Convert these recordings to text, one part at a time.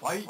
喂。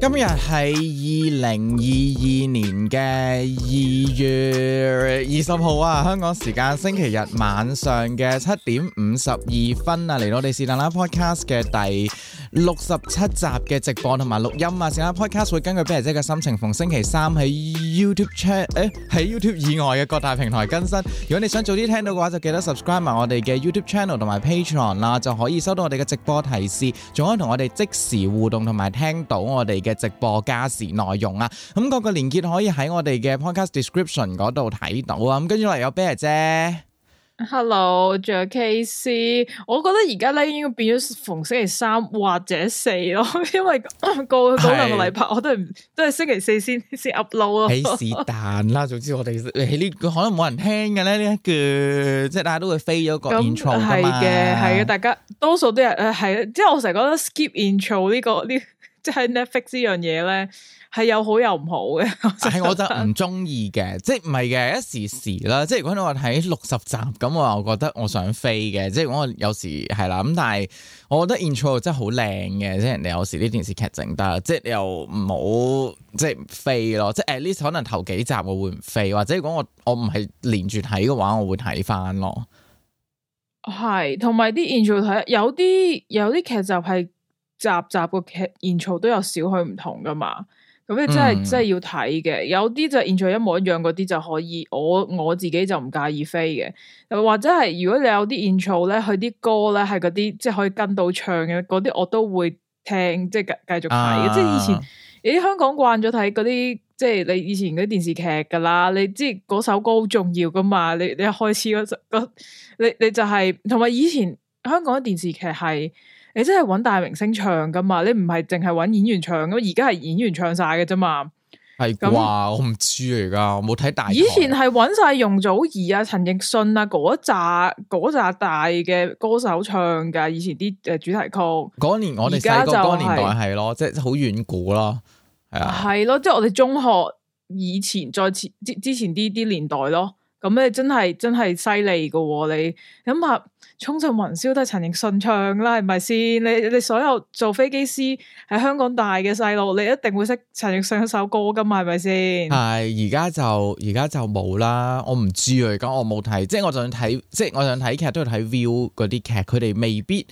今日係二零二二年嘅二月二十號啊，香港時間星期日晚上嘅七點五十二分啊，嚟到我哋是但啦 Podcast 嘅第六十七集嘅直播同埋錄音啊，成日 podcast 會根據 bear 姐嘅心情，逢星期三喺 YouTube ch，誒喺、欸、YouTube 以外嘅各大平台更新。如果你想早啲聽到嘅話，就記得 subscribe 埋我哋嘅 YouTube channel 同埋 Patreon 啦、啊，就可以收到我哋嘅直播提示，仲可以同我哋即時互動同埋聽到我哋嘅直播加時內容啊。咁、嗯、各個連結可以喺我哋嘅 podcast description 嗰度睇到啊。咁跟住落嚟，有 bear 姐。Hello 仲有 KC 我覺得而家咧應該變咗逢星期三或者四咯，因為過去咗兩個禮拜，我都係的都係星期四先先 upload 咯。起是但啦， 總之我哋誒呢句可能冇人聽嘅咧呢一句，即係大家都會飛咗個 intro 㗎嘛。係嘅，係嘅、嗯，大家多數都係誒係啦，即係我成日覺得 skip intro 呢、這個、這個、呢，即係 Netflix 呢樣嘢咧。係有好有唔好嘅， 但係我就唔中意嘅，即係唔係嘅一時時啦。即係如果你話睇六十集咁，我又覺得我想飛嘅。即係如果我有時係啦，咁但係我覺得 intro 真係好靚嘅，即係人哋有時啲電視劇整得即係又唔好，即係唔飛咯。即係 at least 可能頭幾集我會唔飛，或者如果我我唔係連住睇嘅話，我會睇翻咯。係，同埋啲 intro 睇，有啲有啲劇集係集集個劇 intro 都有少許唔同噶嘛。咁你真係、嗯、真係要睇嘅，有啲就 intro 一模一樣嗰啲就可以，我我自己就唔介意飛嘅。又或者係如果你有啲 intro 咧，佢啲歌咧係嗰啲即係可以跟到唱嘅，嗰啲我都會聽，即係繼繼續睇，啊、即係以前，你香港慣咗睇嗰啲，即係你以前嗰啲電視劇噶啦，你知嗰首歌好重要噶嘛？你你一開始嗰首歌，你你就係同埋以前香港嘅電視劇係。你真係揾大明星唱噶嘛？你唔係淨係揾演員唱咁，而家係演員唱晒嘅啫嘛？係吧、嗯、哇，我唔知我啊，而家我冇睇大台。以前係揾晒容祖兒啊、陳奕迅啊嗰紮紮大嘅歌手唱噶，以前啲誒主題曲。嗰年我哋細、就是、個嗰年代係咯，即係好遠古咯，係啊，係咯，即、就、係、是、我哋中學以前、再前之之前啲啲年代咯。咁咧真係真係犀利噶，你諗下。衝上雲霄都係陳奕迅唱啦，係咪先？你你所有做飛機師喺香港大嘅細路，你一定會識陳奕迅一首歌噶嘛，係咪先？係而家就而家就冇啦，我唔知啊。咁我冇睇，即係我就想睇，即係我就想睇劇都要睇 view 嗰啲劇，佢哋未必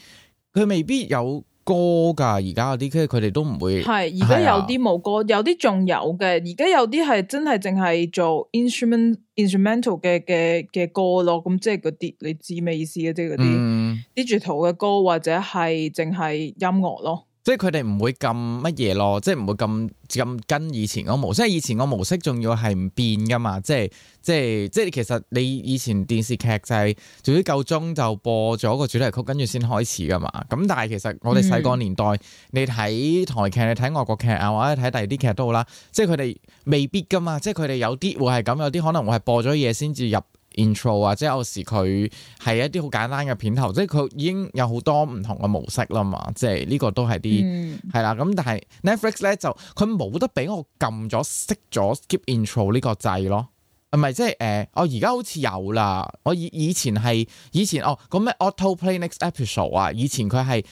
佢未必有。歌噶而家嗰啲，即係佢哋都唔會係而家有啲冇歌。係啊，有啲仲有嘅。而家有啲係真係淨係做 instrument instr、instrumental 嘅嘅嘅歌咯。咁即係嗰啲你知咩意思嘅，即係嗰啲、嗯、digital 嘅歌或者係淨係音樂咯。即係佢哋唔會咁乜嘢咯，即係唔會咁咁跟以前個模式，即係以前個模式仲要係唔變噶嘛，即係即係即係其實你以前電視劇就係總之夠鐘就播咗個主題曲，跟住先開始噶嘛，咁但係其實我哋細個年代，嗯、你睇台劇，你睇外國劇啊，或者睇第二啲劇都好啦，即係佢哋未必噶嘛，即係佢哋有啲會係咁，有啲可能會係播咗嘢先至入。intro 啊，即係有時佢係一啲好簡單嘅片頭，即係佢已經有好多唔同嘅模式啦嘛，即係呢個都係啲係啦。咁、嗯、但係 Netflix 咧就佢冇得俾我撳咗熄咗 skip intro 呢個掣咯，唔係即係誒，我而家好似有啦，我以前以前係以前哦，嗰咩 auto play next episode 啊，以前佢係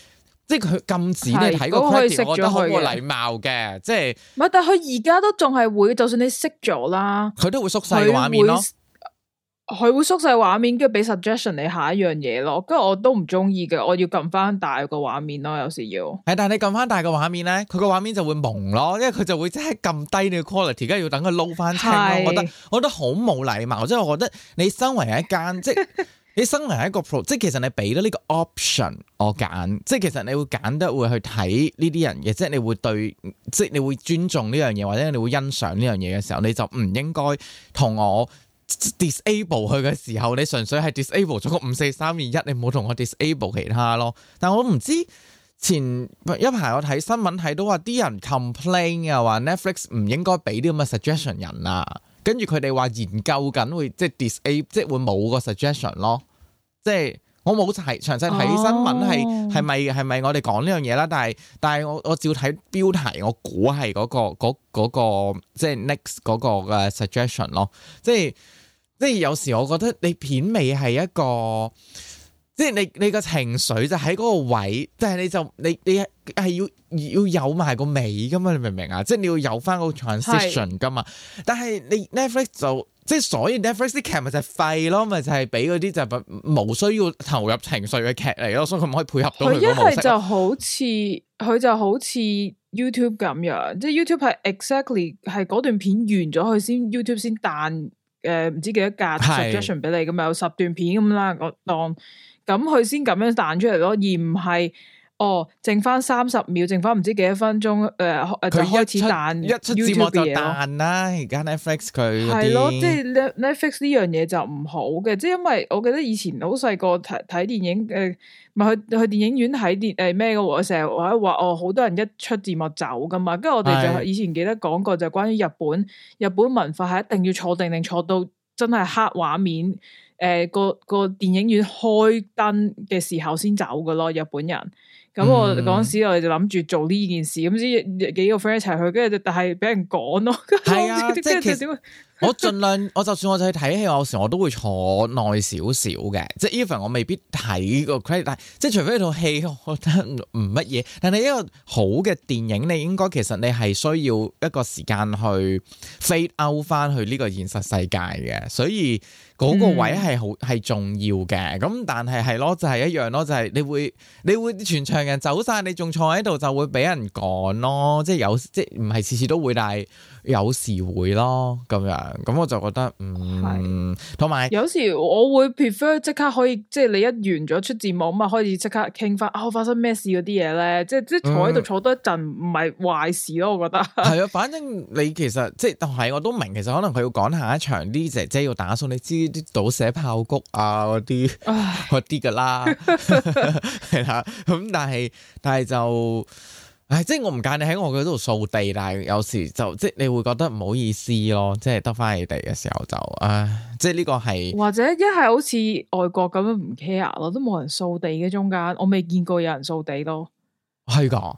即係佢禁止你睇個 title，我都好冇禮貌嘅，即係。唔係，但係佢而家都仲係會，就算你熄咗啦，佢都會縮細個畫面咯。佢會縮細畫面，跟住俾 suggestion 你下一樣嘢咯。跟住我都唔中意嘅，我要撳翻大個畫面咯。有時要係，但係你撳翻大個畫面咧，佢個畫面就會蒙咯，因為佢就會即係撳低你個 quality，而家要等佢撈翻清咯是我。我覺得我覺得好冇禮貌，即係我覺得你身為一間， 即係你身為一個 pro，即係其實你俾咗呢個 option，我揀，即係其實你會揀得會去睇呢啲人嘅，即係你會對，即係你會尊重呢樣嘢，或者你會欣賞呢樣嘢嘅時候，你就唔應該同我。disable 佢嘅時候，你純粹係 disable 咗個五四三二一，你冇同我 disable 其他咯。但我唔知前一排我睇新聞睇到話，啲人 complain 啊，話 Netflix 唔應該俾啲咁嘅 suggestion 人啊，跟住佢哋話研究緊會即係 disable，即係會冇個 suggestion 咯，即係。我冇睇詳細睇新聞，係係咪係咪我哋講呢樣嘢啦？但係但係我我照睇標題，我估係嗰個嗰、嗰個即係 next 嗰個嘅 suggestion 咯。即係即係有時我覺得你片尾係一個，即係你你個情緒就喺嗰個位，即係你就你你係要要有埋個尾噶嘛？你明唔明啊？即係你要有翻個 transition 噶嘛？是但係你 Netflix 就。即係所以 Netflix 劇咪就廢咯，咪就係俾嗰啲就無需要投入情緒嘅劇嚟咯，所以佢唔可以配合到佢個模式。佢一係就好似佢 就好似 YouTube 咁樣，即係 YouTube 係 exactly 係嗰段片完咗，佢先 YouTube 先彈誒唔知幾多格 suggestion 俾是你咁咪有十段片咁啦，我當咁佢先咁樣彈出嚟咯，而唔係。哦，剩翻三十秒，剩翻唔知幾多分鐘誒？佢、呃呃、開始彈一出字幕就彈啦。而家 Netflix 佢係咯，即係 Netflix 呢樣嘢就唔、是、好嘅，即係因為我記得以前好細個睇睇電影誒，唔、呃、係去去電影院睇電誒咩嘅，我成日話話哦，好多人一出字幕走噶嘛。跟住我哋就以前記得講過，就關於日本日本文化係一定要坐定定坐到真係黑畫面誒、呃、個個電影院開燈嘅時候先走噶咯。日本人。咁、嗯、我嗰時我哋就諗住做呢件事，咁之幾個 friend 一齊去，跟住但係俾人趕咯。係 知啊，即係點？ 我盡量，我就算我就去睇戲，我有時我都會坐耐少少嘅，即係 even 我未必睇個 credit，即係除非套戲我覺得唔乜嘢，但係一個好嘅電影，你應該其實你係需要一個時間去 fade out 翻去呢個現實世界嘅，所以嗰個位係好係重要嘅。咁但係係咯，就係一樣咯，就係你會你會全場人走晒，你仲坐喺度就會俾人趕咯，即係有即係唔係次次都會，但係有時會咯咁樣。咁我就覺得，嗯，同埋是有，有時我會 prefer 即刻可以，即係你一完咗出字幕啊嘛，開始即刻傾翻啊，發生咩事嗰啲嘢咧，即係即係坐喺度坐多一陣唔係壞事咯，嗯、我覺得。係啊，反正你其實即係，但係我都明，其實可能佢要講下一場啲姐姐要打掃，你知啲倒瀉爆谷啊嗰啲，嗰啲㗎啦，係啦， 咁、嗯、但係但係就。係、哎、即係我唔介意喺我嘅度掃地，但係有時就即係你會覺得唔好意思咯，即係得翻你哋嘅時候就，唉、呃，即係呢個係或者一係好似外國咁樣唔 care 咯，都冇人掃地嘅中間，我未見過有人掃地咯，係噶的，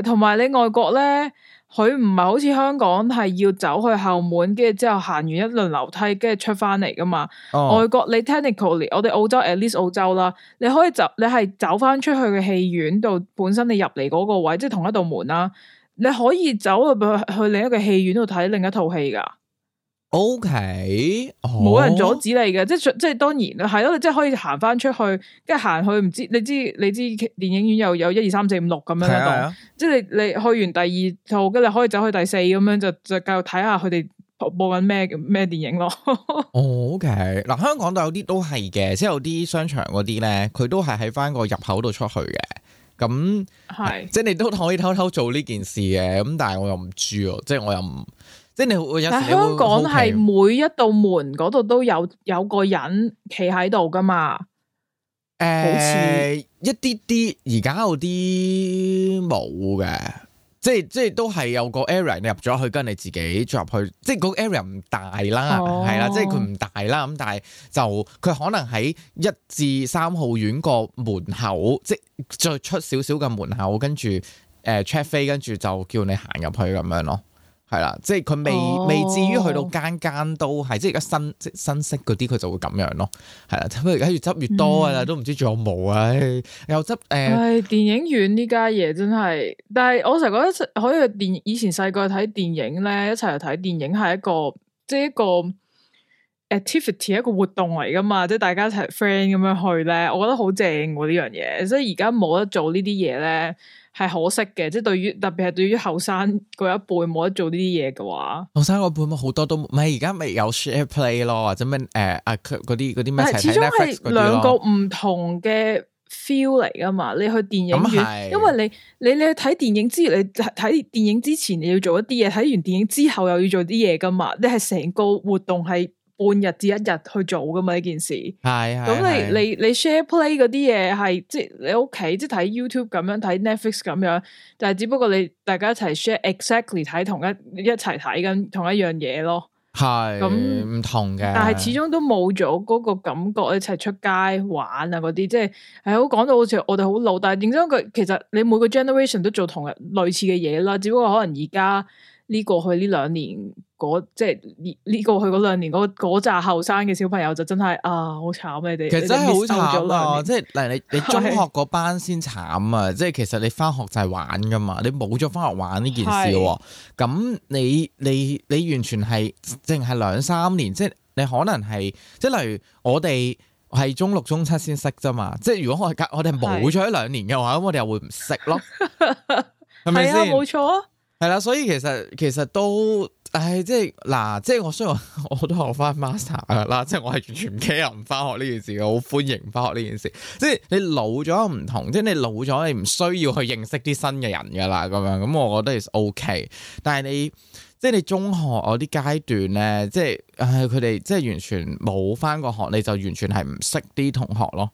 係同埋你外國咧。佢唔係好似香港係要走去後門，跟住之後行完一輪樓梯，跟住出翻嚟噶嘛？Oh. 外國你 technically，我哋澳洲 at least 澳洲啦，你可以走，你係走翻出去嘅戲院度，本身你入嚟嗰個位，即係同一道門啦，你可以走去去另一個戲院度睇另一套戲噶。O K，冇人阻止你嘅，即係即係當然啦，係咯，你即係可以行翻出去，跟住行去唔知你知你知電影院又有一二三四五六咁樣咯，啊、即係你你去完第二套，跟住可以走去第四咁樣就就繼續睇下佢哋播緊咩咩電影咯。O K，嗱，香港都有啲都係嘅，即係有啲商場嗰啲咧，佢都係喺翻個入口度出去嘅，咁係，是即係你都可以偷偷做呢件事嘅，咁但係我又唔知哦，即係我又唔。即係你，會有香港係每一道門嗰度都有有個人企喺度噶嘛？誒、呃，好似像一啲啲，而家有啲冇嘅，即係即係都係有個 area，你入咗去跟你自己入去，即係個 area 唔大啦，係啦、哦，即係佢唔大啦。咁但係就佢可能喺一至三號院個門口，即係再出少少嘅門口，跟住誒 check 飛、跟、呃、住就叫你行入去咁樣咯。係啦，即係佢未、哦、未至於去到間間都係，即係而家新即新式嗰啲佢就會咁樣咯。係啦，不過而家越執越多啊，嗯、都唔知仲有冇啊，又執誒！呃、電影院呢家嘢真係，但係我成日覺得可以去電以前細個睇電影咧，一齊去睇電影係一個即係一個 activity 一個活動嚟噶嘛，即係大家一齊 friend 咁樣去咧，我覺得好正喎、啊這個、呢樣嘢。所以而家冇得做呢啲嘢咧。係可惜嘅，即係對於特別係對於後生嗰一輩冇得做呢啲嘢嘅話，後生嗰一輩咪好多都，唔係而家咪有 share play 咯，或者咩誒啊佢嗰啲嗰啲咩，但始終係兩個唔同嘅 feel 嚟㗎嘛。你去電影院，是因為你你你去睇電影之你睇電影之前，你，影之前你要做一啲嘢，睇完電影之後又要做啲嘢㗎嘛。你係成個活動係。半日至一日去做噶嘛，呢件事，係咁你你你 share play 嗰啲嘢係即係你屋企即係睇 YouTube 咁樣睇 Netflix 咁樣，但係只不過你大家一齊 share exactly 睇同一一齊睇緊同一樣嘢咯，係咁唔同嘅。但係始終都冇咗嗰個感覺一齊出街玩啊嗰啲，即係係好講到好似我哋好老，但係認真佢其實你每個 generation 都做同日類似嘅嘢啦，只不過可能而家呢過去呢兩年。即係呢呢過去嗰兩年，嗰嗰紮後生嘅小朋友就真係啊，好慘你哋。其實真係好慘啊！即係嗱，你你中學嗰班先慘啊！即係其實你翻學就係玩噶嘛，你冇咗翻學玩呢件事喎，咁你你你完全係淨係兩三年，即係你可能係即係例如我哋係中六中七先識啫嘛。即係如果我我哋冇咗一兩年嘅話，咁我哋又會唔識咯？係咪啊，冇錯啊！係啦，所以其實其實都。唉，即係嗱，即係我雖然我，我都學翻 master 噶啦，即係我係完全唔 care 唔翻學呢件事嘅，好歡迎唔翻學呢件事。即係你老咗唔同，即係你老咗，你唔需要去認識啲新嘅人噶啦，咁樣咁，我覺得 okay。但係你即係你中學嗰啲階段咧，即係唉，佢哋即係完全冇翻過學，你就完全係唔識啲同學咯，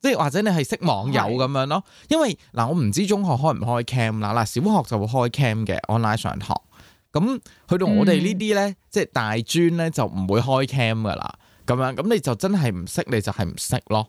即係或者你係識網友咁樣咯。因為嗱，我唔知中學開唔開 cam 啦，嗱，小學就會開 cam 嘅 online 上課。咁去到我哋呢啲咧，嗯、即係大專咧就唔會開 cam 噶啦，咁樣，咁你就真係唔識，你就係唔識咯。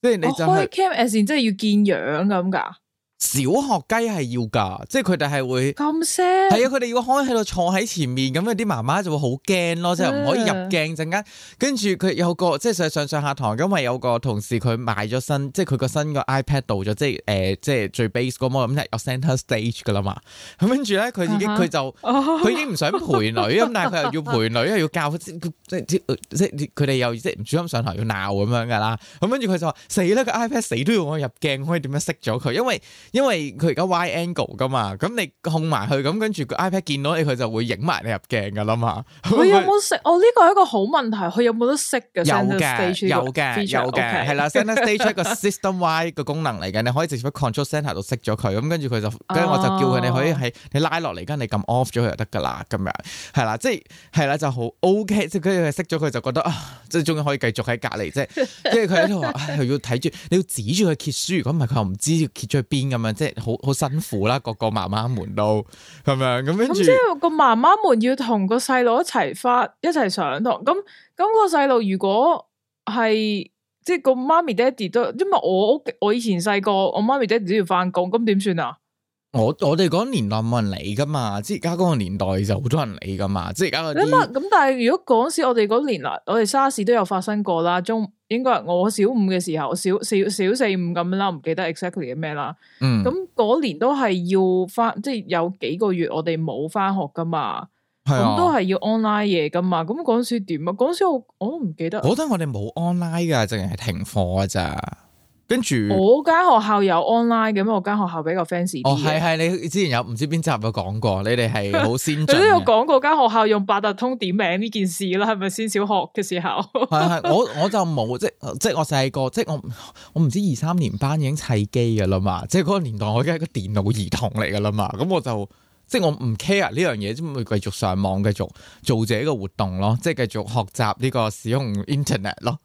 即係 你就開 cam，即係真係要見樣，咁噶。小學雞係要噶即係佢哋係會咁聲，係啊，佢哋如果可以喺度坐喺前面，咁有啲媽媽就會好驚咯，即係唔可以入鏡陣間。跟住佢有個即係上上上下堂，因為有個同事佢買咗新，即係佢個新個 iPad 到咗，即係誒、呃，即係最 base 嗰摩咁就有 center stage 噶啦嘛。咁跟住咧，佢、啊哦、已經佢就佢已經唔想陪女，咁但係佢又要陪女，因 要教即係即係佢哋又即係唔小心上堂，要鬧咁樣噶啦。咁跟住佢就話死啦、這個 iPad，死都要我入鏡，可以點樣熄咗佢？因為因為佢而家 wide angle 噶嘛，咁你控埋佢，咁跟住個 iPad 見到你，佢就會影埋你入鏡噶啦嘛。佢有冇識？是哦，呢個係一個好問題。佢有冇得識嘅？有嘅的，有嘅，有嘅，係啦。Center Stage 一個 system wide 功能嚟嘅，你可以直接喺 Control Center 度熄咗佢。咁跟住佢就，跟住我、哦、我就叫佢你可以喺你拉落嚟跟住，你撳 Off 咗佢就得噶啦。咁樣係啦，即係係啦，就好、是、OK。即係佢熄咗佢就覺得啊，即、呃、係終於可以繼續喺隔離啫。跟住佢喺度話，唉，又要睇住，你要指住佢揭書。如果唔係，佢又唔知要揭咗去邊咁。即係好好辛苦啦，個個媽媽們都係咪咁樣？咁即係個媽媽們要同個細路一齊返、一齊上堂。咁咁個細路如果係即係個媽咪爹哋都，因為我屋企我以前細個，我媽咪爹哋都要翻工，咁點算啊？我我哋嗰年代冇人理噶嘛，即係而家嗰個年代就好多人理噶嘛，即係而家嗰啲。咁但係如果嗰時我哋嗰年代，我哋沙士都有發生過啦。中應該係我小五嘅時候，小小小四五咁啦，唔記得 exactly 係咩啦。嗯，咁嗰年都係要翻，即係有幾個月我哋冇翻學噶嘛。係啊，咁都係要 online 嘢噶嘛。咁嗰時點啊？嗰時我我都唔記得。我覺得我哋冇 online 噶，淨係停課咋。跟住，我間學校有 online 嘅咩？我間學校比較 fancy 哦，係係，你之前有唔知邊集有講過，你哋係好先進。 你之前有講過嗰間學校用八達通點名呢件事啦，係咪先小學嘅時候？係 係，我我就冇即即我細個即我我唔知二三年班已經砌機噶啦嘛，即嗰個年代我已經係個電腦兒童嚟噶啦嘛，咁我就即我唔 care 呢樣嘢，即咪繼續上網，繼續做自己個活動咯，即繼續學習呢個使用 internet 咯。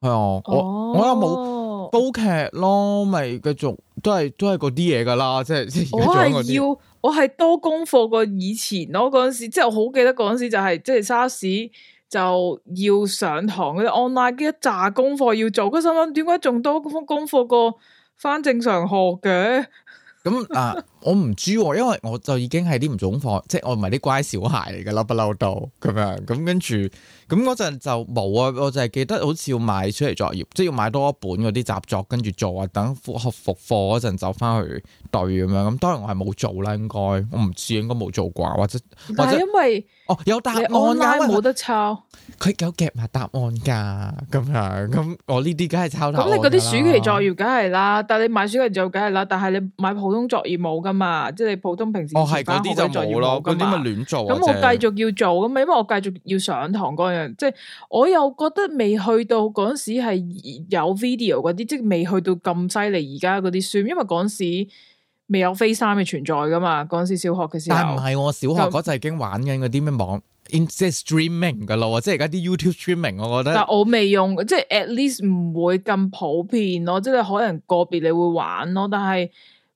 係、嗯、我我我又冇。煲劇咯，咪繼續都係都係嗰啲嘢噶啦，即係即係我係要，我係多功課過以前咯。嗰陣時即係我好記得嗰陣時就係、是、即係沙士就要上堂啲 online，一紮功課要做。嗰時諗點解仲多功功課過翻正常學嘅？咁、 嗯、啊。我唔知，因為我就已經係啲唔總課，即係我唔係啲乖小孩嚟嘅，啦。不嬲到咁樣，咁跟住咁嗰陣就冇啊！我就係記得好似要買暑期作業，即係要買多一本嗰啲習作，跟住做啊，等復學復課嗰陣就翻去對咁樣。咁當然我係冇做啦，應該我唔知應該冇做啩，或者或者因為哦有答案啊，冇得抄。佢有夾埋答案噶，咁樣咁我呢啲梗係抄。咁你嗰啲暑期作業梗係啦，但係你買暑期作業梗係啦，但係你買普通作業冇噶。嘛，即係你普通平時哦係嗰啲就冇嗰啲咪亂做咁，啊，我繼續要做咁啊，因為我繼續要上堂嗰樣，即係我又覺得未去到嗰時係有 video 嗰啲，即係未去到咁犀利而家嗰啲書，因為嗰時未有 face 三嘅存在噶嘛，嗰時小學嘅時候。但唔係我小學嗰陣已經玩緊嗰啲咩網就 i n t e r streaming 噶啦，即係而家啲 YouTube streaming，我覺得。但我未用，即係 at least 唔會咁普遍咯，即係可能個別你會玩咯，但係。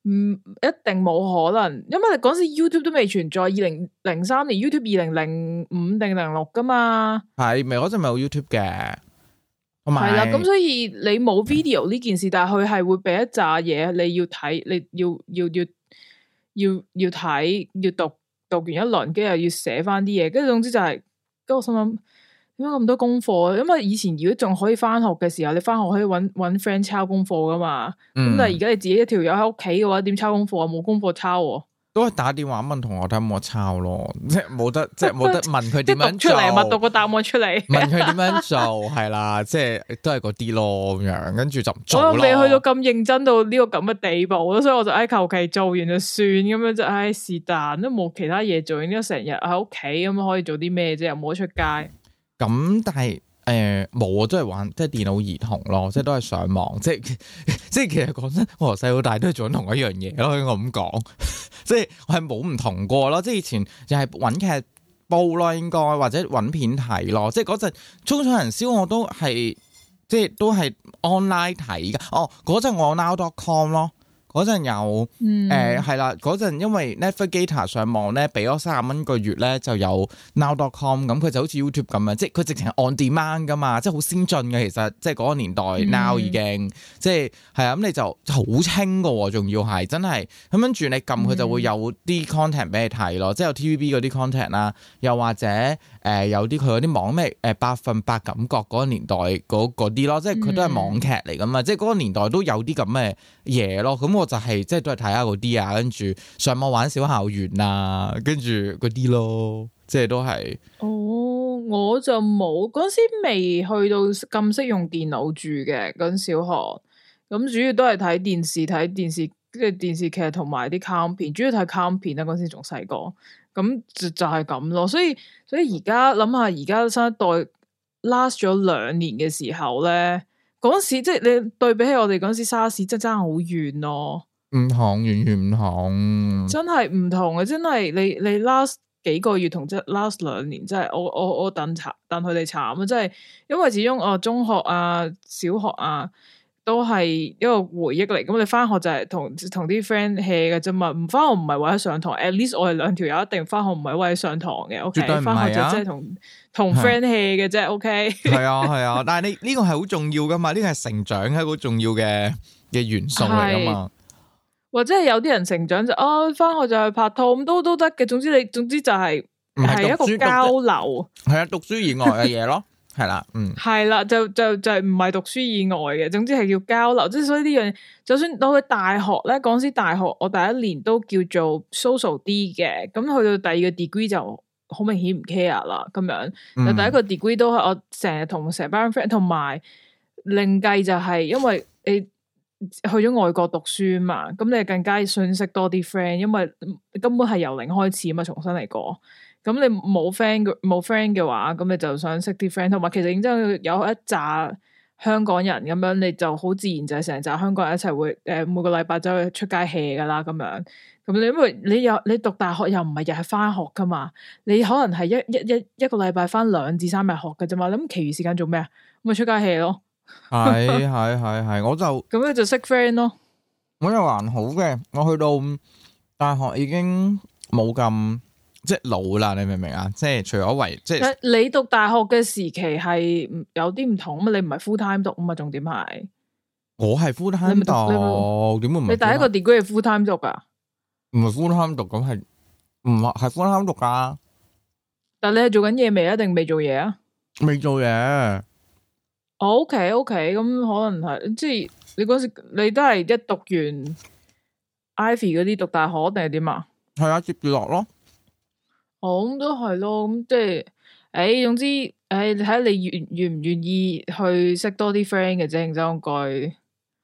唔一定冇可能，因為嗰時 YouTube 都未存在，二零零三年 YouTube 二零零五定零六噶嘛，係咪嗰陣咪有 YouTube 嘅？係啦，咁所以你冇 video 呢件事，但係佢係會俾一紮嘢你要睇，你要要要要要睇要讀讀完一輪，跟住又要寫翻啲嘢，跟住總之就係，跟住我心諗。點解咁多功課？因為以前如果仲可以翻學嘅時候，你翻學可以揾揾 friend 抄功課噶嘛。咁、嗯、但係而家你自己一條友喺屋企嘅話，點抄功課啊？冇功課抄，都係打電話問同學睇有冇抄咯，即係冇得， 即係冇得問佢點樣做嚟，挖到個答案出嚟， 問佢點樣做係啦，即係都係嗰啲咯咁樣，跟住就所以我未去到咁認真到呢個咁嘅地步咯，所以我就唉求其做完就算咁樣，就唉是但都冇其他嘢做，而家成日喺屋企咁可以做啲咩啫？又冇得出街。嗯咁但係誒冇啊，都、呃、係玩即係電腦兒童咯，即係都係上網，即係即係其實講真，我由細到大都係做緊同一樣嘢咯，可以咁講，即係我係冇唔同過咯，即係以前就係揾劇播咯，應該或者揾片睇咯，即係嗰陣衝上雲霄我都係即係都係 online 睇噶，哦，嗰陣我 now dot com 咯。嗰陣有誒係啦，嗰、呃、陣因為 NetVigator 上網咧，俾咗三十蚊個月咧就有 Now.com 咁，佢就好似 YouTube 咁樣，即係佢直情 on-demand 噶嘛，即係好先進嘅其實，即係嗰個年代 Now、嗯、已經即係係啊，咁你就好清嘅喎，仲要係真係咁，跟住你撳佢就會有啲 content 俾你睇咯，嗯、即係有 TVB 嗰啲 content 啦、啊，又或者。誒、呃、有啲佢有啲網咩誒、呃、百分百感覺嗰個年代嗰啲咯，即係佢都係網劇嚟㗎嘛，嗯、即係嗰個年代都有啲咁嘅嘢咯。咁我就係、是、即係都係睇下嗰啲啊，跟住上網玩小校園啊，跟住嗰啲咯，即係都係。哦，我就冇嗰時未去到咁識用電腦住嘅，咁小學咁主要都係睇電視睇電視，即係電,電視劇同埋啲卡通片，主要睇卡通片啦。嗰時仲細個，咁就就係咁咯，所以。所以而家諗下，而家新一代 last 咗兩年嘅時候咧，嗰陣時即係你對比起我哋嗰陣時沙士真，真係差好遠咯。唔同，完全唔同，真係唔同嘅，真係你你 last 幾個月同即係 last 兩年，真係我我我等慘，等佢哋慘啊！真係，因為始終我、呃、中學啊，小學啊。都係一個回憶嚟，咁你翻學就係同同啲 friend hea 嘅啫嘛，唔翻學唔係為咗上堂，at least 我係兩條友一,一定翻學唔係為咗上堂嘅，翻、okay? 啊、學就即係同同 friend hea 嘅啫，OK、啊。係啊係啊，但係你呢、呢個係好重要噶嘛，呢、呢個係成長係好重要嘅嘅、呢個、元素嚟噶嘛，或者係有啲人成長就啊翻、哦、學就去拍拖咁都都得嘅，總之你總之就係、是、係是一個交流，係啊讀，讀，讀，讀，讀書以外嘅嘢咯。係啦，嗯，係啦，就就就係唔係讀書以外嘅，總之係叫交流。即係所以呢樣，就算到去大學咧，嗰時大學我第一年都叫做 social 啲嘅，咁去到第二個 degree 就好明顯唔 care 啦，咁樣。但、嗯、第一個 degree 都係我成日同成班 friend，同埋另計就係因為你去咗外國讀書嘛，咁你更加相識多啲 friend，因為根本係由零開始嘛，重新嚟過。咁、嗯嗯、你冇 friend 嘅冇 friend 嘅話，咁你就想識啲 friend，同埋其實認真有一紮香港人咁樣，你就好自然就係成紮香港人一齊會誒每個禮拜走去出街 hea 噶啦咁樣。咁你因為你又你讀大學又唔係日日翻學噶嘛，你可能係一一一一個禮拜翻兩至三日學嘅啫嘛，咁其餘時間做咩啊？咁咪出街 hea 咯。係係係係，我就咁樣就識 friend 咯。我就還好嘅，我去到大學已經冇咁。即係老啦，你明唔明啊？即係除咗為即係，你讀大學嘅時期係有啲唔同啊嘛？你唔係 full time 讀啊嘛？重點係我係 full time 讀，點會唔係？你第一個 degree 係 full time 讀噶？唔係 full time 讀咁係唔係係 full time 讀噶？但你係做緊嘢未啊？定未做嘢啊？未做嘢。OK OK，咁可能係，即係你嗰時你都係一讀完 Ivy 嗰啲讀大學定係點啊？係啊，接住落咯。咁都係咯，咁即係，誒，總之，誒，你睇下你願願唔願意去識多啲 friend 嘅啫，應該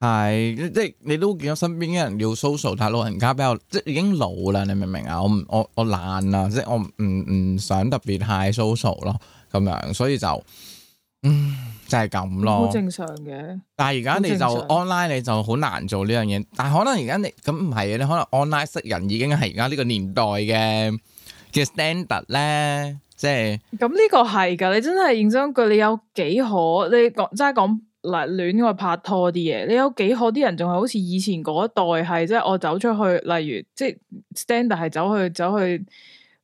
係，即係你都見到身邊嘅人要 social，但係老人家比較即係已經老啦，你明唔明啊？我唔我我懶啊，即係我唔唔想特別太 social 咯，咁樣，所以就，嗯，就係咁咯。好正常嘅。但係而家你就 online 你就好難做呢樣嘢，但係可能而家你咁唔係啊，你可能 online 識人已經係而家呢個年代嘅。叫 standard 咧，即係咁呢個係噶，你真係認真句，你有幾可？你講齋講嗱，戀愛拍拖啲嘢，你有幾可？啲人仲係好似以前嗰一代，係即係我走出去，例如即係 standard 係走去走去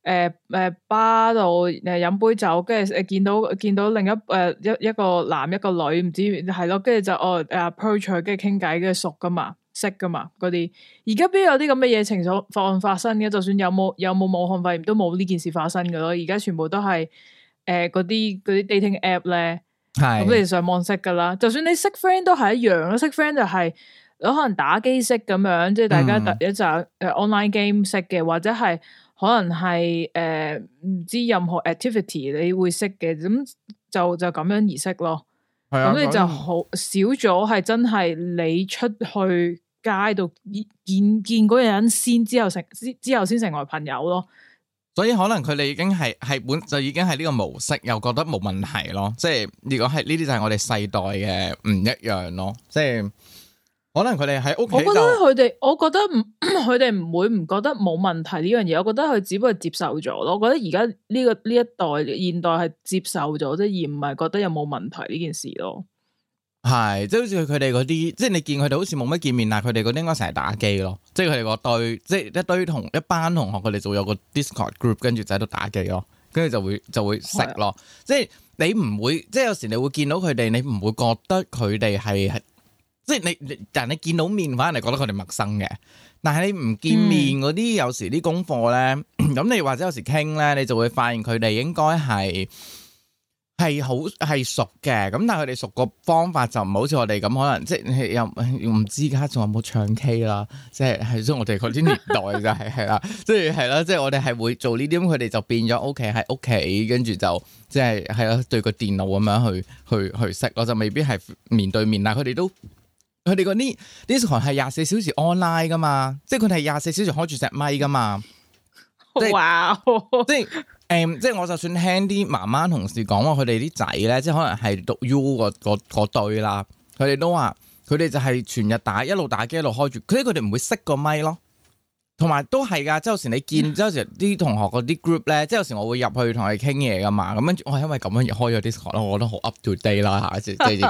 誒誒 bar 度誒飲杯酒，跟住誒見到見到另一誒、呃、一一個男一個女，唔知係咯，跟住就我誒 approach 佢，跟住傾偈，跟住熟噶嘛。識噶嘛嗰啲，而家邊有啲咁嘅嘢情況案發生嘅？就算有冇有冇武漢肺炎都冇呢件事發生噶咯。而家全部都係誒嗰啲啲 dating app 咧，咁是你上網識噶啦。就算你識 friend 都係一樣咯，識 friend 就係、是、可能打機識咁樣，嗯、即係大家第一集誒 online、呃、game 識嘅，或者係可能係誒唔知任何 activity 你會識嘅，咁就就咁樣而識咯。咁、啊、你就好那少咗係真係你出去。街度見見嗰個人先之後成之之後先成為朋友咯，所以可能佢哋已經係係本就已經係呢個模式，又覺得冇問題咯。即係如果係呢啲就係我哋世代嘅唔一樣咯。即係可能佢哋喺屋企，我覺得佢哋，我覺得唔佢哋唔會唔覺得冇問題呢樣嘢。我覺得佢只不過接受咗咯。我覺得而家呢個呢一代現代係接受咗，即係而唔係覺得有冇問題呢件事咯。係，即係好似佢哋嗰啲，即係你見佢哋好似冇乜見面，但係佢哋嗰啲應該成日打機咯。即係佢哋個堆，即係一堆同一班同學，佢哋就會有個 Discord group，跟住就喺度打機咯。跟住就會就會食咯。啊、即係你唔會，即係有時你會見到佢哋，你唔會覺得佢哋係即係你但係你人見到面反而係覺得佢哋陌生嘅。但係你唔見面嗰啲、嗯、有時啲功課咧，咁 你或者有時傾咧，你就會發現佢哋應該係。係好係熟嘅，咁但係佢哋熟個方法就唔好似我哋咁，可能即係又唔知而家仲有冇唱 K 啦，即係係即係我哋嗰啲年代就係係啦，即係係啦，即係我哋係會做呢啲，咁佢哋就變咗屋企喺屋企，跟住就即係係啦，對個電腦咁樣去去去識，我就未必係面對面啦，佢哋都佢哋嗰啲呢行係廿四小時 online 噶嘛，即係佢哋係廿四小時開住隻咪噶嘛。哇哦！對。誒，um, 即係我就算聽啲媽媽同事講，佢哋啲仔咧，即係可能係讀 U 嗰嗰嗰堆啦，佢哋都話佢哋就係全日打一路打機一路開住，佢哋佢哋唔會識個咪咯，同埋都係噶，即係有時你見，即有時啲同學嗰啲 group 咧，即係有時我會入去同佢哋傾嘢噶嘛，咁樣我係、哦、因為咁樣而開咗 Discord 咯，我覺得好 up to date 下一次，即係自己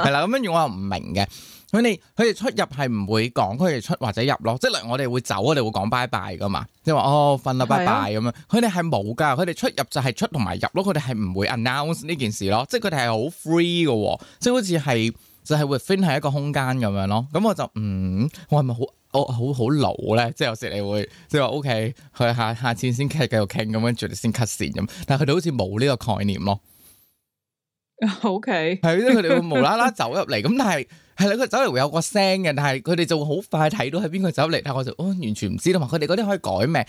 係啦，咁 樣我又唔明嘅。佢哋佢哋出入係唔會講佢哋出或者入咯，即係例如我哋會走，我哋會講拜拜噶嘛，即係話哦，瞓啦，拜拜咁樣。佢哋係冇噶，佢哋出入就係出同埋入咯，佢哋係唔會 announce 呢件事咯，即係佢哋係好 free 噶，即係好似係就係 within 係一個空間咁樣咯。咁我就嗯，我係咪好好好老咧？即係有時你會即係話，OK，佢下下,下次先傾，繼續傾咁，跟住你先 cut 線咁。但係佢哋好似冇呢個概念咯。OK，係啊，佢哋會無啦啦走入嚟，咁但係。係啦，佢走嚟會有個聲嘅，但係佢哋就會好快睇到係邊個走嚟。但我就哦，完全唔知道嘛。佢哋嗰啲可以改名，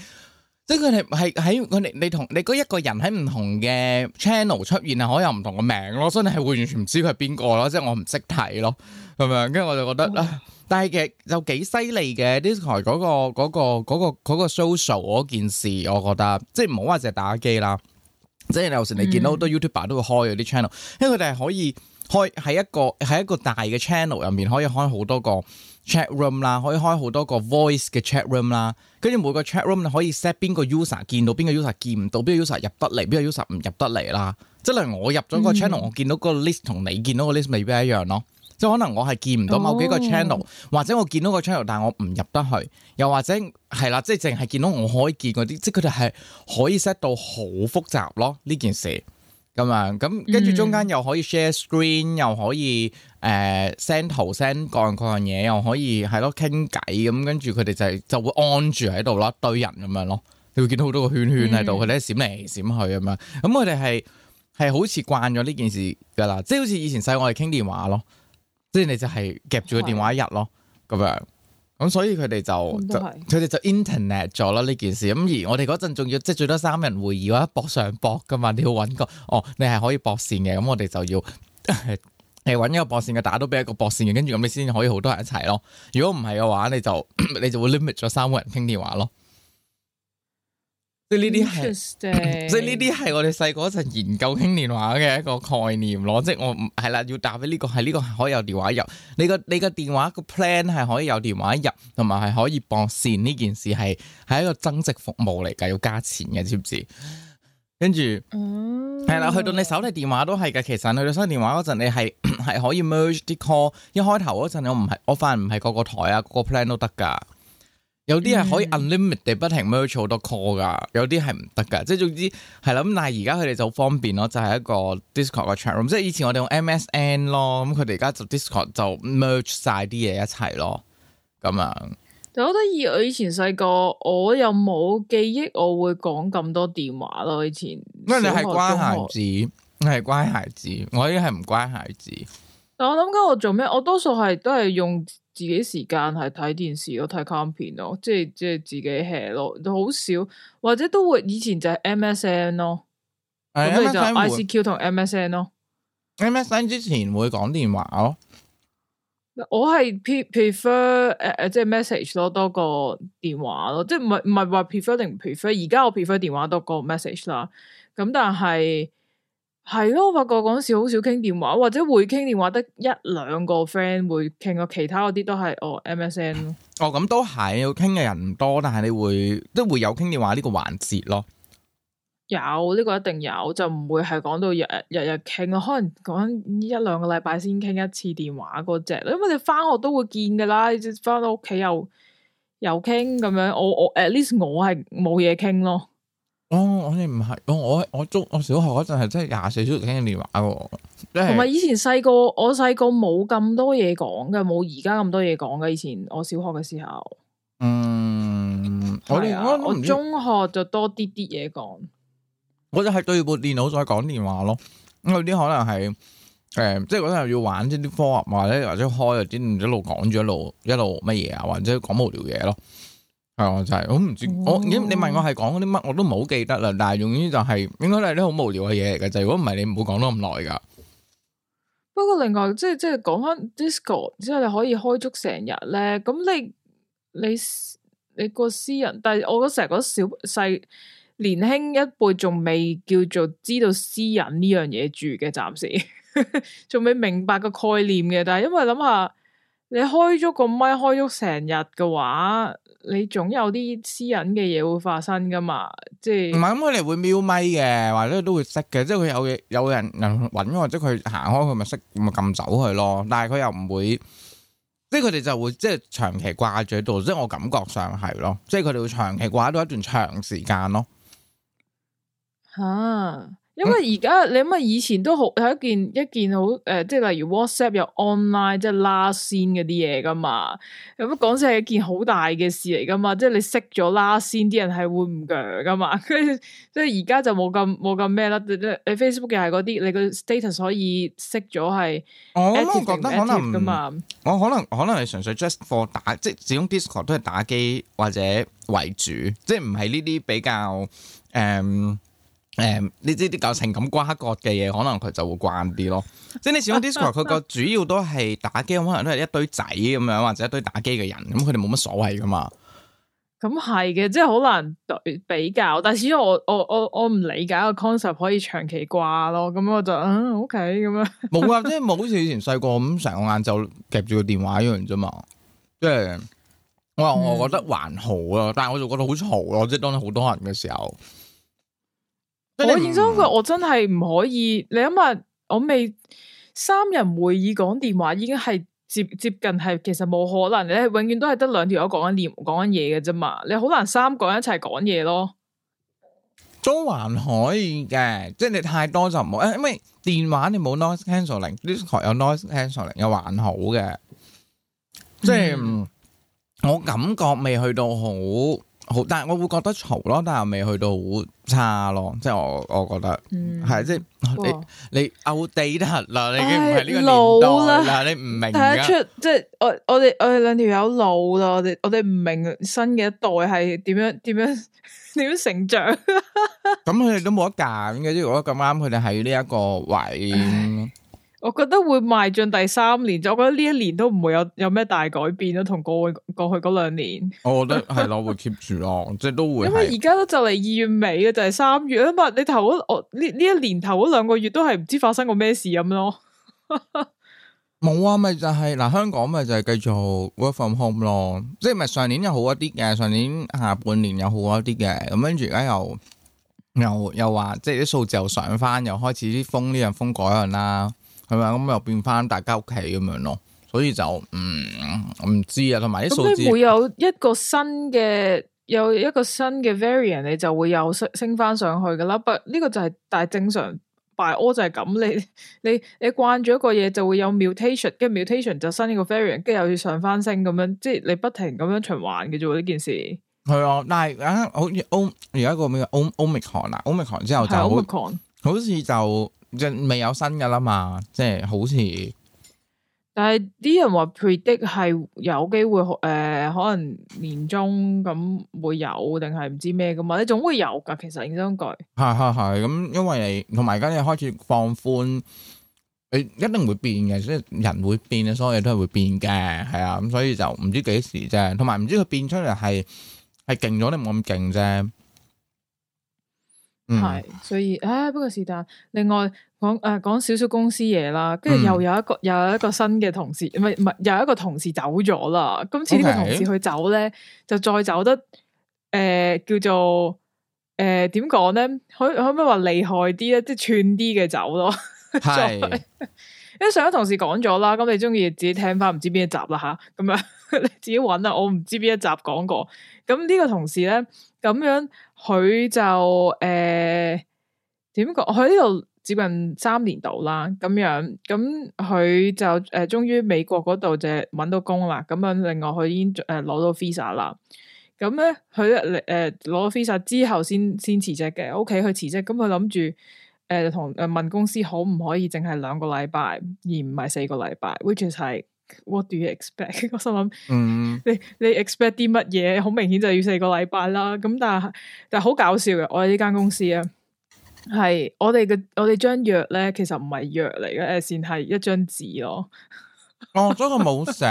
即係佢哋係喺佢哋，你同你嗰一個人喺唔同嘅 channel 出現啊，可以有唔同嘅名咯。所以你係會完全唔知佢係邊個咯，即係我唔識睇咯，係咪？跟住我就覺得，哦、但係其實又幾犀利嘅呢台嗰個嗰、嗰個嗰、嗰個嗰、嗰個嗰個 social 嗰件事，我覺得即係唔好話淨係打機啦。即係你有時你見到好多 YouTuber 都會開嗰啲 channel，因為佢哋係可以。開係一個係一個大嘅 channel 入面，可以開好多個 chat room 啦，可以開好多個 voice 嘅 chat room 啦。跟住每個 chat room 可以 set 邊個 user 見到邊個 user 見唔到邊個 user 入得嚟，邊個 user 唔入得嚟啦。即係例如我入咗個 channel，嗯、我見到個 list 同你見到個 list 未必一樣咯。即係可能我係見唔到某幾個 channel，哦、或者我見到個 channel，但係我唔入得去。又或者係啦，即係淨係見到我可以見嗰啲，即係佢哋係可以 set 到好複雜咯呢件事。咁樣，咁跟住中間又可以 share screen，又可以誒 send、呃、圖 send 各樣各樣嘢，又可以係咯傾偈咁，跟住佢哋就係就會按住喺度咯，堆人咁樣咯，你會見到好多個圈圈喺度，佢哋、嗯、閃嚟閃去咁樣，咁佢哋係係好似慣咗呢件事㗎喇，即係好似以前細我哋傾電話咯，即係你就係夾住個電話一日咯咁樣。咁、嗯、所以佢哋就，佢哋就，是就 internet 咗啦呢件事。咁而我哋嗰陣仲要，即係最多三人會議或者搏上搏噶嘛，你要揾個，哦，你係可以搏線嘅，咁我哋就要，誒 揾一個搏線嘅，打到俾一個搏線嘅，跟住咁你先可以好多人一齊咯。如果唔係嘅話，你就 你就會 limit 咗三個人傾電話咯。所以呢啲係，所以呢啲係我哋細個嗰陣研究傾電話嘅一個概念咯。即係我唔係啦，要答俾、這、呢個係呢個可以有電話入。你個你個電話個 plan 係可以有電話入，同埋係可以駁線。呢件事係係一個增值服務嚟噶，要加錢嘅，知唔知？跟住係啦，去到你手提電話都係嘅。其實去到新電話嗰陣，你係係可以 merge 啲 call。一開頭嗰陣，我唔係我發現唔係個個台啊，個個 plan 都得噶。有啲係可以 unlimit 地不停 merge 好多 call 噶有啲係唔得噶即係總之係啦。咁但係而家佢哋就好方便咯，就係、是、一個 Discord 個 chatroom。即係以前我哋用 MSN 咯，咁佢哋而家就 Discord 就 merge 晒啲嘢一齊咯，咁樣。就好得意，我以前細個我又冇記憶，我會講咁多電話咯。以前學學，因為你係乖孩子，你係乖孩子，我已經係唔乖孩子。但我諗緊我做咩？我多數係都係用。自己時間係睇電視、啊啊、咯，睇 com 片咯，即係即係自己吃咯，好少或者都會以前就係 MSN 咯、啊，跟住就 ICQ 同 MSN 咯、啊。MSN 之前會講電話咯、啊，我係 prefer 誒、呃、誒即係 message 咯多過電話咯，即係唔係唔係話 prefer 定唔 prefer 而家我 prefer 電話多過 message 啦，咁但係。係咯，我發覺嗰時好少傾電話，或者會傾電話得一兩個 friend 會傾，其他嗰啲都係哦 MSN 咯。哦，咁、哦、都係，要傾嘅人唔多，但係你會都會有傾電話呢個環節咯。有呢、呢個一定有，就唔會係講到日日日傾，可能講一兩個禮拜先傾一次電話嗰隻，因為你翻學都會見噶啦，翻到屋企又又傾咁樣。我我 at least 我係冇嘢傾咯。哦，我哋唔係，我我我中我小學嗰陣係真係廿四小時聽緊電話嘅，即係同埋以前細個，我細個冇咁多嘢講嘅，冇而家咁多嘢講嘅。以前我小學嘅時候，嗯，我、啊、我中學就多啲啲嘢講，我就係對住部電腦再講電話咯。有啲可能係誒、呃，即係嗰陣又要玩啲啲科學，或者或者開，或者一路講住一路一路乜嘢啊，或者講無聊嘢咯。係，就係我唔知我，你你問我係講嗰啲乜，我都唔好記得啦。但係總之就係應該係啲好無聊嘅嘢嚟嘅。就如果唔係，你唔會講得咁耐噶。不過另外，即係即係講翻 disco，之後你可以開足成日咧。咁你你你個私人，但係我成日覺得小細年輕一輩仲未叫做知道私隱呢樣嘢住嘅，暫時仲未明白個概念嘅。但係因為諗下。你開咗個麥開咗成日嘅話，你總有啲私隱嘅嘢會發生噶嘛？即係唔係咁佢哋會瞄咪嘅，或者都會識嘅。即係佢有嘢有人能搵，或者佢行開佢咪識咪撳走佢咯。但係佢又唔會，即係佢哋就會即係長期掛住喺度。即係我感覺上係咯，即係佢哋會長期掛到一段長時間咯。吓、啊、～因為而家、嗯、你諗吓以前都好係一件一件好誒、呃，即係例如 WhatsApp 有 online 即係 last seen 嗰啲嘢噶嘛，咁講真係一件好大嘅事嚟噶嘛？即係你熄咗 last seen 啲人係會唔強噶嘛？跟住 即係而家就冇咁冇咁咩啦。你 Facebook 嘅係嗰啲，你個 status 可以熄咗係。我都覺得可能，嘛可能。我可能可能係純粹 just for 打，即係始終 Discord 都係打機或者為主，即係唔係呢啲比較誒。嗯誒，呢啲啲有情感瓜葛嘅嘢，可能佢就會慣啲咯。即係你上咗 Discord，佢個 主要都係打機，可能都係一堆仔咁樣，或者一堆打機嘅人。咁佢哋冇乜所謂噶嘛。咁係嘅，即係好難對比較。但係始終我我我我唔理解個 concept 可以長期掛咯。咁我就嗯、啊、OK 咁樣。冇 啊，即係冇好似以前細個咁成個晏晝夾住個電話一樣啫嘛。即係我我覺得還好啊，但係我就覺得好嘈咯，即係當好多人嘅時候。我認真講，我真係唔可以。你諗下，我未三人會議講電話已經係接接近係，其實冇可能。你永遠都係得兩條友講緊電講緊嘢嘅啫嘛。你好難三個人一齊講嘢咯。都還可以嘅，即係你太多就唔好。誒，因為電話你冇 noise cancelling，呢台有 noise cancelling 又還好嘅。即係我感覺未去到好。好，但係我會覺得嘈咯，但係未去到好差咯，即係我我覺得，係、嗯、即係哇你你 outdated 啦，你已經唔係呢個年代啦嗱。哎、你唔明，睇得出，即係我我哋我哋兩條友老啦，我哋我哋唔明新嘅一代係點樣點樣點樣成長，咁佢哋都冇得揀嘅，即係如果咁啱佢哋喺呢一個位。我覺得會邁進第三年，就我覺得呢一年都唔會有有咩大改變咯，同過過去嗰兩年。我覺得係咯，會 keep 住咯，即係都會。 因為而家都就嚟二月尾嘅，就係、是、三月啊嘛。你頭我呢呢一年頭嗰兩個月都係唔知發生過咩事咁咯。冇 啊，咪就係、是、嗱，香港咪就係繼續 work from home 咯，即係咪上年又好一啲嘅，上年下半年又好一啲嘅，咁跟住而家又又又話即係啲數字又上翻，又開始啲封呢樣封嗰樣啦。係咪咁又變翻大家屋企咁樣咯？所以就嗯，我唔知啊，同埋啲數字會有一個新嘅，有一個新嘅 variant，你就會有升升翻上去噶啦。不呢個就係、是、但係正常，拜屙就係咁。你你你慣住一個嘢就會有 mutation，跟住 mutation 就新呢個 variant，跟住又要上翻升咁樣，即係你不停咁樣循環嘅啫。呢件事係啊，但係好似 o 而家個咩 om 嘢 Omicron 啊 Omicron 之後就 Omicron，好似就。即係未有新嘅啦嘛，即係好似，但係啲人話 predict 係有機會，誒可能年中咁會有，定係唔知咩噶嘛？你總會有噶，其實應該。係係係咁，因為同埋而家你開始放寬，你一定會變嘅，即係人會變嘅，所以都係會變嘅，係啊，咁所以就唔知幾時啫。同埋唔知佢變出嚟係係勁咗定冇咁勁啫。係、嗯，所以唉、啊，不過是但。另外講誒，講少少公司嘢啦，跟住又有一個又、嗯、有一個新嘅同事，唔係唔係，又有一個同事走咗啦。今次呢個同事去走咧，就再走得誒、呃，叫做誒，點講咧？可可唔可以話厲害啲咧？即係串啲嘅走咯。係，是 因為上一同事講咗啦，咁你中意自己聽翻唔知邊一集啦吓，咁、啊、你自己搵啊！我唔知邊一集講過。咁呢個同事咧，咁樣佢就誒，點講？佢呢度接近三年度啦，咁樣咁佢就誒、呃、終於美國嗰度就揾到工啦。咁樣另外佢已經誒攞、呃、到 Visa 啦。咁咧佢誒攞 Visa 之後先先辭職嘅。OK，佢辭職，咁佢諗住誒同誒問公司可唔可以淨係兩個禮拜，而唔係四個禮拜。Which is 係。What do you expect？ 我心想諗、嗯，你你 expect 啲乜嘢？好明顯就要四個禮拜啦。咁但係，但係好搞笑嘅。我哋呢間公司咧，係我哋嘅我哋張約咧，其實唔係約嚟嘅，誒，算係一張紙咯。 哦，咗佢冇寫，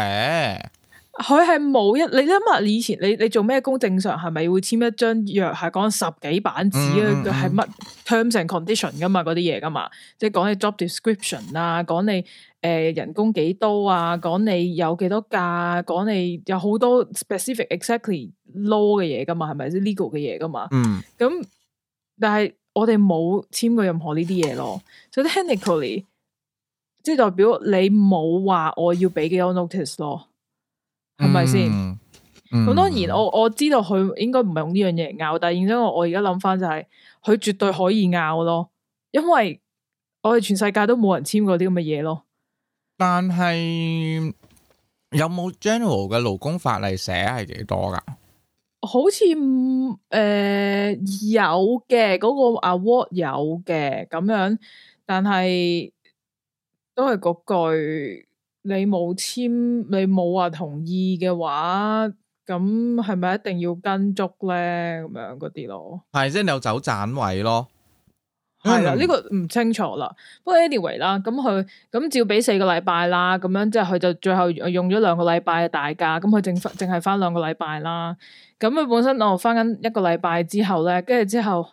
佢係冇一。你諗下，以前你你做咩工？正常係咪會簽一張約？係講十幾版紙啊？佢係乜 terms and condition 噶嘛？嗰啲嘢噶嘛？即係講你 job description 啦、啊，講你。誒、呃，人工幾多啊？講你有幾多價？講你有好多 specific exactly law 嘅嘢，噶嘛？係咪？legal 嘅嘢噶嘛？嗯。咁、嗯，但係我哋冇簽過任何呢啲嘢咯。所、so、以 technically，即係代表你冇話我要俾幾多 notice 咯，係咪先？咁、嗯嗯、當然我，我我知道佢應該唔係用呢樣嘢嚟拗，但係然之我我而家諗翻就係，佢絕對可以拗咯，咯，因為我哋全世界都冇人簽過啲咁嘅嘢咯。但係有冇 general 嘅勞工法例寫係幾多噶？好似誒有嘅，嗰個 award 有嘅咁樣，但係都係嗰句，你冇簽，你冇話同意嘅話，咁係咪一定要跟足咧？咁樣嗰啲咯，係即係你有走盞位咯。係、 這個 anyway, 啦，呢個唔清楚啦。不過 anyway 啦，咁佢咁照俾四個禮拜啦，咁樣即係佢就最後用咗兩個禮拜嘅大假，咁佢淨翻淨係翻兩個禮拜啦。咁佢本身我翻緊一個禮拜之後咧，跟住之後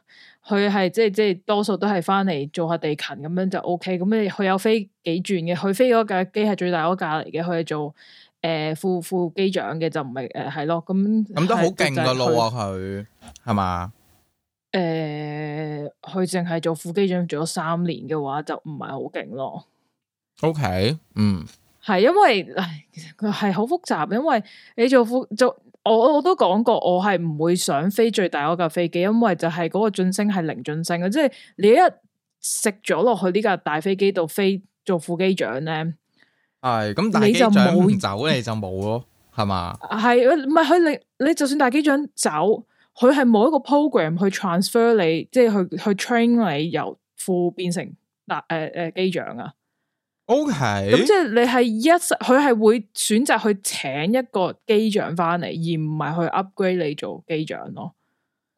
佢係即係即係多數都係翻嚟做下地勤咁樣就 O、OK、K。咁佢有飛幾轉嘅，佢飛嗰架機係最大嗰架嚟嘅，佢係做誒、呃、副副機長嘅，就唔係誒係咯。咁、呃、咁都好勁㗎路啊，佢係嘛？誒，佢淨係做副機長做咗三年嘅話，就唔係好勁咯。OK，嗯，係因為其實佢係好複雜，因為你做副做，我我都講過，我係唔會想飛，飛最大嗰架飛機，因為就係嗰個晉升係零晉升嘅，即係你一食咗落去呢架大飛機度飛做副機長咧，係咁、哎，嗯、你就冇走，你就冇咯，係 嘛？係唔係佢？你你就算大機長走。佢係冇一個 program 去 transfer 你，即係去去 train 你由副變成嗱誒誒機長啊。OK，咁即係你係一實，佢係會選擇去請一個機長返嚟，而唔係去 upgrade 你做機長咯。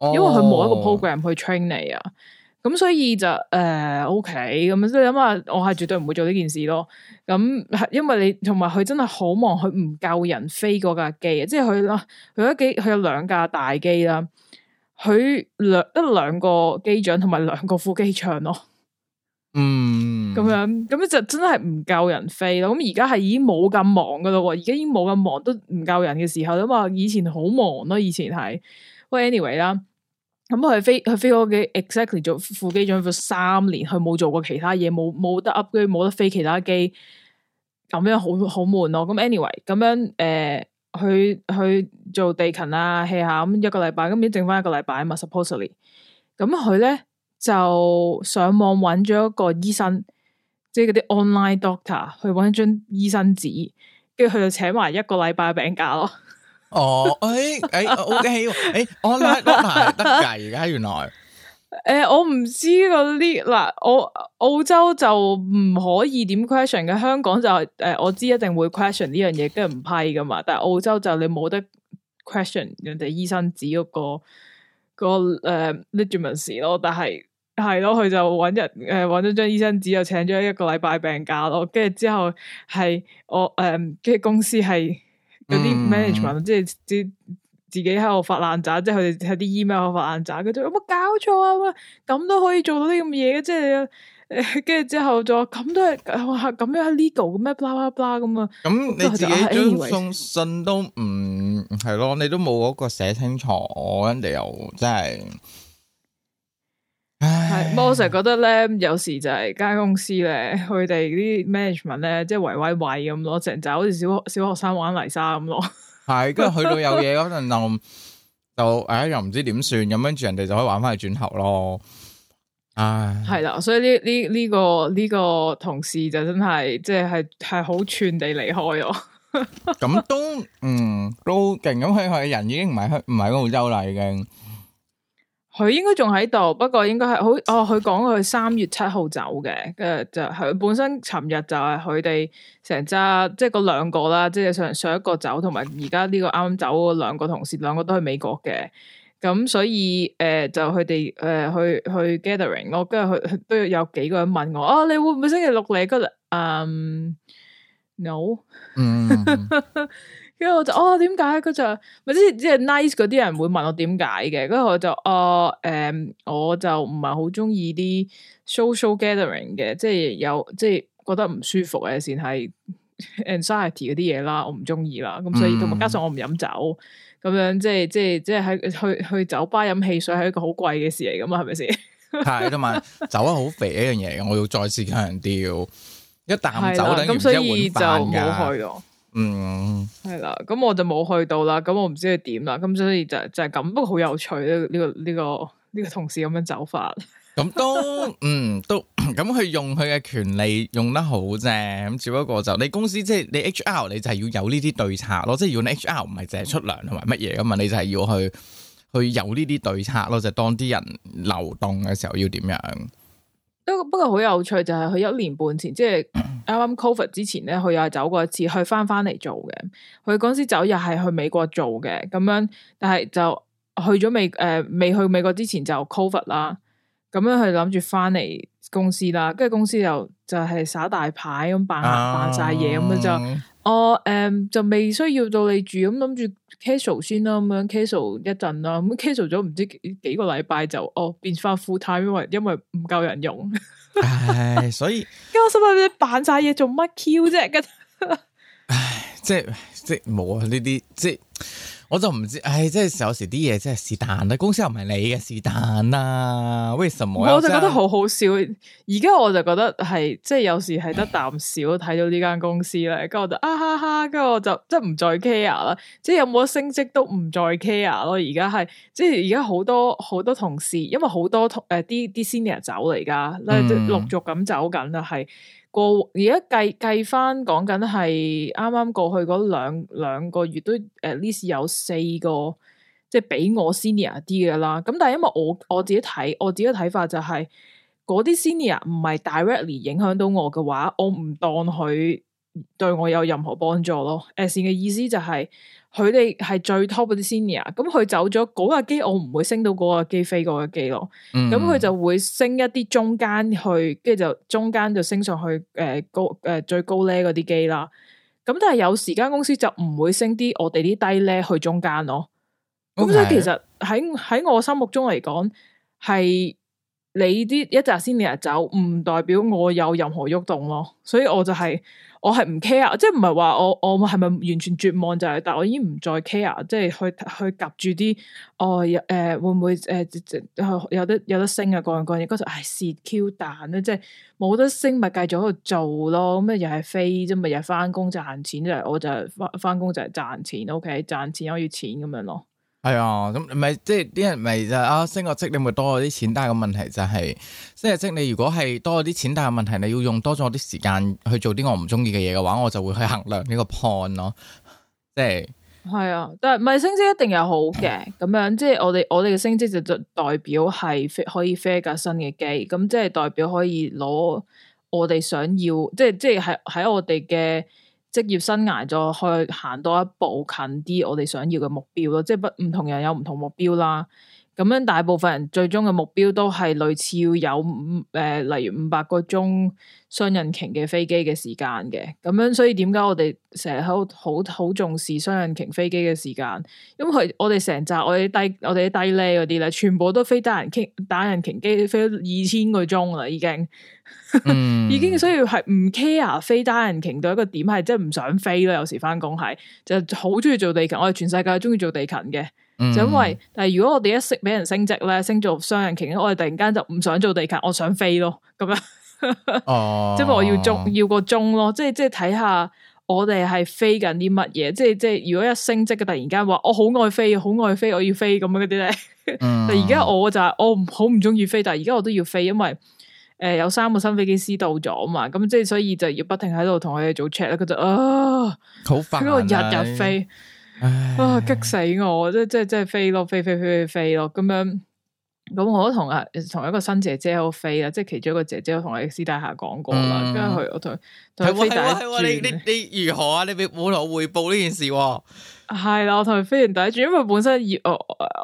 因為佢冇一個 program 去 train 你啊。Oh. 咁、嗯、所以就誒，OK，咁樣即係諗下，我係絕對唔會做呢件事咯。咁、嗯、因為你同埋佢真係好忙，佢唔夠人飛嗰架機啊，即係佢啦，佢一機佢有兩架大機啦，佢兩一兩個機長同埋兩個副機長咯。嗯、咁、嗯嗯、樣咁咧、嗯、就真係唔夠人飛咯。咁而家係已經冇咁忙噶咯，而家已經冇咁忙都唔夠人嘅時候。咁啊，以前好忙咯，以前係。喂 anyway 啦。咁佢、嗯、飛佢飛嗰機 exactly 做副機長咗三年，佢冇做過其他嘢，冇冇得 upgrade，冇得飛其他機，咁樣好好悶咯、哦。咁 anyway，咁樣誒，去、呃、去做地勤啊、hea 下咁一個禮拜，咁而家剩翻一個禮拜嘛。Supposedly，咁佢咧就上網揾咗一個醫生，即係嗰啲 online doctor，去揾一張醫生紙，跟住佢就請埋一個禮拜病假咯。哦，誒誒，O K，誒，我拉拉埋得噶，而家原來誒，我唔知個呢嗱，我澳洲就唔可以點 question 嘅，香港就誒、呃，我知一定會 question 呢樣嘢，跟住唔批噶嘛，但係澳洲就你冇得 question，人哋醫生紙嗰、嗰個、嗰個誒、uh, legitimacy、um、咯，但係係咯，佢就揾人誒揾咗張醫生紙，又請咗一個禮拜病假咯，跟住之後係我誒，跟、um, 住公司係。有啲 management 即係自自己喺度發爛渣，即係佢哋喺啲 email 度發爛渣。佢哋有冇搞錯啊？咁都可以做到啲咁嘢嘅，即係誒，跟住之後就咁都係哇，咁樣係 legal 嘅咩？blah blah blah 咁啊？咁、嗯、你自己將信都唔係咯，你都冇嗰個寫清楚，人哋又真係。真係，我成日覺得咧，有時就係間公司咧，佢哋啲 management 咧，即係圍威喂咁咯，成日好似小學小學生玩泥沙咁咯。係，跟住去到有嘢嗰陣，就就誒，又唔知點算，咁跟住人哋就可以玩翻去轉頭咯。唉，係啦，所以呢呢呢個呢個同事就真係，即係係係好串地離開咯。咁都嗯都勁，咁去去嘅人已經唔係唔係澳洲嚟嘅。佢應該仲喺度，不過應該係好哦。佢講佢三月七號走嘅，跟住就佢本身尋日就係佢哋成扎，即係嗰兩個啦，即係上上一個走，同埋而家呢個啱走嗰兩個同事，兩個都去美國嘅。咁所以誒、呃，就佢哋誒去去 gathering，我跟住佢都有有幾個人問我，哦、啊，你會唔會星期六嚟？嗰、um, 嗯，no、 mm。Hmm. 跟住我就哦，點解？佢就咪即係即係 nice 嗰啲人會問我點解嘅？跟住我就啊，誒，哦，嗯，我就唔係好中意啲 social gathering 嘅，即係有即係覺得唔舒服嘅先至係 anxiety 嗰啲嘢啦，我唔中意啦。咁所以同埋加上我唔飲酒，咁，嗯，樣即係即係即係喺去去酒吧飲汽水係一個好貴嘅事嚟㗎嘛，係咪先？係同埋酒啊，好肥一樣嘢嘅，我要再次強調，一啖酒等於一碗飯噶。嗯，係啦，咁我就冇去到啦，咁我唔知佢點啦，咁所以就就係咁，不過好有趣呢呢個呢個呢個同事咁樣走法，咁都嗯都咁佢、嗯、用佢嘅權利用得好正。咁只不過就你公司即係你 H R 你就係要有呢啲對策咯，即係如果你 H R 唔係淨係出糧同埋乜嘢噶嘛，你就係要去去有呢啲對策咯，就當啲人流動嘅時候要點樣。不過好有趣就係、是、佢一年半前即係啱啱 Covid 之前咧，佢又走過一次，去翻翻嚟做嘅。佢嗰時走又係去美國做嘅，咁樣，但係就去咗美誒，未、呃、去美國之前就 Covid 啦。咁樣佢諗住翻嚟公司啦，跟住公司又就係、就是、耍大牌咁扮扮晒嘢咁樣就。啊嗯我誒、哦嗯、就未需要到你住咁諗住 casual 先啦，咁、嗯、樣 casual 一陣啦，咁 casual 咗唔知幾個禮拜就哦變翻 full time，因為因為唔夠人用。唉、 哎，所以。咁 我心諗你扮晒嘢，做乜 Q 啫？咁 唉、哎，即係即係冇啊！呢啲即係。我就唔知，唉，即係有時啲嘢真係是但啦，公司又唔係你嘅是但啦，為什麼我？我就覺得好好笑。而家我就覺得係，即係有時係得啖笑睇到呢間公司咧，咁唉我就啊哈哈，咁我就即係唔再 care 啦，即係有冇升職都唔再 care 咯。而家係，即係而家好多好多同事，因為好多同誒啲啲 senior 走嚟噶，咧、呃、都陸續咁走緊啦，係。過而家計計翻，講緊係啱啱過去嗰兩兩個月都誒，least 有四個即係比我 senior 啲嘅啦。咁但係因為我我自己睇我自己嘅睇法就係嗰啲 senior 唔係 directly 影響到我嘅話，我唔當佢對我有任何幫助咯。At least 嘅意思就係、是。佢哋係最 top 嗰啲 senior，咁佢走咗嗰架機，我唔會升到嗰個機飛嗰個機咯。咁佢、嗯、就會升一啲中間去，跟住就中間就升上去誒、呃、高誒、呃、最高咧嗰啲機啦。咁但係有時間公司就唔會升啲我哋啲低咧去中間咯。咁所以其實喺喺我心目中嚟講，係你啲一紮 senior 走，唔代表我有任何喐動咯。所以我就係、是。我係唔 care 啊，即係唔係話我我係咪完全絕望就係，但我已經唔再 care 啊，即係去去夾住啲哦誒、呃、會唔會誒、呃呃呃、有得有得升啊？各樣各樣嗰時唉蝕 Q 彈咧，即係冇得升咪繼續喺度做咯，咁咩又係飛啫，咪又係翻工賺錢啫，我就翻翻工就係賺錢，OK 賺錢我要錢咁樣咯。係 啊，咁唔係即係啲人咪就啊升個職，你咪多咗啲錢。但係個問題就係，升個職你如果係多咗啲錢，但係問題你要用多咗啲時間去做啲我唔中意嘅嘢嘅話，我就會去衡量呢個 point 咯。即係係啊，但係唔係升職一定有好嘅，咁、嗯、樣即係我哋我哋嘅升職就代表係可以飛架新嘅機，咁即係代表可以攞我哋想要，即係即係喺喺我哋嘅。職業生涯再去行多一步，近啲我哋想要嘅目標咯。即係不唔同人有唔同目標啦。咁樣大部分人最終嘅目標都係類似要有，誒、呃，例如五百個鐘雙引擎嘅飛機嘅時間嘅。咁樣所以點解我哋成日喺度好好重視雙引擎飛機嘅時間？因佢我哋成扎我哋低我哋啲低，低，低呢嗰啲咧，全部都飛單引擎單引擎機飛二千個鐘啦，已經，嗯、 已經所以係唔 care 飛單引擎到一個點係真係唔想飛啦。有時翻工係，就好中意做地勤，我哋全世界中意做地勤嘅。就、嗯、因為，但係如果我哋一識俾人升職咧，升做雙人騎，我哋突然間就唔想做地勤，我想飛咯，咁樣。 哦，即係我要鐘，要個鐘咯，即係即係睇下我哋係飛緊啲乜嘢，即係即係如果一升職嘅突然間話，我好愛飛，好愛飛，我要飛咁樣嗰啲咧。嗯、但而家我就係我唔好唔中意飛，但係而家我都要飛，因為誒、呃、有三個新飛機師到咗啊嘛，咁即係所以就要不停喺度同佢哋做 check 啦。佢就啊，好煩，佢要日日飛。啊！激唉死我，即即即係飛咯，飛飛飛飛飛咯，咁樣。咁我都同阿同一個新姐姐有飛啊，即係其中一個姐姐我同阿施大俠講過啦，跟住佢我同佢飛，啊啊啊、你你你如何啊？你未冇同我匯報呢件事，啊？係啦，啊，我同佢飛完第一轉，因為本身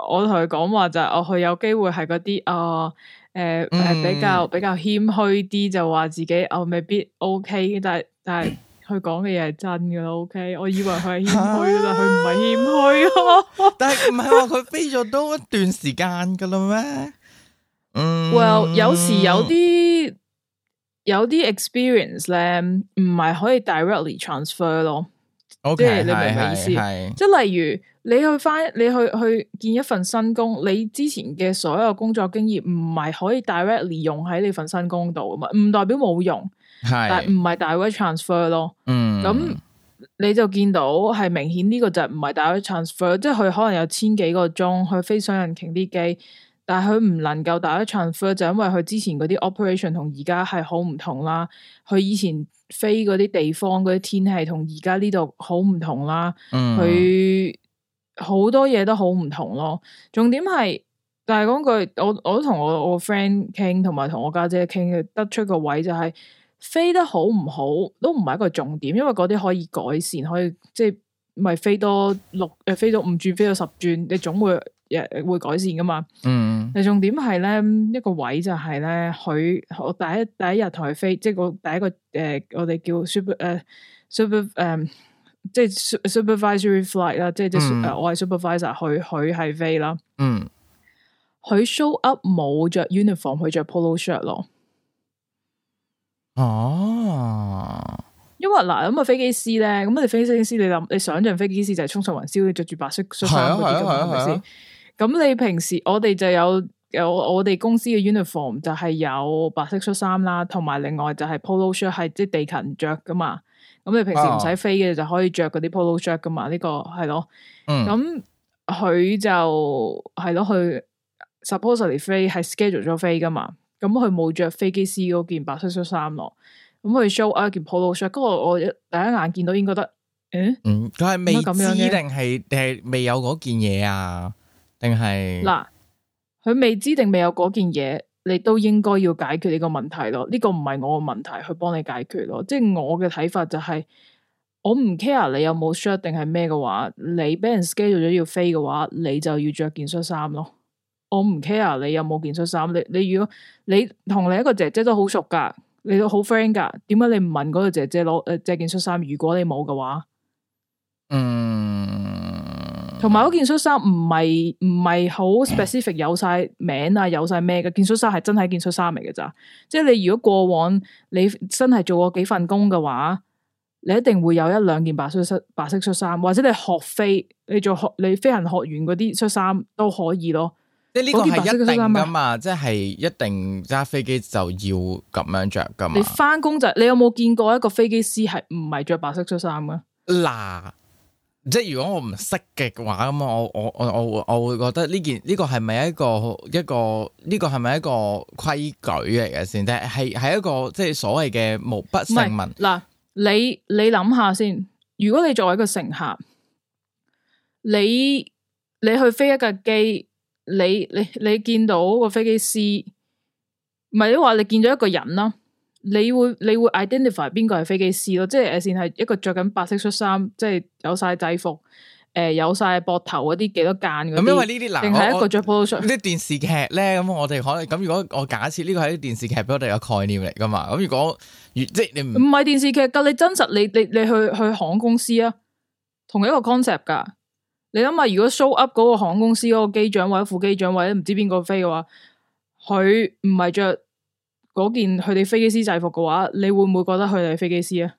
我同佢講話就係，是，我佢有機會係嗰啲啊誒，比較比較謙虛啲，就話自己我，哦，未必 OK，但係但係。佢講嘅嘢係真噶啦，OK。我以為佢係謙虛噶啦，佢唔係謙虛。但係唔係話佢飛咗多一段時間噶啦咩？Well，有時有啲有啲 experience 咧，唔係可以 directly transfer 咯。即係你明唔明意思？即係例如你去翻，你去去見一份新工，你之前嘅所有工作經驗唔係可以 directly 用喺你份新工度啊嘛，唔代表冇用。係，是但唔係 direct transfer 咯。嗯，咁、嗯、你就見到係明顯呢個就唔係 direct transfer，即係佢可能有千幾個鐘去飛雙引擎啲機，但係佢唔能夠 direct transfer，就因為佢之前嗰啲 operation 同而家係好唔同啦。佢以前飛嗰啲地方嗰啲天氣同而家呢度好唔同啦。佢好，嗯、多嘢都好唔同咯。重點係，但係講句我我都同我我 friend 傾，同埋同我家姐傾，得出個位就係、是。飛得好唔好都唔係一個重點，因為嗰啲可以改善，可以即係咪飛多六誒，飛到五轉，飛到十轉，你總會誒會改善噶嘛。嗯、mm。Hmm. 但重點係咧一個位就係咧，佢我第一第一日同佢飛，即係第一個誒、呃，我哋叫 sup 誒 sup 誒，即、hmm. 係、uh, supervisory flight 啦，即係即係我係 supervisor，佢佢係飛啦。嗯、mm。佢、hmm. show up 冇着 uniform，佢着 polo shirt 咯。哦，啊、因為嗱咁啊，飛機師咧，咁你飛機師，你諗，你想象飛機師就係衝上雲霄，你着住白色恤衫嗰啲咁樣，係咪先？咁、啊啊啊、你平時我哋就有，有我哋公司嘅 uniform 就係有白色恤衫啦，同埋另外就係 polo shirt 係即係地勤着噶嘛。咁你平時唔使飛嘅就可以着嗰啲 polo shirt 噶嘛。呢、啊啊呢個係咯，咁佢、嗯、就係咯，佢 supposedly 飛係 schedule 咗飛噶嘛。咁佢冇着飛機師嗰件白色恤衫咯，咁佢 show 啊件 polo shirt，咁我第一眼見到應該得，誒，嗯，佢係未，啊、未知定係定係未有嗰件嘢啊？定係嗱，佢未知定未有嗰件嘢，你都應該要解決呢個問題咯。呢、這個唔係我嘅問題，去幫你解決咯。即係我嘅睇法就係、是，我唔 care 你有冇 shirt 定係咩嘅話，你 b 人 s c h e d u l e 咗要飛嘅話，你就要着件恤衫咯。我唔 care 你有冇件恤衫。你你如果你同你一個姐姐都好熟噶，你都好 friend 噶。點解你唔問嗰個姐姐攞誒借件恤衫。如果你冇嘅話，嗯，同埋嗰件恤衫唔係唔係好 specific，有晒名啊，有晒咩嘅，件恤衫係真係件恤衫嚟嘅咋。即係你如果過往你真係做過幾份工嘅話，你一定會有一兩件白色恤白色恤衫，或者你學飛，你做學你飛行學院嗰啲恤衫都可以咯。呢呢個係一定噶嘛，啊、即係一定揸飛機就要咁樣着噶嘛。你翻工就，你有冇見過一個飛機師係唔係着白色恤衫嘅？嗱，即係如果我唔識嘅話，咁我我我我會我會覺得呢件呢個係咪一個一個呢個係咪一個規矩嚟嘅先？即係係係一個即係所謂嘅無不成文嗱。你你諗下先，如果你作為一個乘客，你你去飛一架機。你你你見到個飛機師，唔係你話你見咗一個人咯，你會你會 identify 邊個係飛機師咯？即係誒，先係一個着緊白色恤衫，即係有晒制服，誒、呃、有晒膊頭嗰啲幾多間。咁因為呢啲男定係一個着普通恤。呢電視劇咧，咁我哋可能咁，如果我假設呢個係電視劇俾我哋嘅概念嚟噶嘛，咁如果即係你唔唔係電視劇噶，但你真實你你你，你去去航空公司啊，同一個 concept 噶。你諗下，如果 show up 嗰個航空公司嗰個機長、或者副機長或者唔知邊個飛嘅話，佢唔係着嗰件佢哋飛機師制服嘅話，你會唔會覺得佢哋係飛機師啊？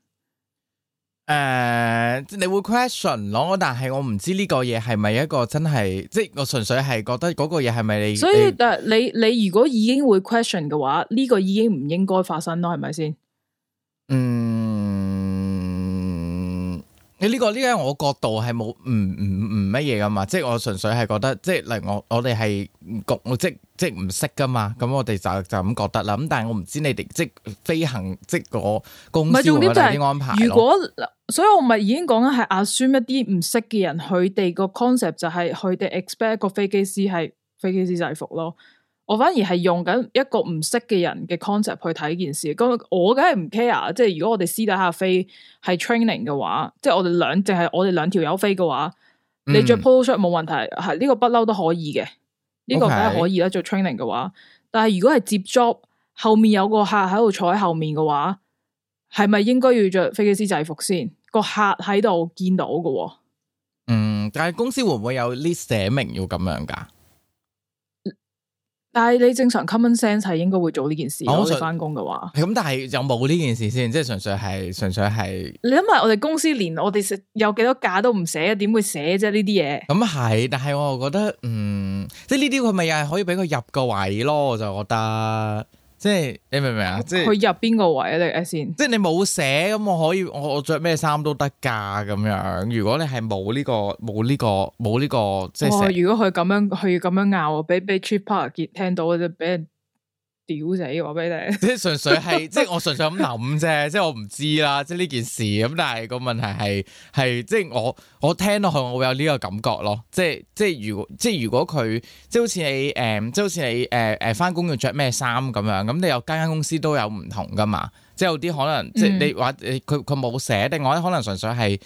誒，uh, 你會 question 咯，但係我唔知呢個嘢係咪一個真係，即係我純粹係覺得嗰個嘢係咪你？所以但係你你，你如果已經會 question 嘅話，呢個已經唔應該發生咯，係咪先？嗯、um。呢個呢個我角度係冇唔唔唔乜嘢噶嘛，即係我純粹係覺得，即係例我我哋係局我即即唔識噶嘛，咁我哋就就咁覺得啦。咁但係我唔知你哋即飛行即個公司嗰啲安排。就是、如果所以我咪已經講緊係阿孫一啲唔識嘅人，佢哋個 concept 就係佢哋 expect 個飛機師係飛機師制服咯。我反而係用緊一個唔識嘅人嘅 concept 去睇件事，咁我梗係唔 care。即係如果我哋私底下飛係 training 嘅話，即係我哋兩淨係我哋兩條友飛嘅話，嗯、你着 polo shirt 冇問題，係、這、呢個不嬲都可以嘅，呢、這個梗係可以啦。做 training 嘅話，但係如果係接 job 後面有個客喺度坐喺後面嘅話，係咪應該要着飛機師制服先？個客喺度見到嘅、哦，嗯，但係公司會唔會有呢寫明要咁樣噶？但係你正常 common sense 係應該會做呢件事，如果翻工嘅話。咁但係有冇呢件事先？即係純粹係，純粹係。你諗下，我哋公司連我哋有幾多假都唔寫，點會寫啫呢啲嘢？咁係，但係我又覺得，嗯，即係呢啲佢咪又係可以俾佢入個位咯，我就覺得。即係你明唔明啊？即係佢入邊個位啊？你誒先，即係你冇寫，咁，我可以我我著咩衫都得㗎咁樣。如果你係冇呢個冇呢個冇呢個，即係、哦、如果佢咁樣佢要咁樣拗，我畀畀 tripart p 結聽到，就畀人。屌死我俾你！ 即係純粹係，即係我純粹咁諗啫，即係我唔知啦，即係呢件事咁。但係個問題係係，即係我我聽落去我會有呢個感覺咯。即係即係，如果即係如果佢即係好似你誒，即係好似你誒誒翻工要着咩衫咁樣咁，你有間間公司都有唔同噶嘛。即係有啲可能，即係你話佢佢冇寫定，另外可能純粹係。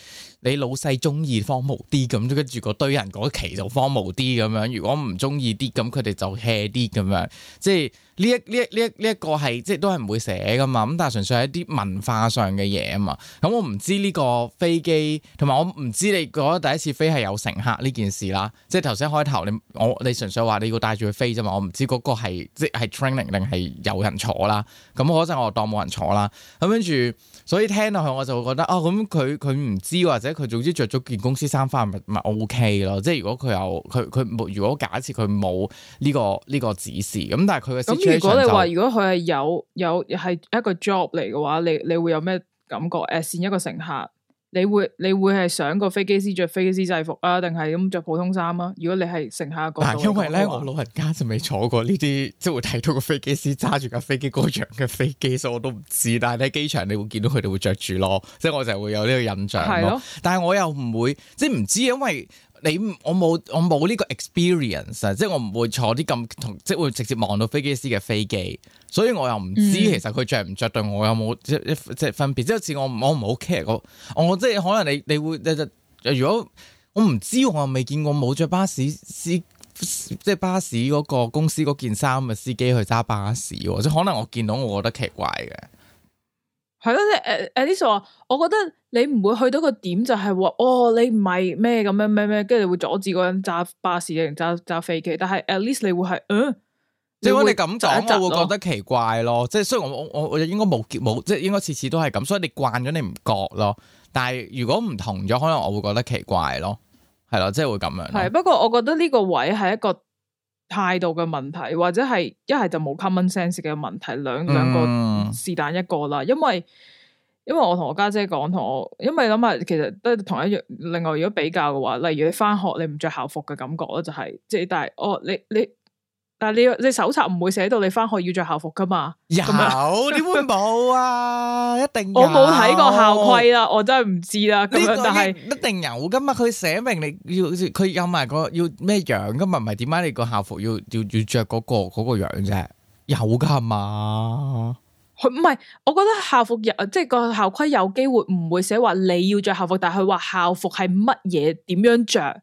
你老細中意荒無啲咁，跟住嗰堆人嗰期就荒無啲咁樣。如果唔中意啲，咁佢哋就 hea 啲咁樣。即係呢一呢一呢一呢一個係即係都係唔會寫㗎嘛。咁但係純粹係一啲文化上嘅嘢啊嘛。咁、嗯、我唔知呢個飛機，同埋我唔知你覺得第一次飛係有乘客呢件事啦。即係頭先開頭你我你純粹話你要帶住佢飛啫嘛。我唔知嗰個係即係 training 定係有人坐啦。咁嗰陣我當冇人坐啦。咁跟住。所以聽落去我就會覺得啊，咁佢佢唔知或者佢總之着咗件公司衫翻咪咪 OK 咯，即係如果佢有佢佢冇，如果假設佢冇呢個呢、呢個指示咁，但係佢嘅咁如果你話就如果佢係有有係一個 job 嚟嘅話，你你會有咩感覺 as、呃、線一個乘客。你會你會係上個飛機師着飛機師制服啊，定係咁着普通衫啊？如果你係乘客嗱，因為咧度我老人家就未坐過呢啲，嗯、即係會睇到個飛機師揸住架飛機嗰樣嘅飛機，所以我都唔知。但係喺機場你會見到佢哋會着住咯，即係我就會有呢個印象咯。的但係我又唔會，即係唔知，因為。你我冇我冇呢個 experience 啊！即係我唔會坐啲咁同，即係會直接望到飛機師嘅飛機，所以我又唔知、嗯、其實佢着唔着對我有冇即即係分別。即好似我我唔好 care 我，我我我即係可能你你會，如果我唔知我又未見過冇着巴士司，即係巴士嗰個公司嗰件衫嘅司機去揸巴士，即係可能我見到我覺得奇怪嘅。係咯，你，係誒 At least 我，我覺得你唔會去到個點，就係話，哦，你唔係咩咁樣咩咩，跟住你會阻止個人揸巴士定揸揸飛機。但係 At least 你會係，嗯，即係如果你咁講，會駕駕我會覺得奇怪咯。即係雖然我我我應該冇冇，即係應該次次都係咁，所以你慣咗你唔覺咯。但係如果唔同咗，可能我會覺得奇怪咯。係咯，即係會咁樣。係不過我覺得呢個位係一個。態度嘅問題，或者係一係就冇 common sense 嘅問題，兩兩個是但、嗯、一個啦。因為因為我同我家姐講，同我因為諗下其實都係同一樣。另外如果比較嘅話，例如你返學你唔着校服嘅感覺咧，就係，就係即係但係哦，你你。但係，你你手冊唔會寫到你翻學要着校服噶嘛？有，點會冇啊？一定我冇睇過校規啦，我真係唔知啦。呢個係一定有噶嘛？佢寫明你要佢有埋個要咩樣噶嘛？唔係點解你個校服要要要着嗰個嗰個樣啫？有噶係嘛？佢唔係，我覺得校服有即係個校規有機會唔會寫話你要着校服，但係佢話校服係乜嘢點樣着？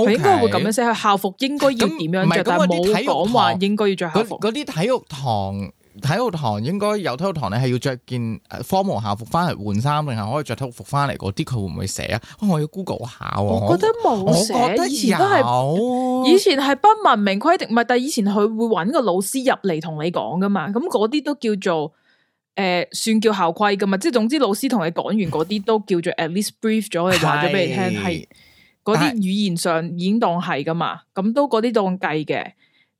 我應該會咁樣寫，校服應該要點樣着？那但係冇講話應該要着校服。嗰啲體育堂，體育堂應該有體育堂，你係要着件 formal 校服翻嚟換衫，定係可以着體服翻嚟？嗰啲佢會唔會寫啊、哦？我要 Google 下、啊。我覺得冇寫，以前都係，以前係不成文規定。唔係，但係以前佢會搵個老師入嚟同你講噶嘛。咁嗰啲都叫做誒、呃，算叫校規噶嘛。即係總之，老師同你講完嗰啲 都叫做 at least brief 咗，你話咗俾你聽係。嗰啲語言上已經當係噶嘛，咁都嗰啲當計嘅。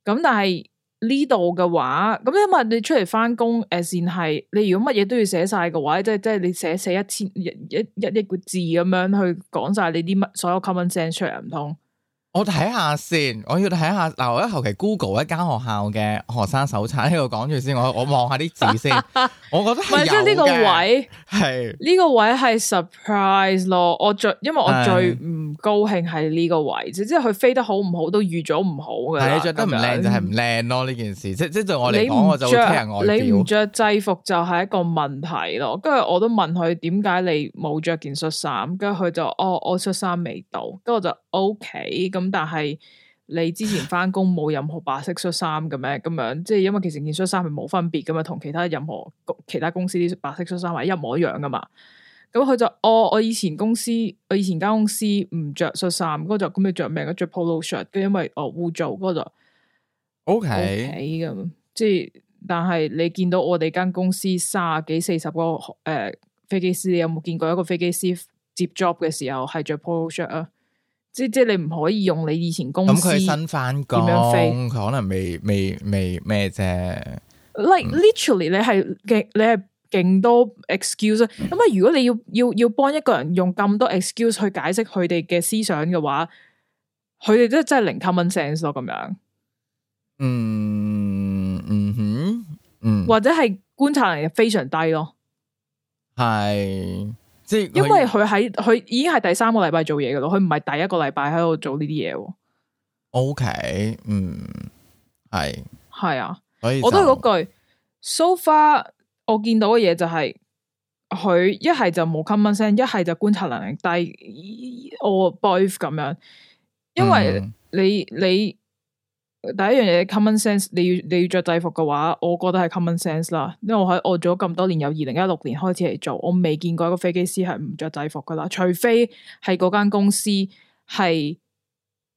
咁但係呢度嘅話，咁因為你出嚟返工，誒，先係你如果乜嘢都要寫晒嘅話，即係即係你寫寫一千一一一一個字咁樣去講晒你啲乜所有 common sense 出嚟唔通？我睇下先，我要睇下嗱，我一後期 Google 一間學校嘅學生手冊喺度講住先，我我望下啲字先， 我覺得係即係呢個位係呢的個位係 surprise 咯，我最因為我最唔高興係呢個位，即係佢飛得好唔好都預咗唔好嘅。你着得唔靚就係唔靚咯，呢、嗯、件事即即係對我嚟講，我就 care 外表。你唔着制服就係一個問題咯，跟住我都問佢點解你冇着件恤衫，跟住佢就哦，我恤衫未到，跟住我就 O K 咁。Okay, 咁但係你之前返工冇任何白色恤衫嘅咩？咁樣即係因為其實件恤衫係冇分別噶嘛，同其他任何其他公司啲白色恤衫係一模一樣噶嘛。咁佢就哦，我以前公司我以前間公司唔着恤衫，咁就咁要着咩啊？着 polo shirt，因為哦污糟，咁就 OK 咁、okay。即係但係你見到我哋間公司卅幾四十個誒、呃、飛機師，你有冇見過一個飛機師接 job 嘅時候係着 polo shirt 啊？即即你唔可以用你以前公司佢新返工，點樣飛，佢可能未未未咩啫。Like、嗯、literally，你係勁你係勁多 excuse、嗯。咁啊，如果你要要要幫一個人用咁多 excuse 去解釋佢哋嘅思想嘅話，佢哋都真係零 common sense 咯，咁樣。嗯嗯哼，嗯，或者係觀察能力非常低咯。係。即因為佢喺佢已經係第三個禮拜做嘢嘅咯，佢唔係第一個禮拜喺度做呢啲嘢。O、okay, K，嗯，係係啊，我都係嗰句。So far，我見到嘅嘢就係佢一係就冇 common sense，一係就觀察能力但低，我 believe 咁樣。因為你、嗯、你。你第一樣嘢 common sense，你要你要着制服嘅話，我覺得係 common sense 啦。因為我喺我做咗咁多年，由二零一六年開始嚟做，我未見過一個飛機師係唔着制服噶啦。除非係嗰間公司係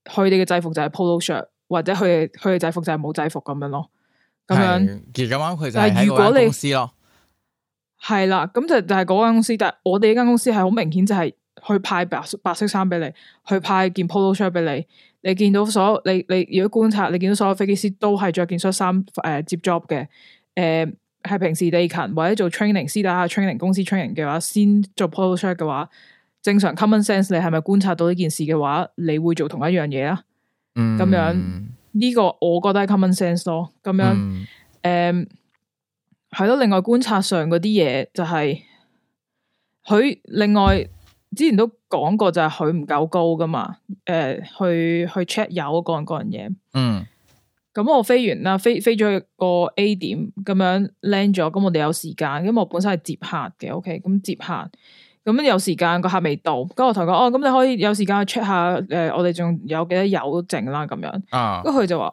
佢哋嘅制服就係 polo shirt，或者佢哋佢哋嘅制服就係冇制服咁樣咯。咁樣，咁樣佢就喺嗰間公司咯。係啦，咁就係、就係、係、嗰間公司。但係我哋呢間公司係好明顯就係去派白白色衫俾你，去派件 polo shirt 俾你。你見到所有你你如果觀察，你見到所有飛機師都係着件恤衫誒接 job 嘅誒，係、呃、平時地勤或者做 training 私底下 training 公司 training 嘅話，先做 polo shirt 嘅話，正常 common sense 你係咪觀察到呢件事嘅話，你會做同一樣嘢啦？樣嗯，咁樣呢個我覺得係 common sense 咯。咁樣誒，係咯、嗯嗯。另外觀察上嗰啲嘢就係、是、佢另外。之前都講過就係佢唔夠高噶嘛，誒、呃、去去 check 油各樣各樣嘢。嗯。咁、嗯、我飛完啦，飛飛咗去個 A 點咁樣 land 咗、er, 嗯，咁我哋有時間，因為我本身係接客嘅。O K，咁接客，咁、嗯、有時間個客未到，咁我同佢講哦，咁你可以有時間去 check 下，誒、呃、我哋仲有幾多油剩啦咁樣。啊。咁佢就話：，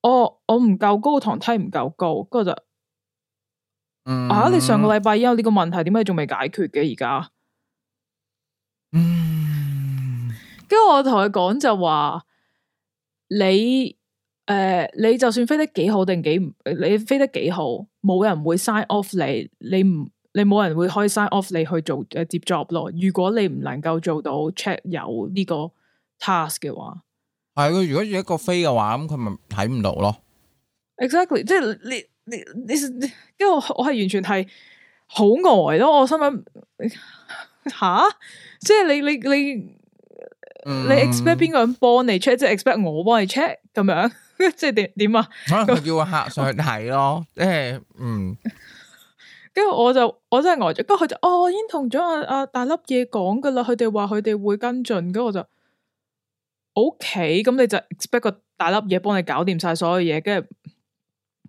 哦，我唔夠高，堂梯唔夠高。咁我就，嗯、啊，你上個禮拜有呢個問題點解仲未解決嘅而家？嗯，跟住我同佢講就話你誒、呃，你就算飛得幾好定幾，你飛得幾好，冇人會 sign off 你，你唔，你冇人會開 sign off 你去做誒接 job 咯。如果你唔能夠做到 check 有呢個 task 嘅話，係啊，如果要一個飛嘅話，咁佢咪睇唔到咯。Exactly，即係你你你，因為我係完全係好呆咯，我心諗吓。 啊即係你你你你 expect 邊個人幫你 check，即係 expect 我幫你 check 咁樣，即係點點啊？可能佢叫我客上去睇咯，即係嗯。跟住我就我真係呆咗，跟住佢就哦，我已經同咗阿阿大粒嘢講噶啦，佢哋話佢哋會跟進，跟住我就 OK，咁你就 expect 個大粒嘢幫你搞掂晒所有嘢，跟住，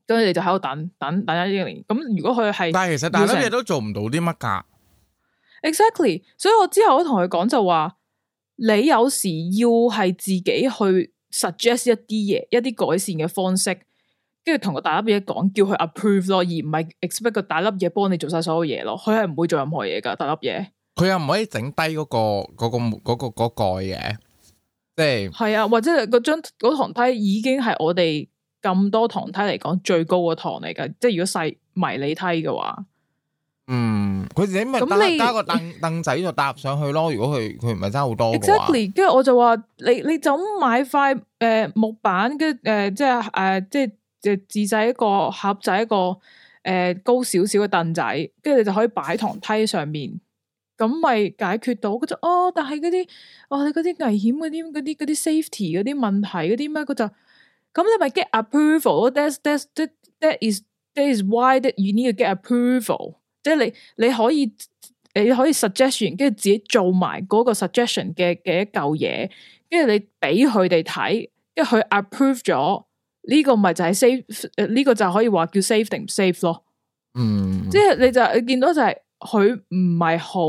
跟住你就喺度等等等一年。咁如果佢係，但係其實大粒嘢都做唔到啲乜噶。Exactly，所以我之後我同佢講就話，你有時要係自己去 suggest 一啲嘢，一啲改善嘅方式，跟住同個大粒嘢講，叫佢 approve 咯，而唔係 expect 個大粒嘢幫你做晒所有嘢咯。佢係唔會做任何嘢噶，大粒嘢。佢又唔可以整低嗰個嗰個嗰個嗰蓋嘅，即係。係啊，或者嗰張嗰堂梯已經係我哋咁多堂梯嚟講最高嘅堂嚟噶，即係如果細迷你梯嘅話。嗯，佢自己咪加、嗯、個凳凳仔就搭上去咯。如果佢佢唔係差好多嘅話，跟住、exactly，我就話你你就買塊誒、uh，木板，跟誒即係誒即係誒自製一個盒仔一個誒、呃、高少少嘅凳仔，跟住你就可以擺樓梯上面，咁咪解決到。佢就哦，但係嗰啲我嗰啲危險嗰啲嗰啲嗰啲 safety 嗰啲問題嗰啲咩？佢就咁你咪 get approval。That's that's that that's that is why you need get approval。 即係你，你可以你可以 suggestion，跟住自己做埋嗰個 suggestion 嘅嘅一嚿嘢，跟住你俾佢哋睇，跟住佢 approve 咗呢個咪就係 save，呃，呢個就可以話叫 save 定唔 save 咯。嗯，即係你就你見到就係佢唔係好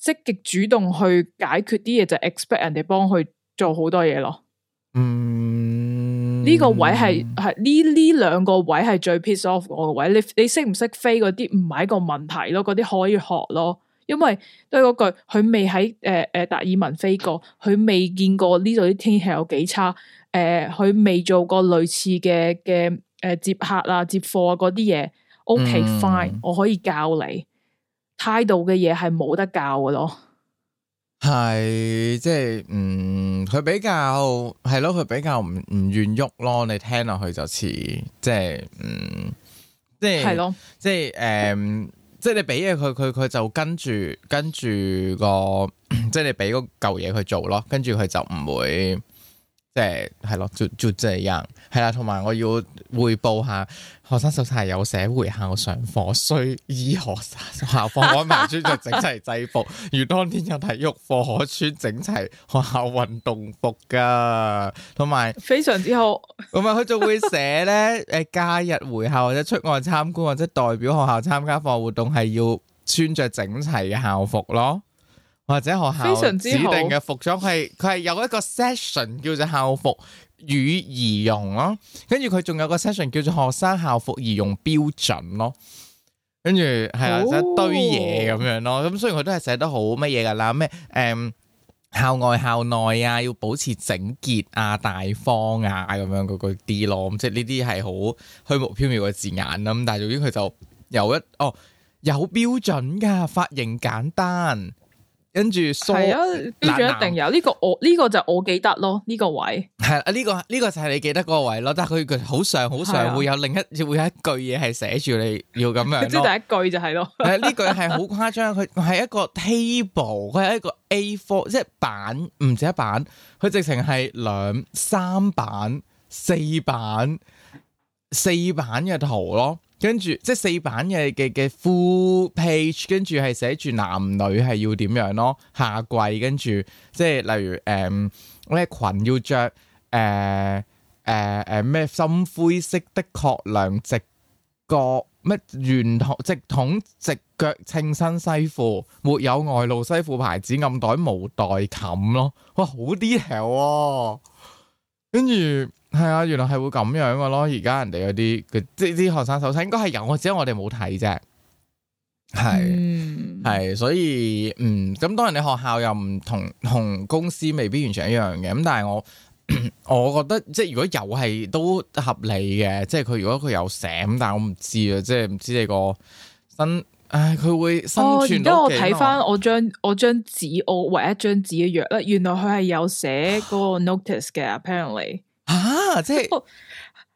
積極主動去解決啲嘢，就 expect 人哋幫佢做好多嘢咯。嗯。呢個位係係呢呢兩個位係最 piss off 我個位，你你識唔識飛嗰啲唔係一個問題咯，嗰啲可以學咯，因為都係嗰句，佢未喺誒誒達爾文飛過，佢未見過呢度啲天氣有幾差，誒佢未做過類似嘅嘅誒接客啊接貨啊嗰啲嘢，OK fine，我可以教你，態度嘅嘢係冇得教㗎咯。係即係，嗯，佢比較係咯，佢比較唔唔願意喐咯。你聽落去就似即係，嗯，即係係咯，即係誒，即係你俾嘢佢，佢佢就跟住跟住個，即係你俾嗰舊嘢佢做咯，跟住佢就唔會。即係咯，做做、嗯、這樣係啦，同埋、啊、我要匯報下學生手冊有寫回校上課需以學校校服安排穿著整齊制服，如當天有體育課可穿整齊學校運動服噶，同埋非常之好。同埋佢仲會寫咧，誒，假日回校或者出外參觀或者代表學校參加課外活動係要穿着整齊嘅校服咯。或者學校指定嘅服裝，佢係佢係有一個 session 叫做校服與儀容咯，跟住佢仲有個 session 叫做學生校服儀容標準咯。跟住係啊，一堆嘢咁樣咯。咁、哦、雖然佢都係寫得好乜嘢噶啦，咩誒、嗯、校外校內啊，要保持整潔啊、大方啊咁樣嗰啲咯。咁即係呢啲係好虛無縹緲嘅字眼啦。咁但係總之佢就有一哦有標準噶，髮型簡單。跟住，係啊，必然辣男 一定有呢、這個我呢、這個就我記得咯，呢、這個位係啊，呢、這個呢、這個就係你記得嗰個位咯。但係佢佢好上好上、啊、會有另一會有一句嘢係寫住你要咁樣咯。 即係第一句就係咯，呢、 啊、句係好誇張。佢係一個 table，佢係一個 A4 即係版唔止一版，佢直情係兩三版、四版、四版嘅圖咯。跟住即係四版嘅嘅嘅 full page，跟住係寫住男女係要點樣咯？夏季跟住即係例如誒咩、呃、裙要着誒誒誒咩深灰色的確良直角咩圓筒直筒直腳稱身西褲，沒有外露西褲牌子，暗袋無袋冚咯。哇，好 detail 喎、哦，跟住。係啊，原來係會咁樣嘅咯。而家人哋嗰啲，即啲學生手冊應該係有，只係我哋冇睇啫。係係、嗯，所以嗯，咁當然你學校又唔同，同公司未必完全一樣嘅。咁但係我我覺得，即如果有係都合理嘅，即係佢如果佢有寫，咁但係我唔知啊，即係唔知你個新，唉，佢會生存。而家、哦、我睇翻，我張我張紙，我唯一張紙嘅約咧，原來佢係有寫嗰個 notice 嘅，apparently。啊！即係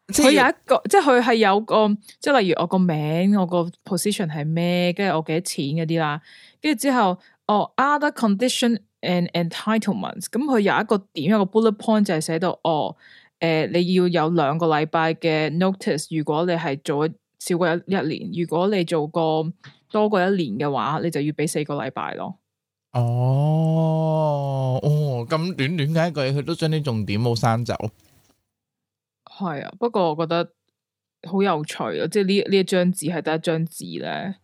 佢有，是有一個，即係佢係有個，即係例如我個名，我個 position 係咩，跟住我幾多錢嗰啲啦。跟住之後，哦，other condition and entitlements，咁佢有一個點，一個 bullet point 就係寫到哦，誒、呃，你要有兩個禮拜嘅 notice，如果你係做少過一一年，如果你做過多過一年嘅話，你就要俾四個禮拜咯。哦，哦，咁短短嘅一句，佢都將啲重點冇刪走。係啊，不過我覺得好有趣咯，即係呢呢一張紙係得一張紙咧。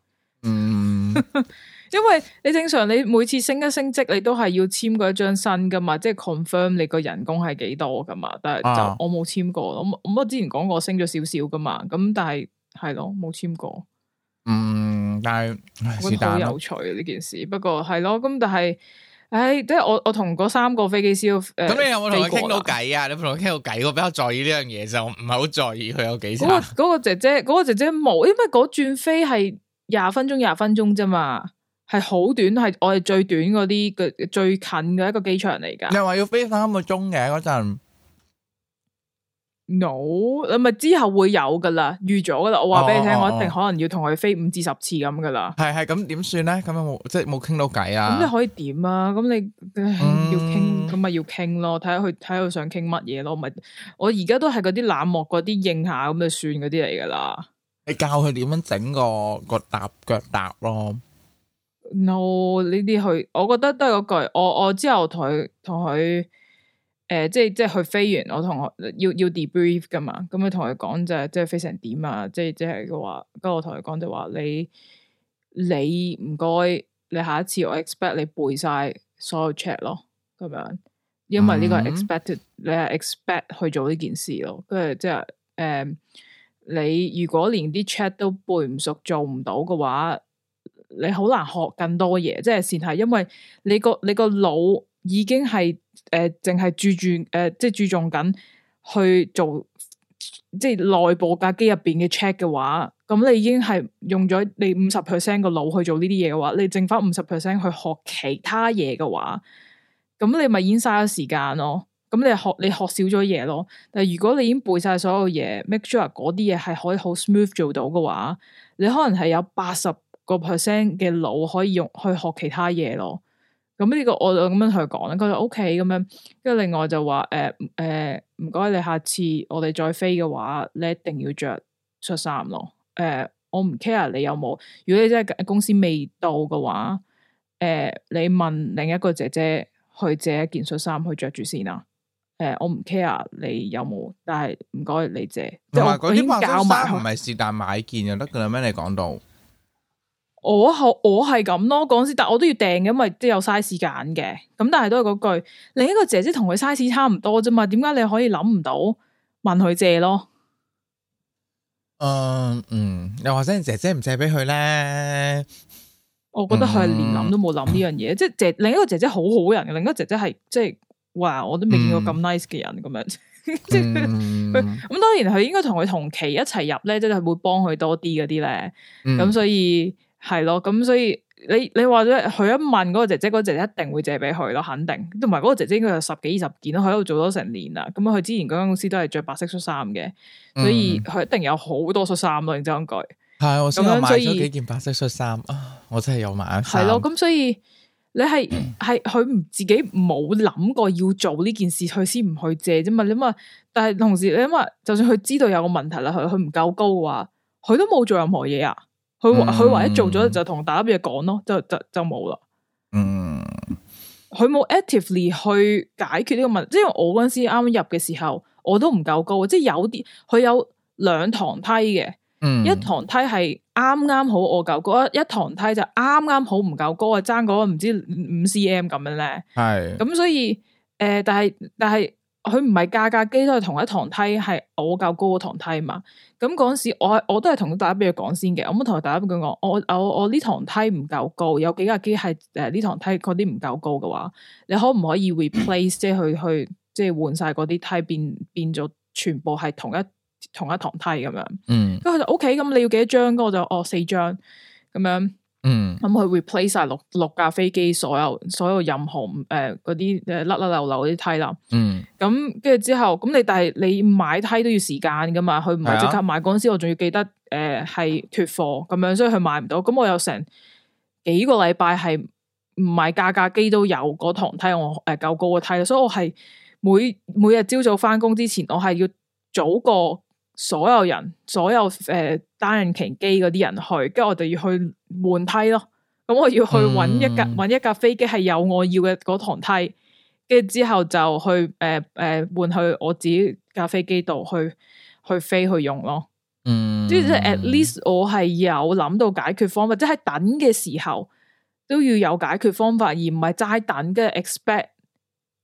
嗯， 因為你正常你每次升一升職，你都係要簽過一張新噶嘛，即係 confirm 你個人工係幾多噶嘛。但係就我冇簽過咯，啊、我我之前講過升咗少少噶嘛，咁但係係咯冇簽過。嗯，但係好有趣呢件事，不過係咯，咁、啊、但係。唉，即係、哎、我我同嗰三個飛機師咁、呃、你有冇同佢傾到偈啊？ 你有冇同佢傾到偈，我比較在意呢樣嘢就唔係好在意佢有幾、那個。嗰個嗰個姐姐，嗰、嗰個姐姐冇，因為嗰轉飛係廿分鐘廿分鐘啫嘛，係好短，係我哋最短嗰啲嘅最近嘅一個機場嚟㗎。你話要飛返一個鐘嘅嗰陣。no，你咪之後會有噶啦，預咗噶啦，我話俾你聽，我一定可能要同佢飛五至十次咁噶啦。係係咁點算咧？咁樣冇即係冇傾到偈啊？咁你可以點啊？咁你、嗯、要傾，咁咪要傾咯？睇下佢睇下佢想傾乜嘢咯？咪我而家都係嗰啲冷漠嗰啲應下咁就算嗰啲嚟噶啦。你教佢點樣整個個踏腳踏咯？no 呢啲去，我覺得都係嗰句，我我之後同同佢。誒、呃，即係即係去飛完，我同我要要 debrief 噶嘛，咁佢同佢講就係即係非常點啊，即係即係話，咁我同佢講就話、是、你你唔該，你下一次我 expect 你背晒所有 check 咯，咁樣，因為呢個 expect 你係 expect 去做呢件事咯，跟住即係誒，你如果連啲 check 都背唔熟，做唔到嘅話，你好難學更多嘢，即係先係，因為你個你個腦已經係。誒，淨係、呃、注住誒、呃，即係注重緊去做，即係內部架機入邊嘅 check 嘅話，咁你已經係用咗你五十 percent 個腦去做呢啲嘢嘅話，你剩翻五十 percent 去學其他嘢嘅話，咁你咪已經嘥咗時間咯。咁你學你學少咗嘢咯。但係如果你已經背晒所有嘢，make sure 嗰啲嘢係可以好 smooth 做到嘅話，你可能係有八十個 percent 嘅腦可以用去學其他嘢咯。咁呢個我就咁樣同佢講啦，佢就 O K 咁樣。跟住另外就話誒誒，唔該你下次我哋再飛嘅話，你一定要着恤衫咯。誒、呃，我唔 care 你有冇。如果你真係公司未到嘅話，誒、呃，你問另一個姐姐去借一件恤衫去着住先啦。誒、呃，我唔 care 你有冇，但係唔該你借。同埋嗰啲外套衫唔係是但我買一件就得噶咩？你講到。我我係咁咯，嗰陣但我都要訂嘅，因為都有 size 揀嘅。咁但係都係嗰句，另一個姐姐同佢 size 差唔多啫嘛。點解你可以諗唔到問佢借咯？誒、嗯，嗯，又或者姐姐唔借俾佢咧？我覺得佢係連諗都冇諗呢樣嘢，嗯、即係姐另一個姐姐好好人，另一個姐姐係即係哇，我都未見過咁 nice 嘅人咁、嗯、樣。咁、嗯、 當然佢應該同佢同期一齊入咧，即係會幫佢多啲嗰啲咧。咁、嗯、所以。係咯，咁所以你你話咗佢一問嗰個姐姐，嗰個姐姐一定會借俾佢咯，肯定。同埋嗰個姐姐應該有十幾二十件咯，佢喺度做咗成年啦。咁佢之前嗰間公司都係着白色恤衫嘅，嗯、所以佢一定有好多恤衫咯。認真講句，係我先買咗幾件白色恤衫啊，的以我真係有買啊。係咯，咁所以你係係佢唔自己冇諗過要做呢件事，佢先唔去借啫嘛。你嘛，但係同時你諗下，就算佢知道有個問題啦，佢佢唔夠高嘅話，佢都冇做任何嘢啊。佢佢話唯一做咗就同大家嘅講咯，就就就冇啦。嗯，佢冇 actively 去解決呢個問題。即係我嗰陣時啱入嘅時候，我都唔夠高。即係有啲佢有兩堂梯嘅，嗯、一堂梯係啱啱好我夠高，一堂梯就啱啱好唔夠高啊，爭嗰個唔知五 cm 咁樣咧。係咁是所以誒、呃，但係但係。佢唔係架架機都係同一堂梯，係我夠高個堂梯嘛？咁嗰時我我都係同大家俾佢講先嘅。我冇同大家咁講，我我我呢堂梯唔夠高，有幾架機係誒呢堂梯嗰啲唔夠高嘅話，你可唔可以 replace 即係去去，去即係換晒嗰啲梯變變咗全部係同一同一堂梯咁樣？嗯，咁 佢就 O K，咁你要幾多張？咁我就哦四張咁樣。嗯，咁佢 replace 晒六六架飛機所有所有任何誒嗰啲誒甩甩流流啲梯啦，嗯，咁跟住之後，咁你但係你買梯都要時間噶嘛，佢唔係即刻買嗰陣時，啊、我仲要記得誒係缺貨咁樣，所以佢買唔到。咁我有成幾個禮拜係唔買架架機都有嗰堂梯，我誒夠、呃、高嘅梯，所以我係每每日朝早翻工之前，我係要早過。所有人所有誒、呃、單引擎機嗰啲人去，跟住我哋要去換梯咯。咁我要去揾一架揾、嗯、一架飛機係有我要嘅嗰堂梯，跟住之後就去誒誒、呃呃、換去我自己架飛機度去去,去飛去用咯。嗯，即係 at least 我係有諗到解決方法，嗯、即係等嘅時候都要有解決方法，而唔係齋等嘅 expect。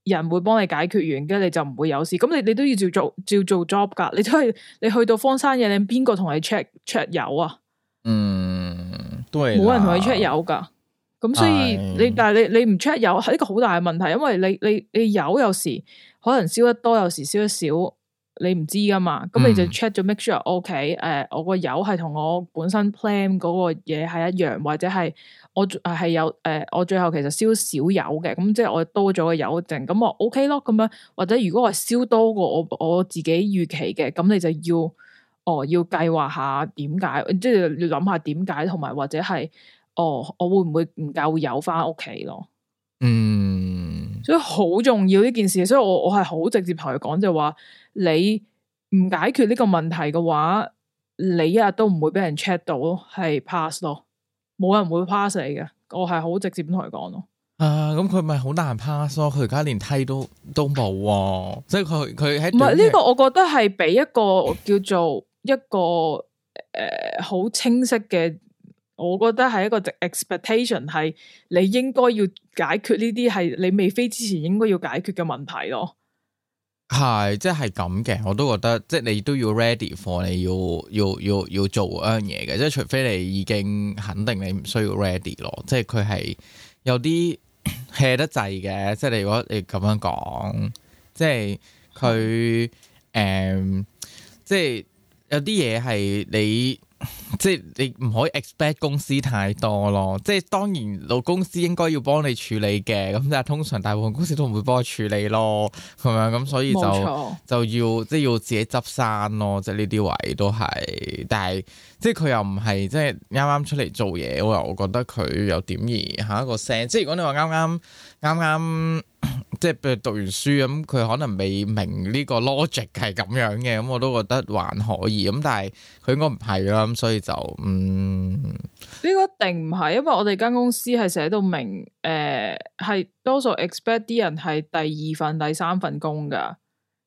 人會幫你解決完，跟住你就唔會有事。咁你你都要照做，照做 job 噶。你都係你去到荒山野嶺，邊個同你 check check 油啊？嗯，都冇人同你 check 油噶。咁所以你唉但係你你唔 check 油係一個好大嘅問題，因為你你你油有時可能燒得多，有時燒得少。你唔知㗎嘛？咁你就 check 咗 make sure OK。誒，我個油係同我本身 plan 嗰個嘢係一樣，或者係我係有誒，uh，我最後其實燒少油嘅，咁、嗯、即係我多咗個油剩，咁我 OK 咯。咁樣或者如果我燒多過我我自己預期嘅，咁你就要哦要計劃下點解，即係要諗下點解，同埋或者係哦我會唔會唔夠油翻屋企咯？嗯。所以好重要呢件事，所以我我係好直接同佢講，就話、是、你唔解決呢個問題嘅話，你一日都唔會俾人 check 到咯，係 pass 咯，冇人會 pass 你嘅。我係好直接咁同佢講咯。啊，咁佢咪好難 pass 咯？佢而家連梯都都冇，即係佢佢喺唔係呢個？我覺得係俾一個叫做一個誒好、呃、清晰嘅。我覺得係一個 expectation，係你應該要解決呢啲係你未飛之前應該要解決嘅問題咯。係，即係咁嘅，我都覺得，即係你都要 ready for 你要要要要做一樣嘢嘅，即係除非你已經肯定你唔需要 ready 咯，即係佢係有啲 hea 得滯嘅，即係你如果你咁樣講，即係佢誒，即係有啲嘢係你。即係你唔可以 expect 公司太多咯，即係當然老公司應該要幫你處理嘅，咁但係通常大部分公司都唔會幫你處理咯，咁樣，咁所以就冇錯就要即係要自己執生咯，即係呢啲位都係，但係。即係佢又唔係即係啱啱出嚟做嘢，我又覺得佢又點而下一個聲。即係如果你話啱啱啱啱即係譬如讀完書咁，佢、嗯、可能未明呢個 logic 係咁樣嘅，咁、嗯、我都覺得還可以。咁、嗯、但係佢應該唔係啦，咁所以就嗯呢個一定唔係，因為我哋間公司係寫到明，誒、呃、係多數 expect 啲人係第二份、第三份工㗎，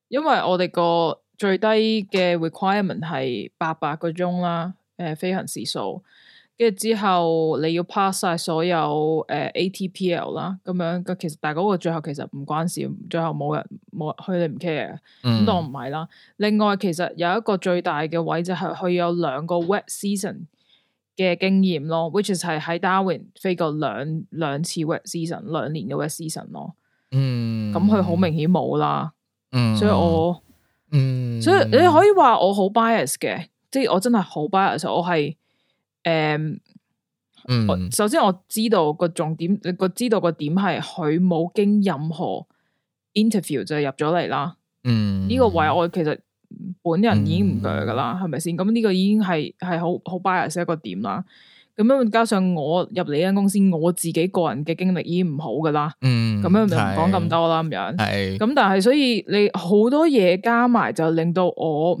因為我哋個最低嘅 requirement 係八百個鐘啦。誒、呃，飛行時數，跟住之後你要 pass 晒、呃、 所有誒 ATPL 啦，咁樣，其實但係嗰個最後其實唔關事，最後冇人冇佢哋唔 care，咁當唔係啦。嗯、另外，其實有一個最大嘅位就係、是、佢有兩個 Wet Season 嘅經驗咯，which is 係喺 Darwin 飛過兩兩次 Wet Season，兩年嘅 Wet Season 咯。嗯，咁佢好明顯冇啦。嗯，所以我，嗯，所以你可以話我好 bias 嘅。即係我真係好 bias，我係誒、嗯，首先我知道個重點，你個知道個點係佢冇經任何 interview 就入咗嚟啦。嗯，呢個位我其實本人已經唔噶啦，係咪先？咁呢個已經係係好好 bias 一個點啦。咁樣加上我入你間公司，我自己個人嘅經歷已經唔好噶啦。嗯，咁樣就唔講咁多啦咁是樣。係咁是，但係所以你好多嘢加埋就令到我。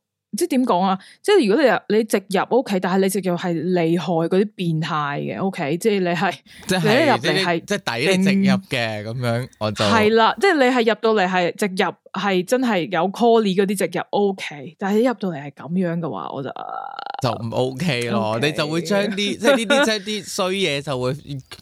即係點講啊？即係如果你入你直入屋企，但係你直入係厲害嗰啲變態嘅 OK，即係你係你一入嚟係即係抵你直入嘅咁樣，我就係啦。即係你係入到嚟係直入，係真係有 call 你嗰啲直入 OK，但係一入到嚟係咁樣嘅話，我就就唔 OK 咯。Okay 你就會將啲 即係呢啲即係啲衰嘢就會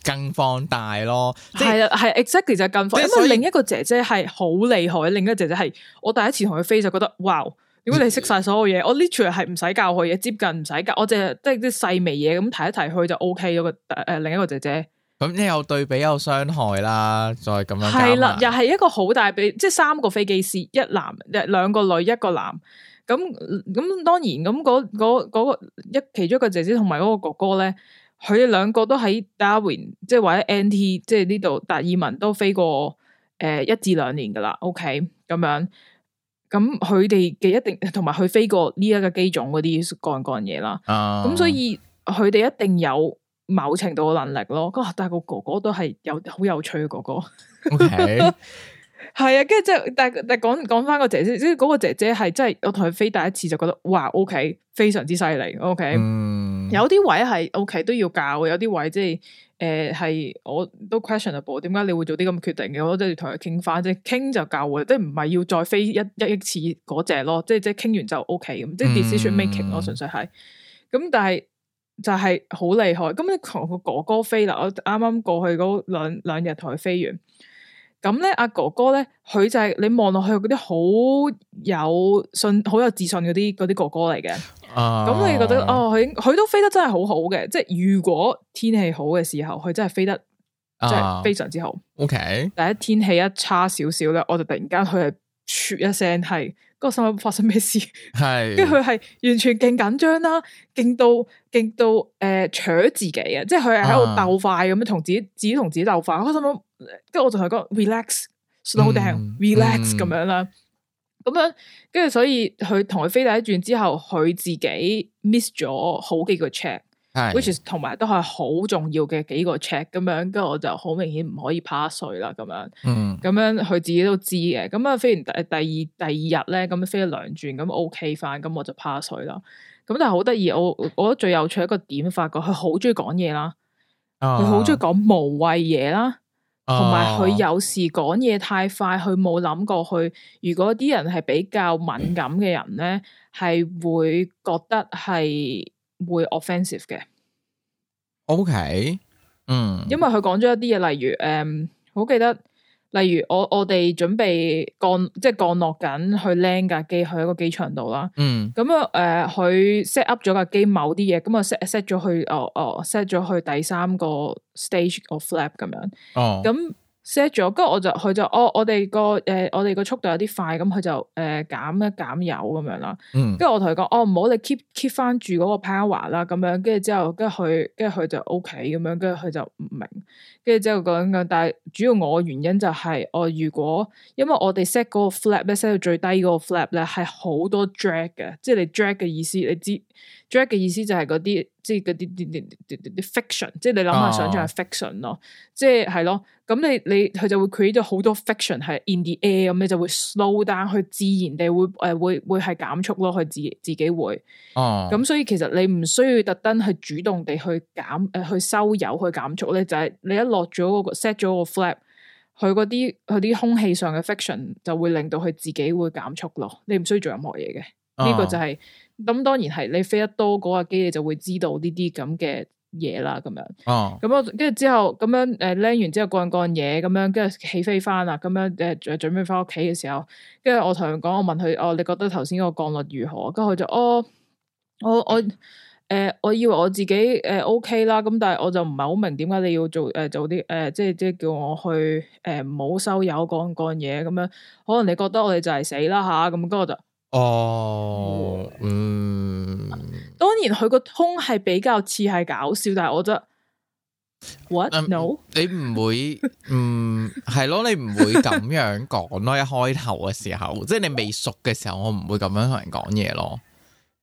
更放大咯。係啊係，exactly 就係更放大，因為另一個姐姐係好厲害，另一個姐姐係我第一次同佢飛就覺得哇。如果你識晒所有嘢，我 literally 係唔使教佢嘢，接近唔使教，我淨係即係啲細微嘢咁提一提佢就 O K 咯。個誒另一個姐姐，咁有、嗯、對比有傷害啦，再咁樣係啦，又係、啊、一個好大比，即係三個飛機師，一男誒兩個女，一個男，咁咁當然咁嗰嗰個一其中一個姐姐同埋嗰個哥哥咧，佢哋兩個都喺 Darwin 即係或者 NT，即係呢度達爾文都飛過誒一至兩年噶啦，O K 咁樣。咁佢哋嘅一定，同埋佢飛過呢一個機種嗰啲個人個人嘢啦。啊，咁所以佢哋一定有某程度嘅能力咯。咁、啊、但係個哥哥都係有好有趣嘅哥哥。OK，係 啊，跟住即係，但係但係講講翻個姐姐，即係嗰個姐姐係真係，我同佢飛第一次就覺得哇，OK，非常之犀利。OK、嗯。有啲位係 O K 都要教，有啲位即係誒係我都 questionable，點解你會做啲咁嘅決定嘅？我都要同佢傾翻，即係傾就教，即係唔係要再飛一一億次嗰隻咯？即係即係傾完就 O K 咁，即係 decision making 咯，純、嗯、粹係。咁但係就係好厲害，咁你同個哥哥飛啦，我啱啱過去嗰兩兩日同佢飛完。咁咧，阿哥哥咧，佢就係、是、你望落去嗰啲好有信、好有自信嗰啲啲哥哥嚟嘅。咁、uh, 你覺得、uh, 哦，佢佢都飛得真係好好嘅。即係如果天氣好嘅時候，佢真係飛得即係、uh, 非常之好。OK，第一天氣一差少少咧，我就突然間佢係噓一聲係。嗰個心諗發生咩事？係是，跟住佢係完全勁緊張啦，勁到勁到誒，扯、呃、自己，自己啊！即係佢係喺度鬥快咁樣，同自己自己同自己鬥快。我心諗，跟住我仲係講 relax，slow down，relax 咁樣啦。咁樣，跟住所以佢同佢飛第一轉之後，佢自己 miss 咗好幾個 check。which 同埋都係好重要嘅幾個 check 咁樣，跟住我就好明顯唔可以 pass 水啦，咁樣，咁樣佢自己都知嘅。咁啊，飛完第二第二第二日咧，咁飛兩轉咁 OK 翻，咁我就 pass 水啦。咁但係好得意，我我覺得最有趣一個點，發覺佢好中意講嘢啦，佢好中意講無謂嘢啦，同埋佢有時講嘢太快，佢冇諗過去，如果啲人係比較敏感嘅人咧，係會覺得係。會 offensive 嘅，OK，嗯，因為佢講咗一啲嘢，例如，誒、嗯，我記得，例如我我哋準備降，即係降落緊去 land 架機去一個機場度啦，嗯，咁啊，誒、呃，佢 set up 咗架機某啲嘢，咁啊 set set 咗去，哦哦，set 咗去第三個 stage or flap 咁樣，哦，咁。set 咗，跟住我就，佢就，哦、我我哋個，誒、呃，我哋個速度有啲快，咁佢就，誒、呃，減一減油咁樣啦。嗯。跟住我同佢講，哦，唔好，你 keep keep 翻住嗰個 power 啦，咁樣，跟住之後，跟住佢，跟住佢就 OK 咁樣，跟住佢就唔明，跟住之後講講，但係主要我嘅原因就係、是，我、哦、如果，因為我哋 set 嗰個 flap 咧 set 到最低嗰個 flap 咧，係好多 drag 嘅，即係你 drag 嘅意思，你知。Drag 嘅意思就係嗰啲，即係嗰啲啲 fiction，即係你諗下想象係 fiction 咯，即係係咯。咁、oh. 嗯、你你佢就會 create 咗好多 fiction 係 in the air 咁、嗯，你就會 slow down 去自然地會誒、呃、會會係減速咯，佢自己自己會。哦、嗯。咁、oh. 所以其實你唔需要特登去主動地去減誒、呃、去收油去減速咧，你就係你一落咗個 set 咗個 flap，佢嗰啲佢啲空氣上嘅 fiction 就會令到佢自己會減速咯。你唔需要做任何嘢嘅，呢、這個就係、是。Oh. 咁當然係，你飛得多嗰架機，你、那個、就會知道呢啲咁嘅嘢啦。咁樣，咁我跟住之後咁樣，誒 land 完之後幹幹嘢，咁樣跟住起飛翻啦，咁樣誒，準備翻屋企嘅時候，跟住我同佢講，我問佢，哦，你覺得頭先個降落如何？跟住佢就，哦，我我，誒、呃，我以為我自己誒、呃、OK 啦，咁但係我就唔係好明點解你要做誒、呃、做啲誒、呃，即係即係叫我去誒，唔、呃、好收油幹幹嘢，咁樣可能你覺得我哋就係死啦吓，咁、啊、跟我就。哦，嗯，oh, um, 當然佢個通係比較似係搞笑，但係我覺得 what no？嗯，你唔會，嗯，係咯， 你唔會咁樣講咯。一開頭嘅時候， 即係你未熟嘅時候，我唔會咁樣同人講嘢咯。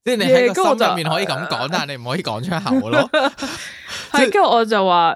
即係你喺心入面可以咁講，但係你唔可以講出口咯。係 的，跟住 我就話。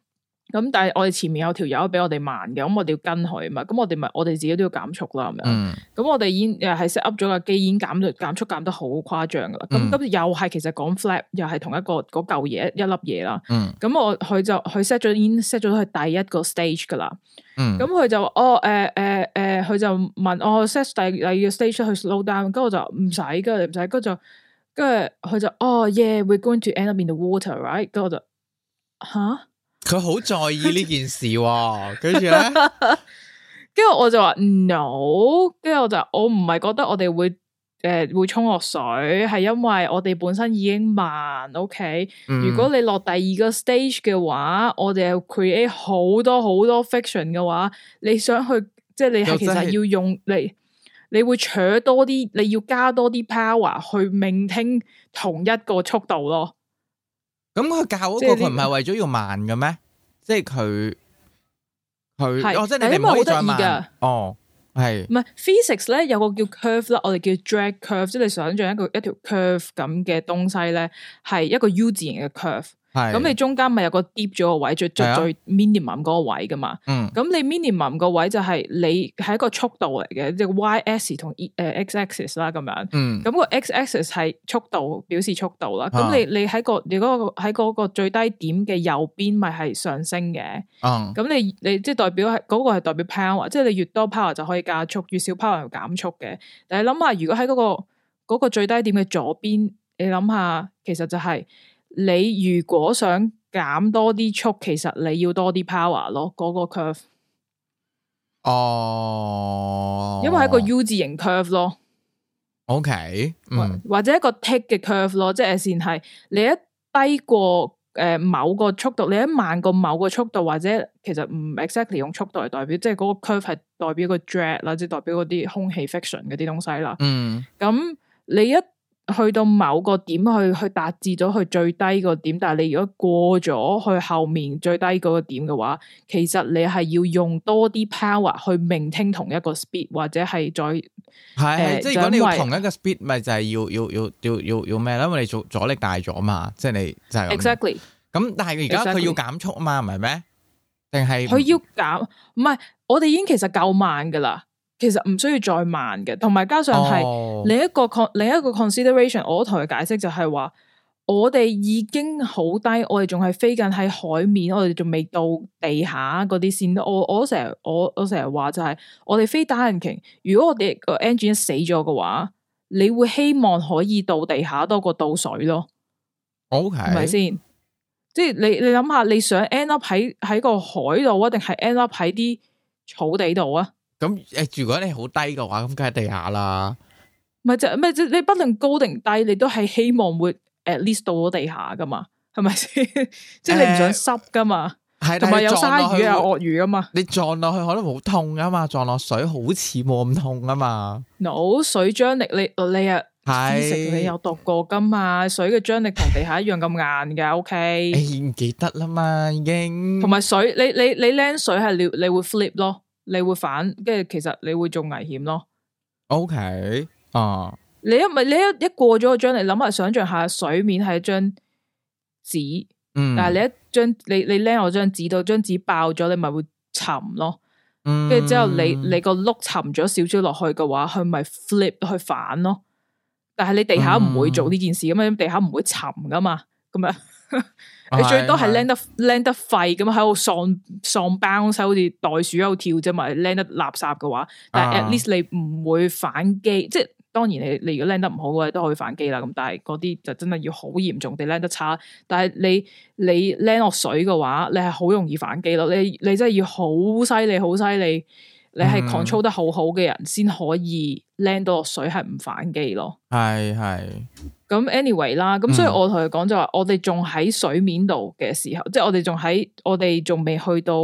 咁但係我哋前面有條友比我哋慢嘅，咁我哋要跟佢嘛，咁我哋咪我哋自己都要減速啦，咁樣。咁我哋已經係 set up 咗個機，已經減減速減得好誇張噶啦。咁咁、mm. 又係其實講 flap 又係同一個嗰嚿嘢一粒嘢啦。咁、mm. 我佢就佢 set 咗已經 set 咗去第一個 stage 噶啦。咁佢、mm. 就哦誒誒誒，佢、呃呃呃呃、就問我 set 第第二個 stage 去 slow down，跟住我就唔使噶，唔使，跟住就跟住佢就，就哦，yeah，we're going to end up in the water right，跟我就吓。Huh? 佢好在意呢 件事，啊，跟住咧，跟住我就話 no，跟住我就我唔係覺得我哋會誒、呃、會沖落水，係因為我哋本身已經慢，OK，嗯。如果你落第二個 stage 嘅話，我哋 create 好多好多 fiction 嘅話，你想去即係你其實要用你，你會 chur 多啲，你要加多啲 power 去聆聽同一個速度咯。咁佢教嗰個佢唔係為咗要慢嘅咩？即係佢佢哦，即係你哋唔好再慢哦，係唔係？Physics 咧有個叫 curve 啦，我哋叫 drag curve，即係你想象一個一條 curve 咁嘅東西咧，係一個 U 字形嘅 curve。係，咁是你中間咪有個 dip 咗個位，最最、啊、最 minimum 嗰個位噶嘛？咁、嗯、你 minimum 個位就係你係一個速度嚟嘅，即、就、係、是、Y-axis 同誒 X-axis 啦咁樣。咁、嗯、個 X-axis 係速度，表示速度啦。咁、嗯、你你喺個你、那個喺個最低點嘅右邊咪係上升嘅。咁、嗯、你你即係代表係嗰、那個係代表 power，即係你越多 power 就可以加速，越少 power 減速嘅。但係諗下，如果喺嗰、那個嗰、那個最低點嘅左邊，你諗下，其實就係、是。你如果想減多啲速，其實你要多啲 power 咯，嗰、嗰個 curve。哦。Oh. 因為係一個 U 字型 curve 咯。O Okay . K，mm. 或者一個 tick 嘅 curve 咯，即係先係你一低過誒某個速度，你一慢過某個速度，或者其實唔 exactly 用速度嚟代表，即係嗰個 curve 係代表個 drag 啦，即係代表嗰啲空氣 fiction 嗰啲東西啦。嗯。咁你一。去到某個點，去去達至咗佢最低個點，但係你如果過咗去後面最低嗰個點嘅話，其實你係要用多啲 power 去 maintain 同一個 speed 或者係再係的、呃、即係如果你要同一個 speed 咪 就係要要要要要咩，因為你做阻力大咗嘛？即係你就係 exactly 咁，但係而家佢要減速啊嘛，唔係咩？定係佢要減？唔係我哋已經其實夠慢噶啦。其實唔需要再慢嘅，同埋加上係、oh. 另一個 con 另一個 consideration，我同佢解釋就係話，我哋已經好低，我哋仲係飛緊喺海面，我哋仲未到地下嗰啲先。我我成日我我成日話就係，我哋、就是、飛單引擎，如果我哋個 engine 死咗嘅話，你會希望可以到地下多過到水咯。OK，係咪先？即係你你諗下，你想 end up 喺喺個海度啊，定係 end up 喺啲草地度啊？咁誒，如果你好低嘅話，咁梗係地下啦。唔係就唔係，你不論高定低，你都係希望會誒，at least 到咗地下噶嘛，係咪先？即係你唔想濕噶嘛，係同埋有鯊魚啊、鱷魚啊嘛。你撞落去可能好痛噶嘛，撞落水好似冇咁痛啊嘛。嗱，水張力你你啊係，你有讀過噶嘛？水嘅張力同地下一樣咁硬噶，OK。你唔記得啦嘛，已經。同埋水，你你你靚水係你你會 flip 咯。你會反，跟住其實你會仲危險咯。OK 啊、uh,，你一咪你一一過咗個張，你諗下想象下水面係一張紙，嗯，但係你一張你你拎我張紙到張紙爆咗，你咪會沉咯。跟住之後你你個碌沉咗少少落去嘅話，佢咪 flip 去反咯。但係你地下唔會做呢件事，咁啊、嗯，地下唔會沉噶嘛，咁啊。 你最多係僆得僆是是 得廢咁喺度喪喪包曬，好似袋鼠喺度跳啫嘛。僆得垃圾嘅話，但係 at least 你唔會反擊。啊、即係當然你你如果僆得唔好嘅話都可以反擊啦。咁但係嗰啲就真係要好嚴重地僆得差。但係你你僆落水嘅話，你係好容易反擊咯。你你真係要好犀利好犀利，你係 control 得好好嘅人先可以。嗯靚到落水係唔反機咯，係係咁 anyway 啦，咁所以我同佢講就話，我哋仲喺水面度嘅時候，嗯、即係我哋仲喺我哋仲未去到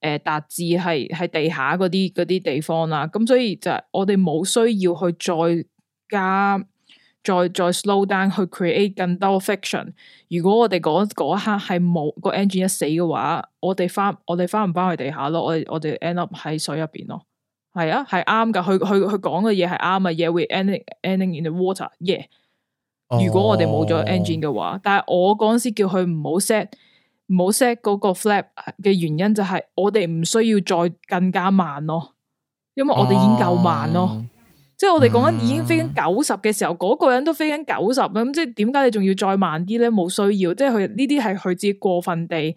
誒達、呃、至係喺地下嗰啲啲地方啦，咁所以就係我哋冇需要去再加再再 slow down 去 create 更多 fiction。如果我哋嗰一刻係冇個 engine 一死嘅話，我哋翻我哋翻唔翻去地下咯？我我哋 end up 喺水入邊咯。係啊，係啱噶。佢佢佢講嘅嘢係啱啊。嘢 ending ending in the water. Yeah、哦。如果我哋冇咗 engine 嘅話，但係我嗰陣時叫佢唔好 set 唔好 set 嗰個 flap 嘅原因就係我哋唔需要再更加慢咯，因為我哋已經夠慢咯。哦、即係我哋講緊已經飛緊九十嘅時候，嗰、嗯、個人都飛緊九十咧。咁即係點解你仲要再慢啲咧？冇需要。即係佢呢啲係佢自己過分地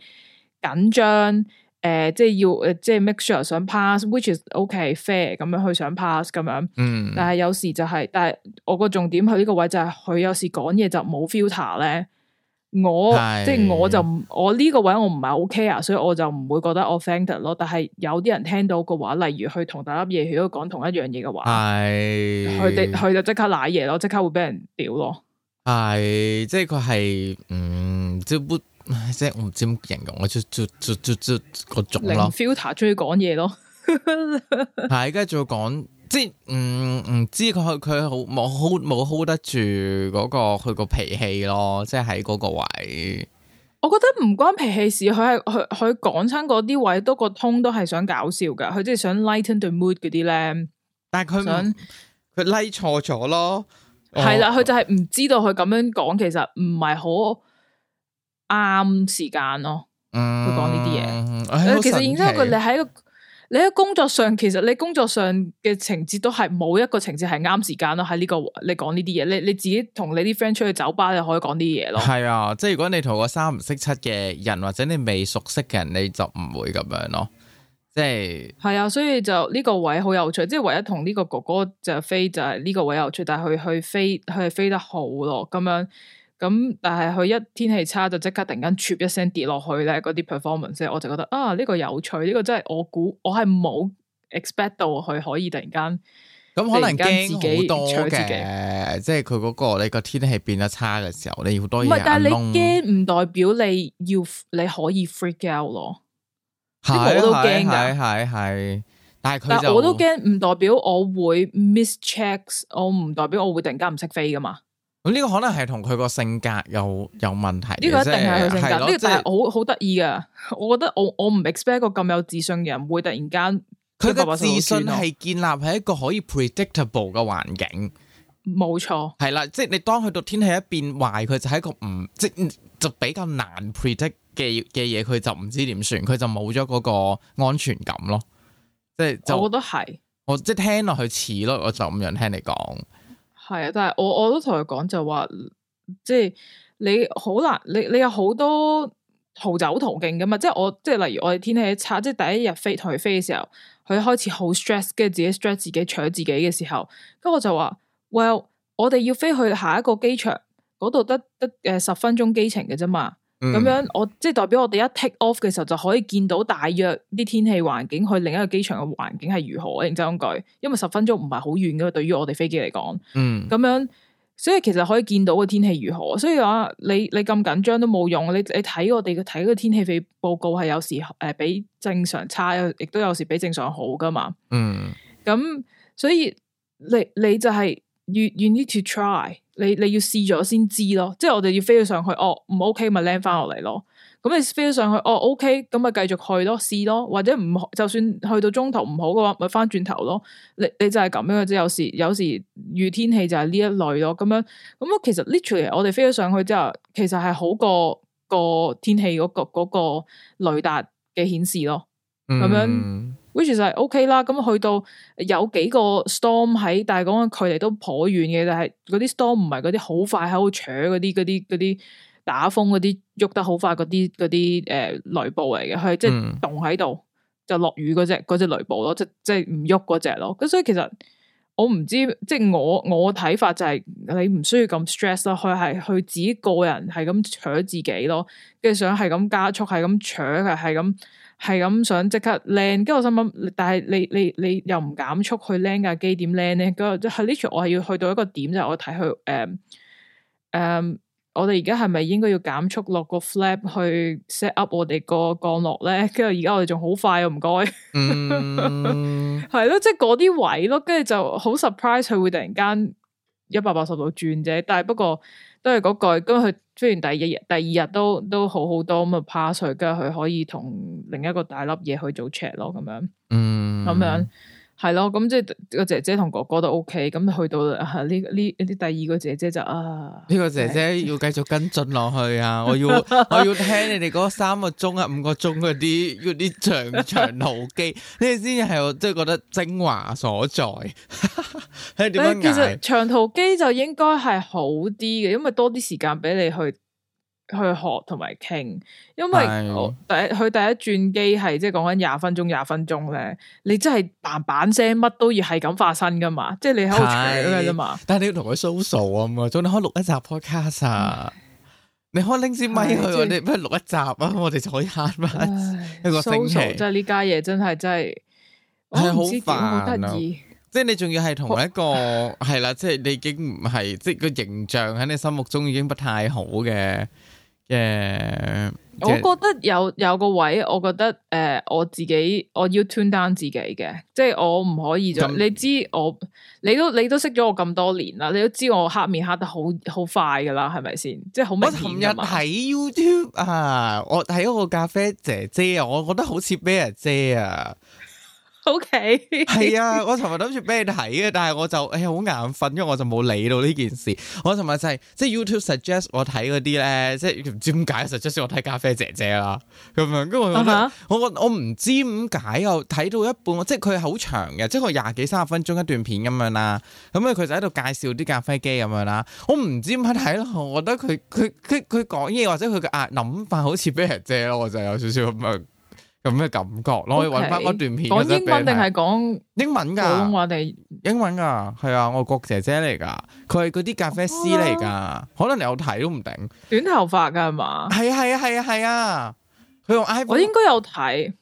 緊張。誒、呃，即係要誒，即係 make sure 想 pass，which is o、okay, k fair 咁樣去想 pass 咁樣。嗯。但係有時就係、是，但係我個重點喺呢個位就係、是，佢有時講嘢就冇 filter 咧。我是即係我就我呢個位我唔係 ok 啊，所以我就唔會覺得 offended 咯。但係有啲人聽到嘅話，例如去同大粒嘢去講同一樣嘢嘅話，係佢哋佢就即刻瀨嘢咯，即刻會俾人屌咯。係即係佢係唔。即即係我唔知點形容，我就就就就就個種咯。零 Filter 中意講嘢咯，係而家仲要講，即係唔唔知佢佢好冇好冇 hold 得住嗰個佢個脾氣咯。即係喺嗰個位，我覺得唔關脾氣事。佢係佢佢講親嗰啲位都個通都係想搞笑㗎。佢即係想 lighten 對 mood 嗰啲咧，但係佢佢 light 錯咗咯。係啦，佢我就係唔知道佢咁樣講，其實唔係好。啱時間咯，佢講呢啲嘢，哎、其實然之後佢你喺個你喺工作上，其實你工作上嘅情節都係冇一個情節係啱時間咯。喺呢、呢個你講呢啲嘢，你你，你自己同你啲 friend 出去酒吧就可以講啲嘢咯。係啊，即係如果你同個三唔識七嘅人或者你未熟悉嘅人，你就唔會咁樣咯。即係係啊，所以就呢個位好有趣，即係唯一同呢個哥哥就飛就係呢個位有趣，但係佢去飛佢係飛得好咯，咁樣。咁但係佢一天氣差就即刻突然間撮一聲跌落去咧，嗰啲 performance，我就覺得啊呢、這個有趣，呢、這個真係我估我係冇 expect 到佢可以突然間咁、嗯、可能驚自己。多嘅、那個，即係佢嗰個你個天氣變得差嘅時候你要多但你驚，唔代表你要你可以 freak out 咯是，呢個我都驚噶，係係，但係佢我都驚唔代表我會 miss checks 我唔代表我會突然間唔識飛噶嘛。咁呢個可能係同佢個性格有有問題，呢個一定係佢性格。呢的個但係、就係、好好得意噶，我覺得我我唔 expect 一個咁有自信嘅人會突然間，佢個自信係建立喺一個可以 predictable 嘅環境，冇錯。係啦，即係你當去到天氣一變壞，佢就係一個唔即就比較難 predict 嘅嘅嘢，佢就唔知點算，佢就冇咗嗰個安全感咯。即係我覺得係，我即係聽落去似咯，我就咁樣聽你講。係啊，但係我我都同佢講就話，是，即係你好難，你你有好多逃走途徑噶嘛，即係我即係例如我哋天氣差，即係第一日飛同佢飛嘅時候，佢開始好 stress，跟住自己 stress 自己，搶自己嘅時候，咁我就話，Well，我哋要飛去下一個機場，嗰度得得誒十分鐘機程嘅啫嘛。咁樣，我即係代表我哋一 take off 嘅時候，就可以見到大約啲天氣環境去另一個機場嘅環境係如何。認真講句，因為十分鐘唔係好遠嘅，對於我哋飛機嚟講，嗯，咁樣，所以其實可以見到個天氣如何。所以話你你咁緊張都冇用。你你睇我哋睇個天氣報告係有時誒比正常差，亦都有時比正常好噶嘛。嗯，咁所以你你就係、是、you, you need to try。你你要試咗先知咯，即係我哋要飛咗上去哦，唔 OK 咪 land 翻落嚟咯。咁你飛咗上去哦，OK 咁咪繼續去咯，試咯，或者唔就算去到中途唔好嘅話，咪翻轉頭咯。你你就係咁樣嘅啫。有時有時遇天氣就係呢一類咯。咁樣咁其實 literally 我哋飛咗上去之後，其實係好過個天氣嗰個嗰個嗰個雷達嘅顯示咯。咁樣。嗯 which 就係 O K 啦，咁去到有幾個 storm 喺，但係距離都頗遠嘅，就係嗰啲 storm 唔係嗰啲好快喺度扯嗰啲啲啲打風嗰啲喐得好快嗰啲啲誒雷暴嚟嘅，佢即係凍喺度就落雨嗰隻隻雷暴咯，即即係唔喐嗰隻咯。咁所以其實我唔知，即係我我睇法就係你唔需要咁 stress 咯，佢係佢自己個人係咁扯自己咯，跟住想係咁加速，係咁扯，係係咁。係咁想即刻 land，跟住我心諗，但係你你你又唔減速去 land 架機點 land 咧？跟住即係呢條我係要去到一個點，就係我睇佢誒誒，我哋而家係咪應該要減速落個 flap 去 set up 我哋個降落咧？跟住而家我哋仲好快，啊，唔該，嗯、 mm，係、hmm. 咯， 即係嗰啲位咯，跟住就好 surprise 佢會突然間一百八十度轉啫，但係不過都係嗰句，因為佢。雖然第一日、第二日都都好好多，咁啊 pass 咗佢，跟住可以同另一個大粒嘢去做 check 咯，咁樣，嗯，咁樣。係咯，咁即係個姐姐同哥哥都 OK，咁去到呢呢一啲第二個姐姐就啊，呢個姐姐要繼續跟進落去啊！ 我要我要聽你哋嗰三個鐘啊 五個鐘嗰啲嗰啲長長途機，呢啲先至係我即係覺得精華所在。但 係、哎、其實長途機就應該係好啲嘅，因為多啲時間俾你去。去學同埋傾，因為第佢第一轉機係即係講緊廿分鐘廿分鐘咧，你真係板板聲乜都要係咁發生噶嘛？即係你喺度搶嘅啫嘛？但係你要同佢搜數啊嘛？仲可開錄一集 podcast，你可以拎支咪去，你不如錄一集啊？我哋就可以慳翻一個星期。真係呢家嘢真係真係係好煩好得意。即係你仲要係同一個係啦，即係你已經唔係即係個形象喺你心目中已經不太好嘅。誒，yeah, yeah. 我覺得有有個位，我覺得誒、呃，我自己我要 turn down 自己嘅，即係我唔可以就。Okay. 你知我，你都你都識咗我咁多年啦，你都知我黑面黑得好好快噶啦，係咪先？即係好明顯。我琴日睇 YouTube 啊，我睇嗰個咖啡姐姐啊，我覺得好似咩啊姐啊。O K，係啊，我尋日諗住俾你睇嘅，但係我就哎呀好眼瞓，因為我就冇理到呢件事。我尋日就係、是、即係 YouTube suggest 我睇嗰啲咧，即係唔知點解 suggest 我睇咖啡姐姐啦，咁樣。咁、uh huh. 我我為我唔知點解我睇到一半，即係佢好長嘅，即係廿幾三十分鐘一段片咁樣啦。咁咧佢就喺度介紹啲咖啡機咁樣啦。我唔知點樣睇咯，我覺得佢佢佢佢講嘢或者佢嘅啊諗法好似俾人借咯，我就有少少咁樣。有咩感覺？Okay, 我可以揾翻嗰段片。講英文定係講英文噶，啊？我哋英文噶係啊，外國姐姐嚟噶，佢係嗰啲咖啡師嚟噶，啊、可能你有睇都唔定。短頭髮噶係嘛？係啊係啊係啊係啊！佢用 iPhone 我應該有睇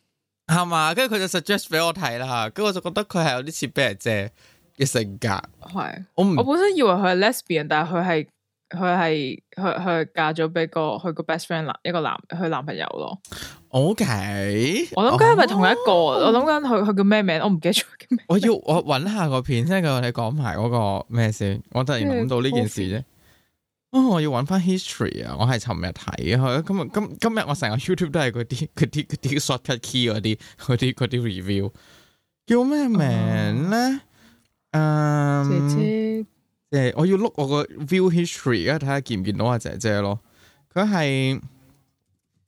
係嘛？跟住佢就 suggest 俾我睇啦吓，跟住我就覺得佢係有啲似俾人借嘅性格。係是我不我本身以為佢係 lesbian，但係佢係佢係佢佢嫁咗俾個佢個 best friend 一個男佢男，男朋友咯。O K，我諗佢係咪同一個，我諗緊佢佢叫咩名，我唔記得咗佢叫咩名。我要我揾下個片先，佢你講埋嗰個咩先？我突然諗到呢件事啫。哦，我要揾翻 history 啊！我係尋日睇佢，今日今今日我成個 YouTube 都係嗰啲嗰啲嗰啲 short cut key 嗰啲嗰啲嗰啲 review 叫咩名咧？嗯，姐姐，誒，我要碌我個 view history 啊，睇下見唔見到阿姐姐咯？佢係。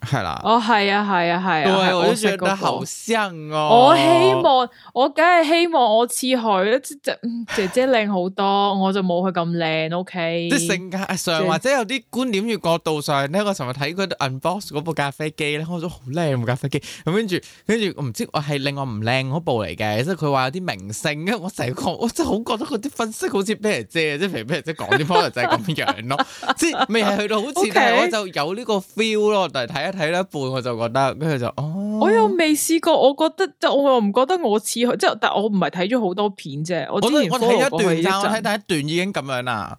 係啦，我係啊，係啊，係啊，我都着得好靚哦！我希望我梗係希望我似佢啦，姐姐靚好多，我就冇佢咁靚。O K，即性格上或者有啲觀點與角度上咧，我尋日睇佢 unbox 嗰部咖啡機咧，我都好靚部咖啡機。咁跟住跟住，我唔知我係另外唔靚嗰部嚟嘅，即係佢話有啲明星啊，我成日講，我真係好覺得佢啲分析好似俾人借，即係譬如俾人即係講啲 model 就係咁樣咯，即係未係去到好似，但係我就有呢個 feel 咯，就係睇。睇到一半我就覺得，跟住就哦。我又未試過，我覺得即係我又唔覺得我似佢，即係，但我唔係睇咗好多片啫。我我睇一段，睇第一段已經咁樣啦。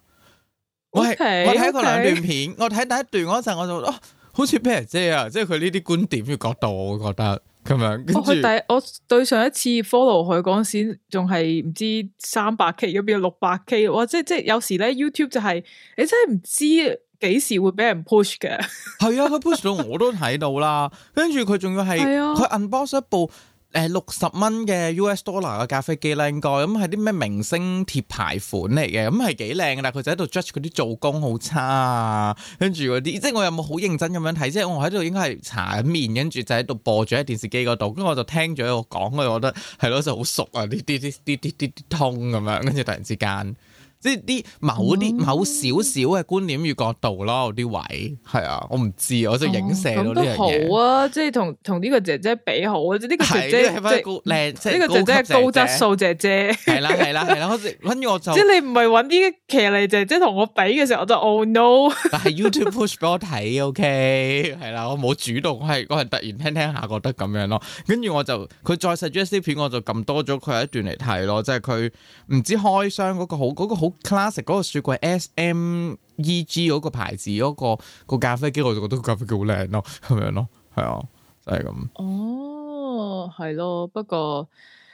Okay, okay. 我係我睇過兩段片，我睇第一段嗰陣我就、哦、好似啤梨姐啊，即係佢呢啲觀點嘅角度，我覺得咁樣。我第我對上一次 follow 佢嗰陣，仲係唔知三百 k 要變六百 k，哇！即係即係有時咧 YouTube 就係、是、你真係唔知。幾時會俾人 push 嘅？係啊，佢 push 到我都睇到啦。跟住佢仲要係佢 unbox 一部誒六十蚊嘅 US Dollar 嘅咖啡機啦。應該咁係啲咩明星貼牌款嚟嘅？咁係幾靚嘅，但佢就喺度 judge 嗰啲做工好差啊。跟住嗰啲，即係我有冇好認真咁樣睇？即係我喺度應該係搽面，跟住就喺度播住喺電視機嗰度。跟住我就聽咗佢講，我覺得係咯，就好熟啊！啲啲啲啲啲啲通咁樣，跟住突然之間。即係啲某啲、oh. 某少少嘅觀念與角度咯，啲位係啊，我唔知，我就影射都、哦、好啊，即係同同呢個姐姐比好啊，呢個姐姐靚，呢個姐姐高質素姐姐。係啦，係啦 啊，係啦、啊。跟住、啊啊啊啊、我就 即係你唔係揾啲騎呢姐姐同我比嘅時候，我就 o、oh, no！ 但係 YouTube push 俾我睇，OK 係啦、啊，我冇主動，我係我係突然聽聽下，覺得咁樣咯。跟住我就佢再上 YouTube 片，我就咁多咗佢一段嚟睇咯，即係佢唔知開箱嗰個好嗰個好。那個 Classic 嗰個雪櫃，SMEG 嗰個牌子嗰個個咖啡機，我就覺得個咖啡機好靚咯，係咪咯，係啊，就係咁。哦，係咯，不過，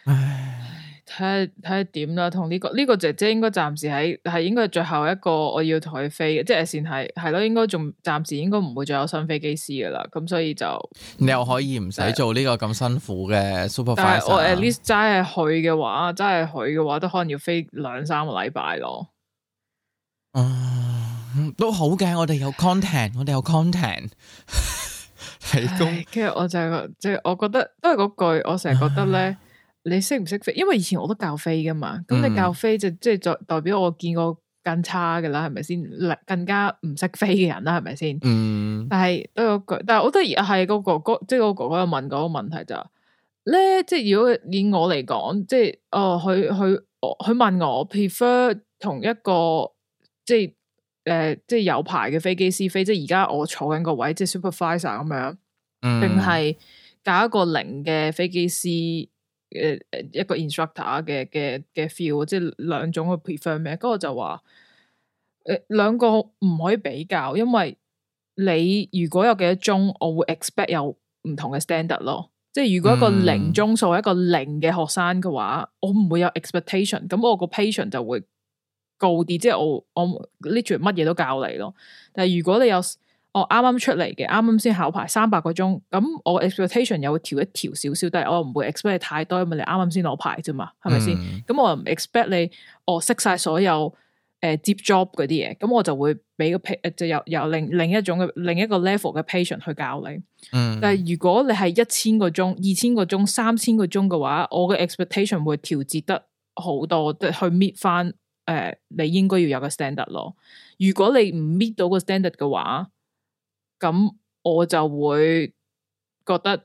唉。唉。睇睇下點啦，同呢、呢個呢、呢個姐姐應該暫時喺係應該係最後一個，我要同佢飛嘅，即係先係係咯，應該仲暫時應該唔會再有新飛機師㗎喇，咁所以就你又可以唔使對做呢個咁辛苦嘅 super。但係我 at least 齋係去嘅話，齋係去嘅話,話都可能要飛兩三個禮拜咯。啊、嗯，都好嘅，我哋有 content，我哋有 content。 係皮公，其實我就係即係我覺得都係嗰句，我成日覺得咧。 你識唔識飛？因為以前我都教飛噶嘛，咁、嗯、你教飛就即係代代表我見過更差噶啦，係咪先？更加唔識飛嘅人啦，係咪先？嗯。但係都嗰句，但係我覺得而係個哥哥，即係我哥哥有問嗰個問題就係，咧即係如果以我嚟講，即係哦，佢佢佢問我，我 prefer 同一個即係誒，即係、呃、有牌嘅飛機師飛，嗯、即係而家我坐緊個位，即係 supervisor 咁樣，定係、嗯、教一個零嘅飛機師？誒誒，一個 instructor 嘅嘅嘅 feel，即係兩種去 prefer 咩？咁、那、我、個、就話誒，兩個唔可以比較，因為你如果有幾多鐘，我會 expect 有唔同嘅 standard 咯。即係如果一個零鐘數，嗯、一個零嘅學生嘅話，我唔會有 expectation，咁我個 patience 就會高啲。即係我我搦住乜嘢都教你咯。但係如果你有。我啱啱出嚟嘅，啱啱先考牌三百個鐘，咁我 expectation 又會調一調少少，但係我又唔會 expect 你太多，因為你啱啱先攞牌啫嘛，係咪先？咁、嗯、我又唔 expect 你我識晒所有誒、呃、接 job 嗰啲嘢，咁我就會俾個 p、呃、就由由另另一種嘅另一個 level 嘅 patient 去教你。嗯、但係如果你係一千個鐘、二千個鐘、三千個鐘嘅話，我嘅 expectation 會調節得好多，即係去 meet 翻誒你應該要有個 standard 咯。如果你唔 meet 到個 standard 嘅話，咁我就會覺得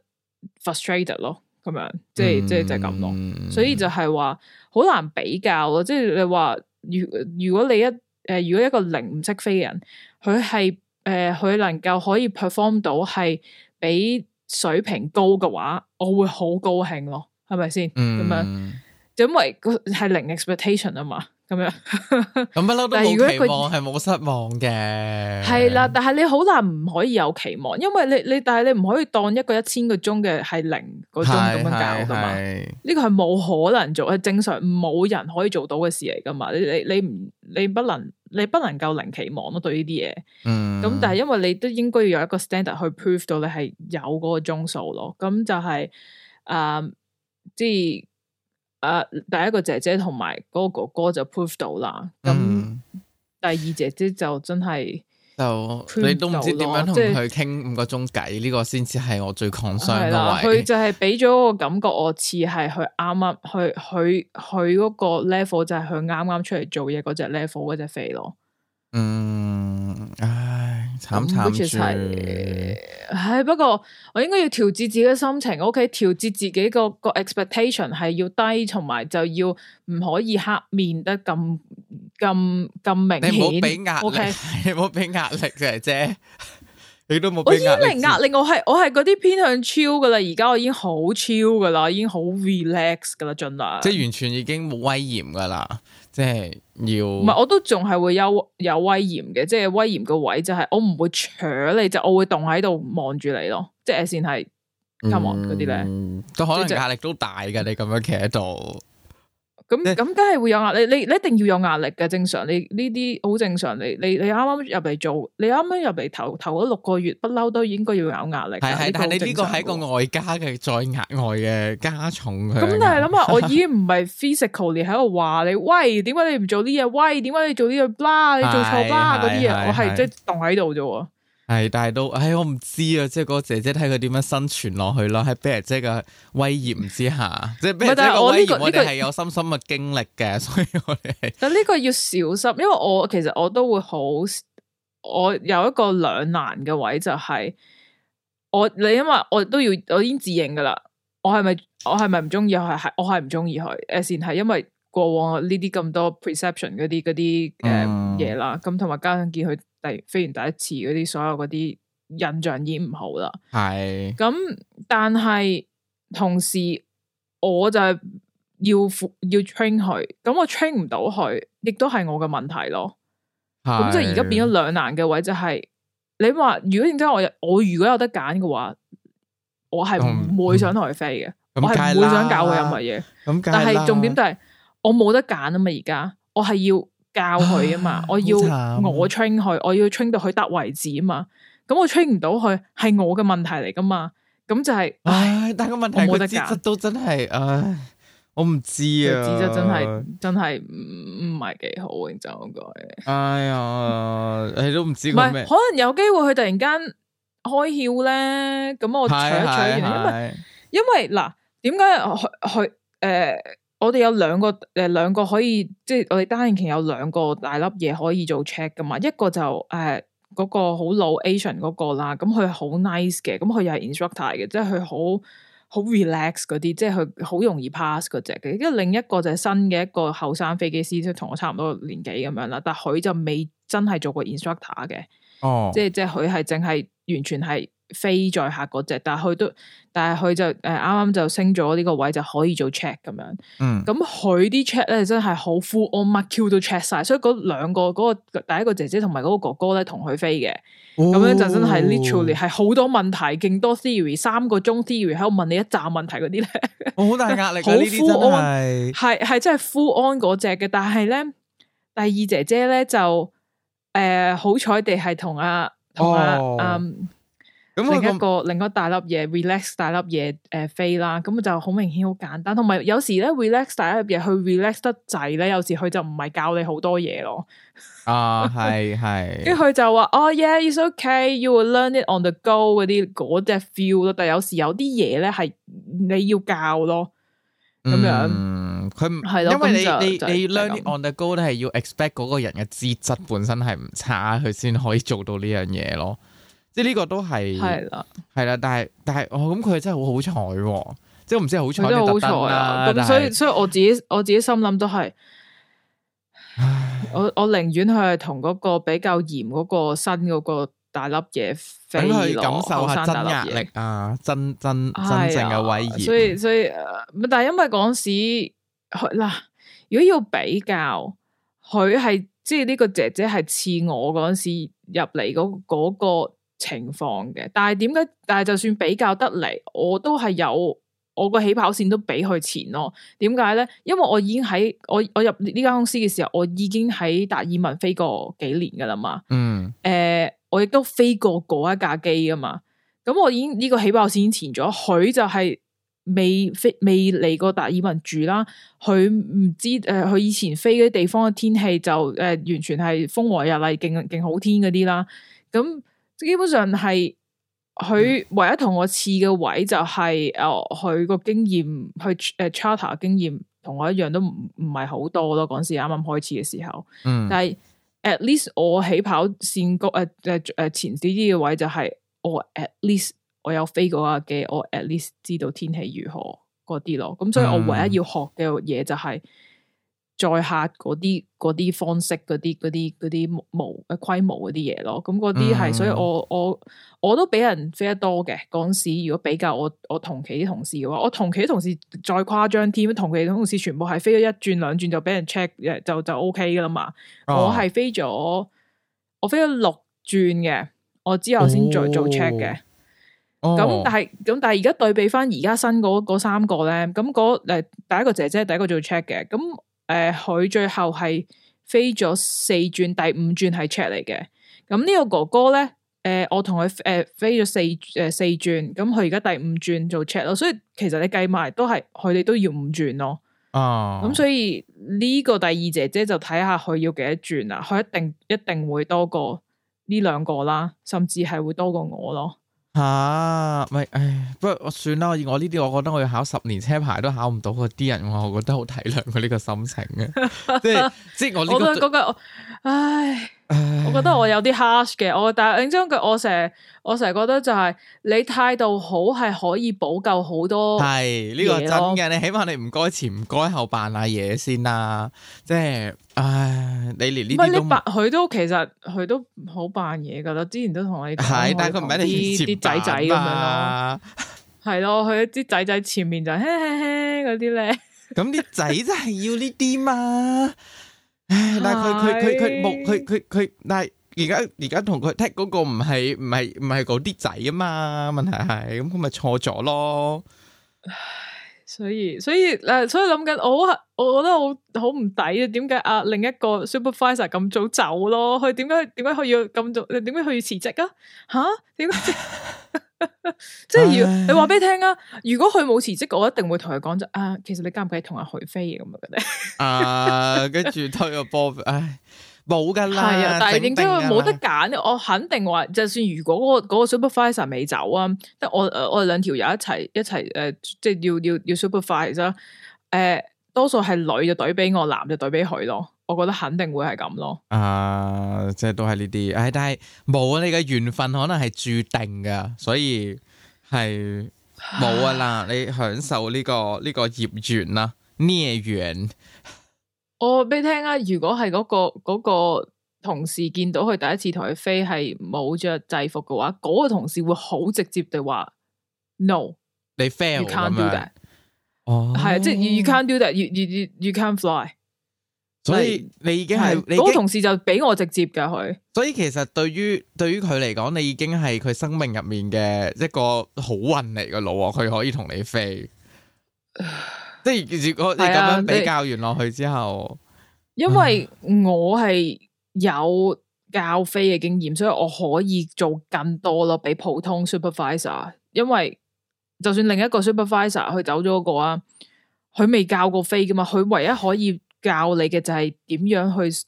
frustrated 咯，咁、嗯、樣即係即係就咁咯，嗯、所以就係話好難比較咯，即、就、係、係、你話，如如果你一誒、呃，如果一個零唔識飛嘅人，佢係誒佢能夠可以 perform 到係比水平高嘅話，我會好高興咯，係咪先？咁、嗯、樣，就因為係零 expectation 啊嘛。咁樣，咁不嬲都冇期望，係冇 失望嘅。係啦，但係你好難唔可以有期望，因為你你，你，但係你唔可以當一個一千個鐘嘅係零嗰鐘咁樣搞噶嘛。呢個係冇可能做，係正常冇人可以做到嘅事嚟噶嘛。你你你唔你不能你不能夠零期望咯、啊，對呢啲嘢。咁、嗯、但係因為你都應該要有一個 standard 去 proof 到你係有嗰個鐘數咯。咁就係、是、誒、即、呃、係。誒，uh, 第一個姐姐同埋嗰個哥哥就 prove 到啦，咁、嗯、第二姐姐就真係就你都唔知點樣同佢傾五個鐘偈，呢、呢個先至係我最抗衰嘅位。佢、嗯、就係俾咗個感覺，我似係佢啱啱，佢佢佢嗰個 level 就係佢啱啱出嚟做嘢嗰隻 level 嗰隻肥咯。嗯，唉。慘慘住，係不過我應該要調節自己嘅心情，OK？調節自己個個 expectation 係要低，同埋就要唔可以黑面得咁咁咁明顯。Okay? 你冇俾壓力，Okay? 你冇俾壓力姐姐，你都冇俾壓力。 壓力我已經零壓力，我係我係嗰啲偏向 chill 噶啦，而家我已經好 chill 噶啦，已經好 relax 噶啦，盡量，即係完全已經冇威嚴噶啦。即係要，唔係我都仲係會有有威嚴嘅，即係威嚴嘅位就係我唔會搶你，就我會棟喺度望住你咯，即係先係 camon 嗰啲咧，都可能壓力都大噶，你咁樣企喺度。咁咁梗係會有壓力，你你一定要有壓力嘅，正常，你呢啲好正常。你你你啱啱入嚟做，你啱啱入嚟頭頭咗六個月，不嬲都應該要有壓力。係係是，但係你呢個係一個外加嘅，再額外嘅加重。咁但係諗下， 我已經唔係 physically，你喺度話你喂，點解你唔做啲嘢？喂，點解你，你做呢個？啦，你做錯啦，嗰啲嘢，是是是我係即係凍喺度啫。就是係，但係都，唉，我唔知啊，即係嗰個姐姐睇佢點樣生存落去囉，喺 bear 姐嘅威嚴之下， 即係 bear 姐嘅威嚴，但我哋、這、係、個、有深深嘅經歷嘅，所以我哋但呢個要小心，因為我其實我都會好，我有一個兩難嘅位就係、是、我你因為我都要我已經自認噶啦，我係咪我係咪唔中意佢係我係唔中意佢，誒、呃，先係因為過往呢啲咁多 perception 嗰啲啲誒嘢啦，咁同埋家長見佢。第飛完第一次嗰啲，所有嗰啲印象已經唔好啦。係咁對、嗯，但係同時我就要要 train 佢，咁我 train 唔到佢，亦都係我嘅問題咯。咁對 就而家變咗兩難嘅位、就是，就係你話如果認真，我我如果有得揀嘅話，我係唔會想同佢飛嘅， 嗯嗯嗯、我係唔會想搞佢任何嘢。咁、嗯嗯嗯、但係重點就係我冇得揀啊嘛，而家我係要。教佢啊嘛，唉，我要我 train 佢，我要 train 佢到佢得為止啊嘛。咁我 train 唔到佢，係我嘅問題嚟噶嘛。咁就係、是，唉，但係個問題，佢資質都真係，唉，我唔知啊。資質真係真係唔唔係幾好，認真講。哎呀，你都唔知佢可能有機會佢突然間開竅咧。咁我，因為，因為嗱，點解佢誒？我哋有兩個誒，兩個可以即係我哋單程有兩個大粒嘢可以做 check 㗎嘛？一個就誒嗰、呃嗰個好老 Asian 嗰個啦，咁佢好 nice 嘅，咁佢、嗯、又係 instructor 嘅，即係佢好好 relax 嗰啲，即係佢好容易 pass 嗰隻嘅。跟住另一個就係新嘅一個後生飛機師，即係同我差唔多年紀咁樣啦。但係佢就未真係做過 instructor 嘅，哦、oh.，即係即係佢係淨係完全係。飛在下嗰隻，但係佢都，但係佢就誒啱啱就升咗呢個位就可以做 check 咁樣。嗯，咁佢啲 check 咧真係好 full on，乜 Q 都 check 晒，所以嗰兩個嗰、嗰個第一個姐姐同埋嗰個哥哥咧同佢飛嘅，咁、哦、樣就真係 literally 係好多問題，勁多 theory，三個鐘 theory 喺度問你一扎問題嗰啲咧，好、哦、 大壓力，好 full on，係係真係 full on 嗰隻嘅，但係咧第二姐姐咧就誒好彩地係同阿同阿嗯。咁、嗯、另一個、嗯、另一個大粒嘢，relax 大粒嘢，誒、呃，飛啦，咁啊就好明顯好簡單，同埋有時咧，relax 大粒嘢佢 relax 得滯咧，有時佢就唔係教你好多嘢咯。啊、哦，係係，跟住佢就話，哦、oh，yeah，it's okay，you will learn it on the go 嗰啲嗰隻 feel 咯。但係有時有啲嘢咧係你要教咯，咁、嗯、樣，佢係咯，了因為你就就你你 learn it on the go 咧係要 expect 嗰個人嘅資質本身係唔差，佢先可以做到呢樣嘢咯。即係呢個都係係啦，係啦的，但係但係我諗佢真係好好彩，即係我唔知係好彩定係得咁啦。咁、啊、是所以所以我自己我自己心諗都係， 我我寧願佢係同嗰個比較嚴嗰個新嗰個大粒嘢，俾佢感受下真壓力啊，真真的真正嘅威嚴。所以所以、呃，但係因為嗰時，嗱，如果要比較，佢係即係呢個姐姐係似我嗰時入嚟嗰嗰個情況嘅，但係點解？但係就算比較得嚟，我都係有我個起跑線都比佢前咯。點解咧？因為我已經喺我我入呢間公司嘅時候，我已經喺達爾文飛過幾年噶啦嘛。嗯，誒、呃，我亦都飛過嗰一架機㗎嘛。咁我已經呢、這個起跑線已經前咗，佢就係未飛未嚟過達爾文住啦。佢唔知誒、佢、呃、以前飛啲地方嘅天氣就誒、呃，完全係風和日麗，勁勁好天嗰啲啦。咁。基本上係佢唯一同我似嘅位就係誒佢個經驗，去誒、啊、charter 經驗同我一樣都唔唔係好多咯。嗰時啱啱開始嘅時候，嗯但是，但係 at least 我起跑綫高誒誒誒前少啲嘅位就係、是、我 at least 我有飛過架機，我 at least 知道天氣如何嗰啲咯。咁所以我唯一要學嘅嘢就係、是。嗯嗯在客在客嗰啲啲方式嗰啲嗰啲嗰啲模規模嗰啲嘢咯，咁嗰啲係所以我我我都俾人飛得多嘅。嗰時如果比較我我同期啲同事嘅話，我同期啲同事再誇張添，同期啲同事全部係飛咗一轉兩轉就俾人 check，嘅，就就 OK 噶啦嘛。哦、我係飛咗我飛咗六轉嘅，我之後先再做、哦、做 check 嘅。咁、哦、但係咁但係而家對比翻而家新嗰三個咧，咁、那、誒、個、第一個姐姐第一個做 check 嘅，咁。誒，佢、呃，最後係飛咗四轉，第五轉係 check 嚟嘅。咁、嗯、呢、這個哥哥咧，誒、呃，我同佢誒飛咗四誒、呃、四轉，咁佢而家第五轉做 check 咯。所以其實你計埋都係，佢哋都要五轉咯。啊、oh. 嗯，咁所以呢個第二姐姐就睇下佢要幾多轉啦，佢一定一定會多過呢兩個啦，甚至係會多過我咯。吓，唔係、啊、唉，不過我算啦，我我呢啲，我覺得我要考十年車牌都考唔到，嗰啲人我覺得好體諒佢呢個心情嘅，即係 即係我呢個，那個，我都覺得，唉。唉我覺得我有啲 hard 嘅，我但認真嘅，我成日我成日覺得就係、是、你態度好係可以補救好多，係呢、這個真嘅。你起碼你唔該前唔該後扮下嘢先啦，即係唉，你連呢啲佢都，都其實佢都好扮嘢噶啦。之前都同我哋係，但係佢唔係你啲仔仔咁樣咯。係咯，佢啲仔仔前面就係嗰啲咧。咁啲仔仔真係要呢啲嘛？但係佢佢佢佢冇佢佢佢，但係而家而家同佢踢嗰個唔係唔係唔係嗰啲仔啊嘛，問題係咁佢咪錯咗咯。所以所以誒，所以諗緊、呃，我好，我覺得好好唔抵啊！點解啊？另一個 supervisor 咁早走咯？佢點解點解佢要咁早？點解佢要辭職啊？吓？點解？ 即係如你話俾你聽啊！如果佢冇辭職，我一定會同佢講就啊，其實你敢唔敢同阿許飛咁 啊？覺得啊，跟住推個波唉。冇噶啦，係啊，但係點解佢冇得揀咧？我肯定話，就算如果嗰個 super 個 supervisor 未走啊，即係我誒我兩條友一齊一齊誒，即係要要要 supervisor 啦，呃，誒，多數係女就對俾我，男就對俾佢咯，我覺得肯定會係咁咯。啊，即係都係呢啲，唉，但係冇啊，你嘅緣分可能係注定噶，所以係冇啊啦， 你享受呢、呢個呢、呢個業緣啦，咩緣？我俾你聽啊！如果係嗰個嗰個同事見到佢第一次同佢飛係冇着制服嘅話，嗰個同事會好直接地話 no，你 fail，you can't do that。哦，係啊，即係 you you can't do that，you you you you can't fly。所以你已經係你嗰個同事就俾我直接嘅佢。所以其實對於對於佢嚟講，你已經係佢生命入面嘅一個好運嚟嘅路啊，佢可以同你飛。即係如果你咁樣比較完落去之後，啊就係，因為我係有教飛嘅經驗， 所以我可以做更多咯，比普通 supervisor。因為就算另一個 supervisor 佢走咗嗰個啊，佢未教過飛噶嘛，佢唯一可以教你嘅就係點樣去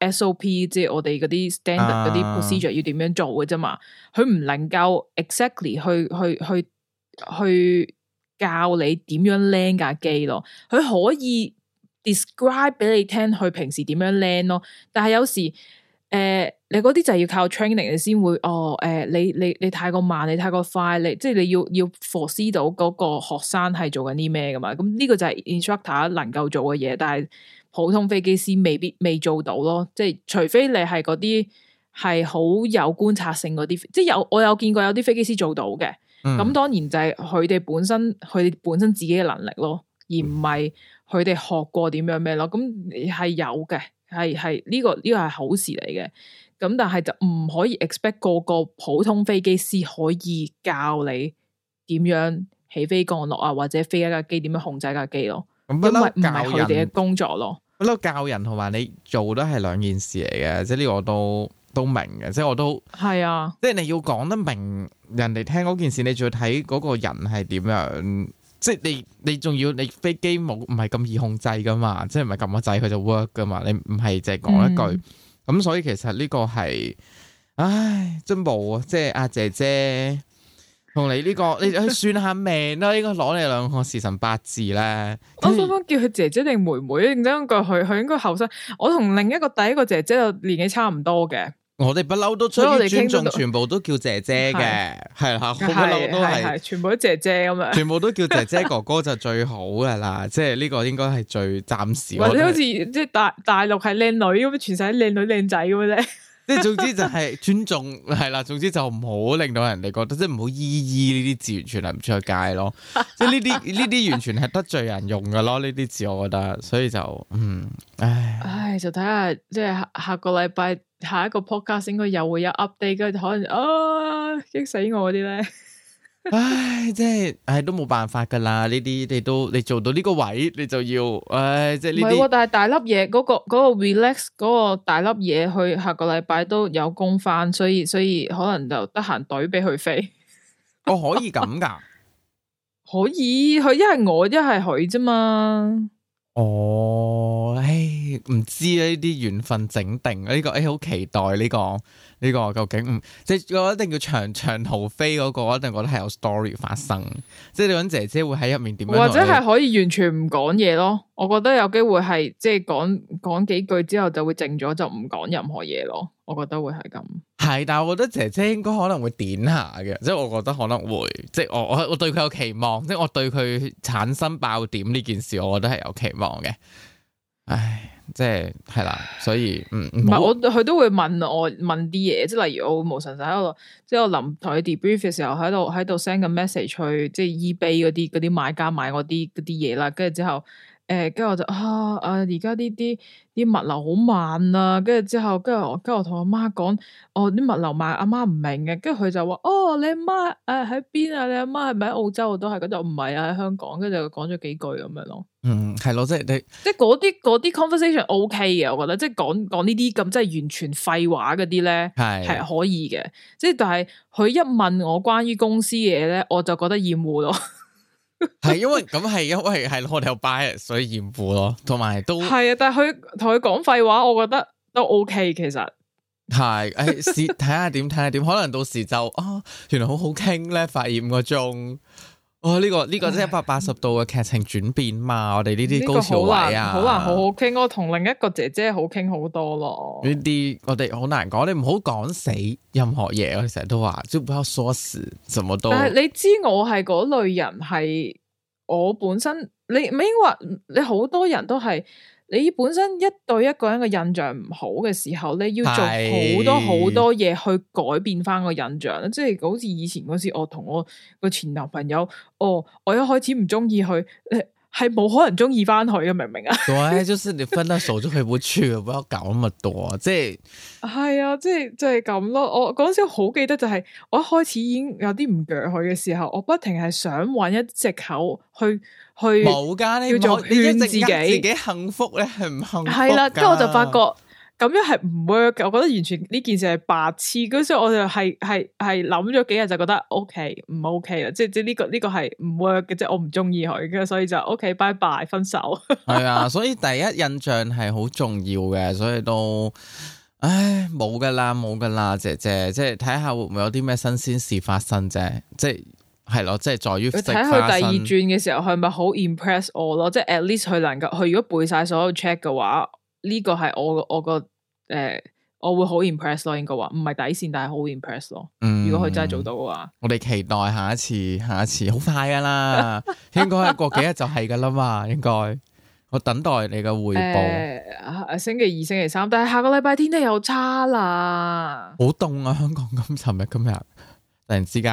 SOP，即係我哋嗰啲 standard 嗰啲 procedure 要點樣做嘅啫嘛，佢唔、啊、能夠 exactly 去去去去。去去去去教你點樣 land 架機咯，佢可以 describe 俾你聽佢平時點樣 land 咯。但係有時，誒、呃，你嗰啲就係要靠 training，你先會哦。誒、呃，你你你太過慢，你太過快，你即係你要要 force 到嗰個學生係做緊啲咩噶嘛？咁、嗯、呢、這個就係 instructor 能夠做嘅嘢，但係普通飛機師未必未做到咯。即係除非你係嗰啲係好有觀察性嗰啲，即係有我有見過有啲飛機師做到嘅。咁、嗯、當然就係佢哋本身佢哋本身自己嘅能力咯，而唔係佢哋學過點樣咩咯。咁係有嘅，係係呢個呢、呢個係好事嚟嘅。咁但係就唔可以 expect 個個普通飛機師可以教你點樣起飛降落啊，或者飛一架機點樣控制架機咯。咁、嗯、因為唔係佢哋嘅工作咯。咁教人同埋你做都係兩件事嚟嘅，即係呢個都。都明嘅，即係我都係啊！即係你要講得明人哋聽嗰件事，你仲要睇嗰個人係點樣？即係你你仲要你飛機冇唔係咁易控制噶嘛？即係唔係撳個掣佢就 work 噶嘛？你唔係淨係講一句咁，所以其實呢個係唉，真冇啊！即係阿姐姐同你呢個，你去算下命啦，應該攞你兩個時辰八字啦。我想想叫佢姐姐定妹妹，點解個佢佢應該後生？我同另一個第一個姐姐就年紀差唔多嘅。我哋不嬲都出於尊重，全部都叫姐姐嘅，係啦，不嬲都係全部都姐姐咁啊，全部都叫姐姐哥哥就最好噶啦，即係呢個應該係最暫時或者好似即係大大陸係靚女咁，全世界靚女靚仔咁啊啫，即係總之就係尊重係啦，總之就唔好令到人哋覺得即係唔好姨姨呢啲字完全係唔出界咯，即係呢啲呢啲完全係得罪人用噶咯呢啲字，我覺得所以就嗯唉唉就睇下即係下下個禮拜。下一個 podcast 應該又會有 update，嘅。可能啊激死我啲咧 。唉，即係唉都冇辦法噶啦，呢啲你都你做到呢個位，你就要唉即係呢啲。唔係，但係大粒嘢嗰，嗰個、嗰個 relax 嗰個大粒嘢佢下個禮拜都有工返，所以所以可能就得閒懟俾佢飛。 哦，可以咁噶？ 可以，佢一係我一係佢啫嘛。哦，唉，唔知咧呢啲緣分整定，呢、這個誒好、欸、期待呢、這個呢、這個究竟唔即係我一定要長長途飛嗰、那個，我一定覺得係有 story 發生，即係你揾姐姐會喺入面點樣？或者係可以完全唔講嘢咯？我覺得有機會係即係講講幾句之後就會靜咗，就唔講任何嘢咯。我覺得會係咁，係，但係我覺得姐姐應該可能會點下嘅，即係我覺得可能會，即係我我我對佢有期望，即係我對佢產生爆點呢件事，我覺得係有期望嘅。唉，即係係啦，所以唔唔係我佢都會問我問啲嘢，即係例如我無神仔喺度，即係我臨台 debrief 嘅時候喺度喺度 send 個 message 去，即係 eBay 嗰啲嗰啲買家買啲嗰啲嘢啦，跟住之後。誒，跟住我就啊，誒而家呢啲啲物流好慢啊，跟住之後，跟住跟住同我媽講，我、哦、啲物流慢，阿媽唔明嘅，跟住佢就話，哦，你阿媽誒喺邊啊？你阿媽係咪喺澳洲？我都係，咁就唔係啊，喺香港。跟住講咗幾句咁樣咯。嗯，係咯，即、就、係、是、你，即係嗰啲啲 conversation O、okay、K 嘅，我覺得，即係講講呢啲咁，即係完全廢話嗰啲咧，係係的可以嘅。即係但係佢一問我關於公司嘢咧，我就覺得厭惡咯。係。 因為咁係因為係我哋又 by 所以厭惡咯，同埋都係啊！ 但係佢同佢講廢話，我覺得都 OK 其實係誒、哎，試睇下點睇下點，可能到時就啊、哦，原來好好傾咧，發現五個鐘。哦，呢、這個呢、這個即係一百八十度嘅劇情轉變嘛，哎、呀我哋呢啲高潮位啊，好難，難好好傾。我同另一個姐姐好傾好多咯。呢啲我哋好難講，你唔好講死任何嘢。我哋成日都話，即係唔好講死，什麼都。但係你知我係嗰類人，係我本身，你咪話你好多人都係。你本身一對一個人嘅印象唔好嘅時候，你要做好多好多嘢去改變翻個印象。是即係好似以前嗰時，我同我個前男朋友，哦，我一開始唔中意佢，係冇可能中意翻佢嘅，明唔明啊？ 對，就是你分得手咗，佢唔住，唔好搞咁多。即係係 啊，即係即係咁咯。我嗰時我好記得就係、是、我一開始已經有啲唔夾佢嘅時候，我不停係想揾一隻口去。冇噶，呢個要自己自己幸福咧，係唔幸福？係啦，跟住我就發覺咁樣係唔 work 嘅。我覺得完全呢件事係白痴，咁所以我就係係係諗咗幾日就覺得 OK 唔 OK 啦，即係即係呢個呢個係唔 work 嘅，即係我唔中意佢，咁所以就 OK 拜拜，分手。係 啊，所以第一印象係好重要嘅，所以都唉冇噶啦，冇噶啦，姐姐，即係睇下會唔會有啲咩新鮮事發生啫，即係。係咯，即係在於睇佢第二轉嘅時候，佢咪好、嗯、impress 我咯？即係 at least 佢能夠，佢如果背晒所有 check 嘅話，呢、這個係我我個誒、呃，我會好 impress 咯，應該話唔係底線，但係好 impress 咯。嗯，如果佢真係做到嘅話，嗯、我哋期待下一次，下一次好快噶啦， 應該係過幾日就係噶啦嘛， 應該我等待你嘅匯報。星期二、星期三，但係下個禮拜天都又差啦，好凍啊！香港咁，尋日今日。今突然之間，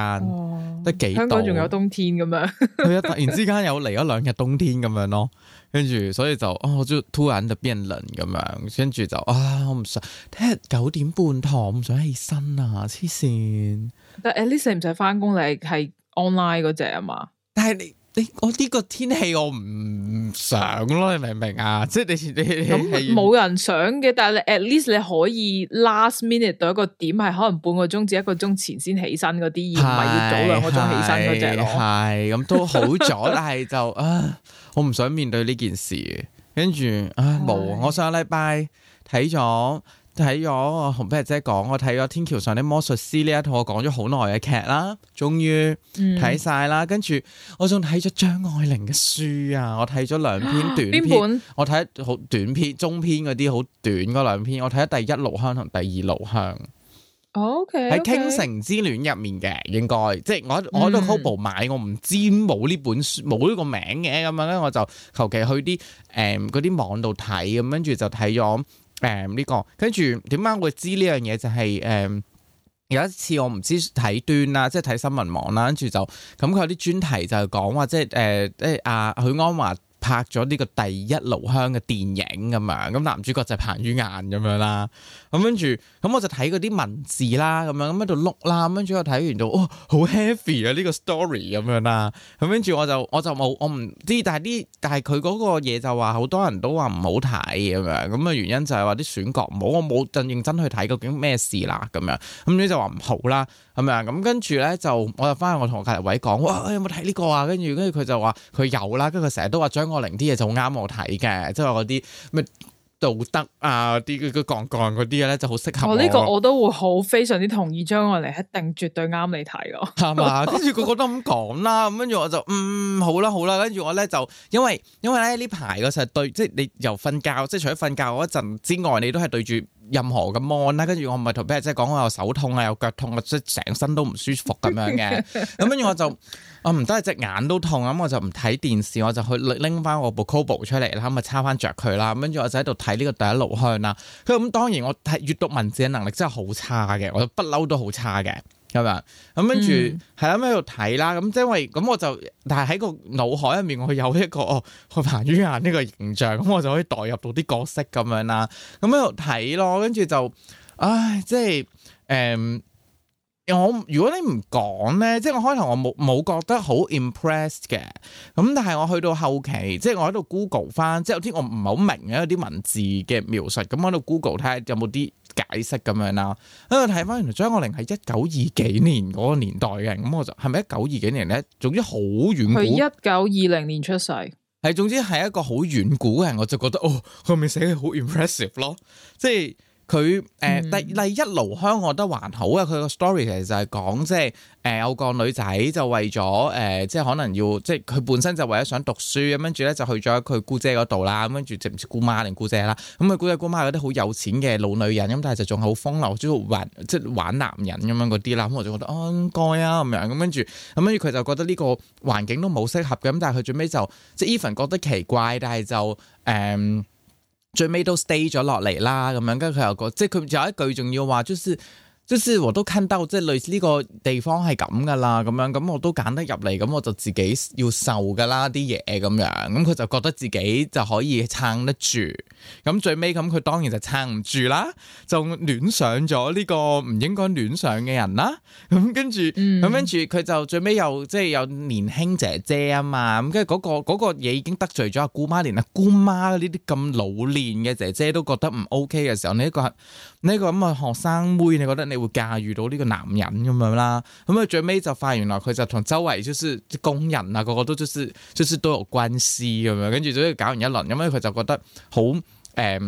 得、哦、幾度？香港仲有冬天咁樣。佢 一突然之間又嚟咗兩日冬天咁樣咯，跟住所以就，哦，就，就哦，我就突然就變冷咁樣，跟住就啊，我唔想聽日九點半堂，唔想起身啊，黐線！但 l 係你使唔使翻工？你係 online 嗰隻啊嘛？但係你。我呢個天氣我唔想咯，你明唔明啊？即係你你冇、嗯、原人想嘅，但係你 at least 你可以 last minute 到一個點係可能半個鐘至一個鐘前先起身嗰啲，是而唔係要早兩個鐘起身嗰隻。係咁是吧都好咗， 但係就啊，我唔想面對呢件事。跟住啊，冇是我上個禮拜睇咗。睇咗我同碧姐講，我睇咗《天橋上的魔術師》呢一套，我講咗好耐嘅劇啦，終於睇晒啦。嗯、跟住我仲睇咗張愛玲嘅書啊，我睇咗兩篇短篇，啊、我睇好短篇、中篇嗰啲好短嗰兩篇，我睇咗第一爐香同第二爐香。O K，喺《傾、okay, okay、城之戀》入面嘅應該，即係我我都好冇買，我唔知冇呢本書冇呢個名嘅，咁樣咧我就求其去啲誒嗰啲網度睇，咁跟住就睇咗。誒呢個，跟住點解我會知呢樣嘢？就係、是、誒、嗯、有一次我唔知睇端啦，即係睇新聞網啦，跟住就咁佢有啲專題就係講話，即係誒即係阿許安華。拍咗呢個第一爐香嘅電影咁樣，咁男主角就彭于晏咁樣啦，咁跟住咁我就睇嗰啲文字啦，咁樣咁喺度碌啦，咁跟住我睇完就，哦，好 heavy 啊呢個 story 咁樣啦，咁跟住我就我就冇我唔知，但係啲但係佢嗰個嘢就話好多人都話唔好睇咁樣，咁嘅原因就係話啲選角唔好，我冇咁認真去睇究竟咩事啦，咁樣咁就話唔好啦。係咪啊？咁、嗯、跟住咧就，我就翻去我同學隔籬位講，哇！有冇睇呢個啊？跟住跟住佢就話佢有啦，跟住佢成日都話張愛玲啲嘢就好啱我睇嘅，即係嗰啲咩道德啊啲嗰啲講講嗰啲嘢咧就好適合我。呢、哦這個我都會好非常之同意張，張愛玲一定絕對啱你睇嘅。係嘛，跟住個個都咁講、嗯、啦。咁跟住我就嗯好啦好啦，跟住我咧就因為因為咧呢排嘅時候對，即係你由瞓覺，即係除咗瞓覺嗰陣之外，你都係對住。任何嘅 mon 啦，跟住我唔係同 Peter 即係講我又手痛啊，又腳痛啊，即係成身都唔舒服咁樣嘅。咁跟住我就，我唔得啊，隻眼都痛咁，我就唔睇電視，我就去拎翻我部 Kobo 出嚟啦，咁咪叉翻着佢啦。咁跟住我就喺度睇呢個第一爐香啦。佢咁當然我睇閱讀文字嘅能力真係好差嘅，我就不嬲都好差嘅。咁樣，咁跟住係啦，喺度睇啦。咁即係因為咁，我就但係喺個腦海入面，我有一個哦，彭于晏呢個形象，咁我就可以代入到啲角色咁樣啦。咁喺度睇咯，跟住就，唉，即係誒、嗯，我如果你唔講咧，即係我開頭我冇冇覺得好 impressed 嘅。咁但係我去到後期，即係我喺度 Google 返，即係有啲我唔係好明嘅一啲文字嘅描述，咁喺度 Google 睇下有冇啲。解釋咁樣啦，啊，睇翻原來張愛玲係一九二幾年嗰個年代嘅，咁我就係咪一九二幾年咧？總之好遠古。佢一九二零年出世。係，總之係一個好遠古嘅人，我就覺得哦，佢咪寫嘅好 impressive 咯，即係。佢誒第第一爐香，我覺得還好啊！佢個 story 其實就係講即係誒有個女仔就為咗誒、呃、即係可能要即係佢本身就為咗想讀書咁跟住咧，就去咗佢姑姐嗰度啦。咁跟住直唔知姑媽定姑姐啦。咁佢姑姐姑媽有啲好有錢嘅老女人，咁但係就仲好風流，即係玩，玩男人咁樣嗰啲啦。咁我就覺得應該、哦、啊咁樣。咁跟住咁跟住佢就覺得呢個環境都冇適合嘅。咁。但係佢最尾就即係 even 覺得奇怪，但係就誒。嗯最尾都 stay 咗落嚟啦，咁樣，跟住佢有個，即係佢有一句仲要話，就是。即係我都肯鬥，即係類似呢個地方係咁噶啦，咁樣咁我都揀得入嚟，咁我就自己要受噶啦啲嘢咁樣，咁佢就覺得自己就可以撐得住，咁最尾咁佢當然就撐唔住啦，就戀上咗呢個唔應該戀上嘅人啦，咁跟住，咁，嗯，跟住佢就最尾又即係有年輕姐姐啊嘛，咁跟住嗰個嗰個嘢已經得罪咗阿姑媽，連阿姑媽呢啲咁老練嘅姐姐都覺得唔 OK 嘅時候，呢一個呢一個咁嘅學生妹你覺得？你會駕馭到呢個男人咁樣啦，咁啊最尾就發現原來佢就同周圍就是啲工人啊，個個都就是就是都有關係咁樣，跟住終於搞完一輪，咁樣佢就覺得好誒、呃、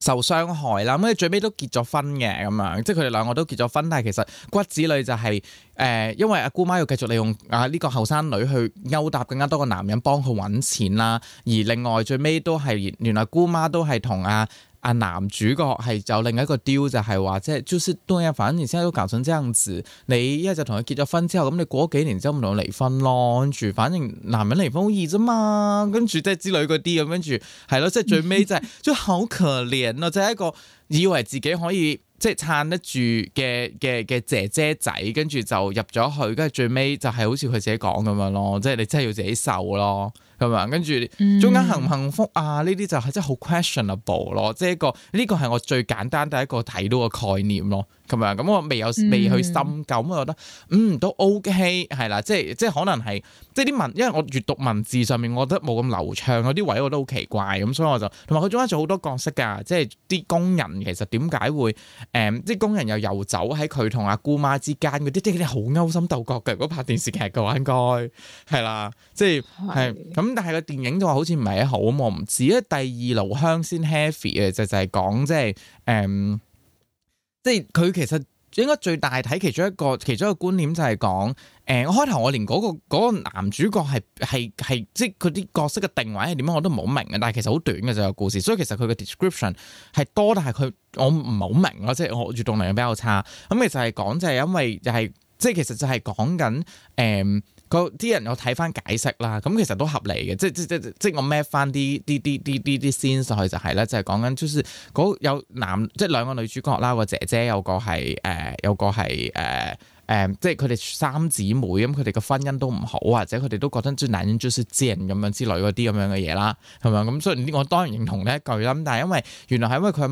受傷害啦，咁啊最尾都結咗婚嘅咁樣，即係佢哋兩個都結咗婚，但係其實骨子裏就係、是、誒、呃，因為阿姑媽要繼續利用啊呢個後生女去勾搭更加多個男人幫佢搵錢啦，而另外最尾都係原來姑媽都係同阿。啊男主角係有另一個 deal 就係話即係 Joseph 多一反，而且都搞成這樣子。你一係就同佢結咗婚之後，咁你過幾年之後唔同離婚咯。跟住，反正男人離婚好易啫嘛。跟住即係之類嗰啲咁，跟住係咯，即係最尾就係即係好可憐咯、啊。即、就、係、是、一個以為自己可以即係、就是、撐得住嘅嘅嘅姐姐仔，跟住就入咗去，跟住最尾就係好似佢自己講咁樣咯。即係你真係要自己受咯。係嘛？跟住中間幸唔幸福啊？呢啲就係真係好 questionable 咯，即係一個呢個係我最簡單第一個睇到嘅概念咯。咁樣咁我未有未去深究，咁我覺得嗯都 OK 係啦，即係即係可能係即係啲文，因為我閱讀文字上面，我覺得冇咁流暢，嗰啲位我覺得好奇怪。咁所以我就同埋佢中間做好多角色㗎，即係啲工人其實點解會誒、嗯、即係工人又遊走喺佢同阿姑媽之間嗰啲，即係啲好勾心鬥角嘅，如果拍電視劇嘅話應該係啦，即係係咁，但係個電影就話好似唔係好啊，我唔知啊，第二爐香先 heavy 嘅就係、就係、係、講即係誒。嗯即係佢其實應該最大睇其中一個其中一個觀點就係講誒開頭我連嗰、嗰個、嗰個男主角係係係即係佢啲角色嘅定位係點樣我都唔好明嘅，但係其實好短嘅就個故事，所以其實佢嘅 description 係多，但係佢我唔係好明咯，即係我閱讀能力比較差。咁、嗯、其實係講就係因為就係、是、即係其實就係講緊誒。呃個啲人有睇翻解釋啦，咁其實都合理嘅，即即即即我 match 翻啲啲啲啲啲啲 sense 上去就係、是、咧，就係講緊就是嗰有男即兩個女主角啦，個姐姐有個係誒、呃，有個係誒。呃誒、嗯，即係佢哋三姊妹咁，佢哋嘅婚姻都唔好，或者佢哋都覺得即男人追逐錢咁樣之類嗰啲咁樣嘅嘢啦，係咪啊？咁雖然我當然認同呢一句啦，但係因為原來係因為佢阿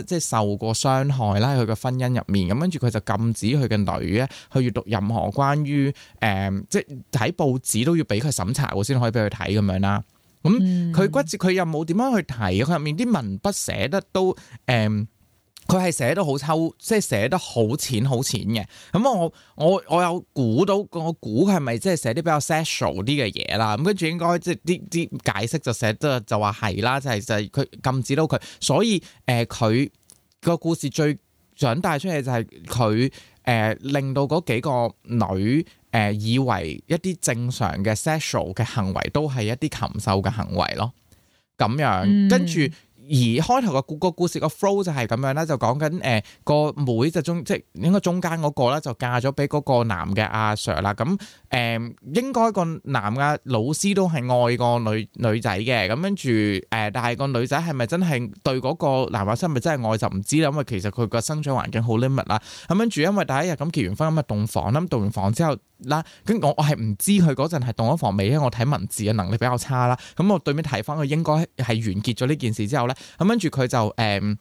媽即係受過傷害啦，佢嘅婚姻入面咁，跟住佢就禁止佢嘅女咧去閱讀任何關於誒、嗯，即係睇報紙都要俾佢審查先可以俾佢睇咁樣啦。咁、嗯、佢、嗯、骨折，佢又冇點樣去提，佢入面啲文筆寫得都誒。嗯佢係寫得好抽，即、就、係、是、寫得好淺好淺嘅。咁、嗯、我我我有估到，我估佢係咪即係寫啲比較 sexual 啲嘅嘢啦？咁跟住應該即係啲啲解釋就寫得就話係啦，就係、是、就係、是、佢禁止到佢。所以誒，佢、呃這個故事最想帶出嚟就係佢誒令到嗰幾個女誒、呃、以為一啲正常嘅 sexual 嘅行為都係一啲禽獸嘅行為咯。咁樣、嗯、跟住。而開頭嘅故個故事個 flow 就係咁樣啦，就講緊誒個妹就中即應該中間嗰個啦，就嫁咗俾嗰個男嘅阿 Sir 啦。咁誒應該個男嘅老師都係愛個女女仔嘅。咁跟住誒，但係個女仔係咪真係對嗰個男學生係咪真係愛就唔知啦。因為其實佢個生長環境好 limit 啦。咁跟住因為第一日咁結完婚咁啊洞房啦，咁洞完房之後。啦，咁、 嗯嗯、我我係唔知佢嗰陣係動咗防未，因為我睇文字嘅能力比較差啦。咁我對面睇翻佢應該係完結咗呢件事之後咧，咁跟住佢就誒。嗯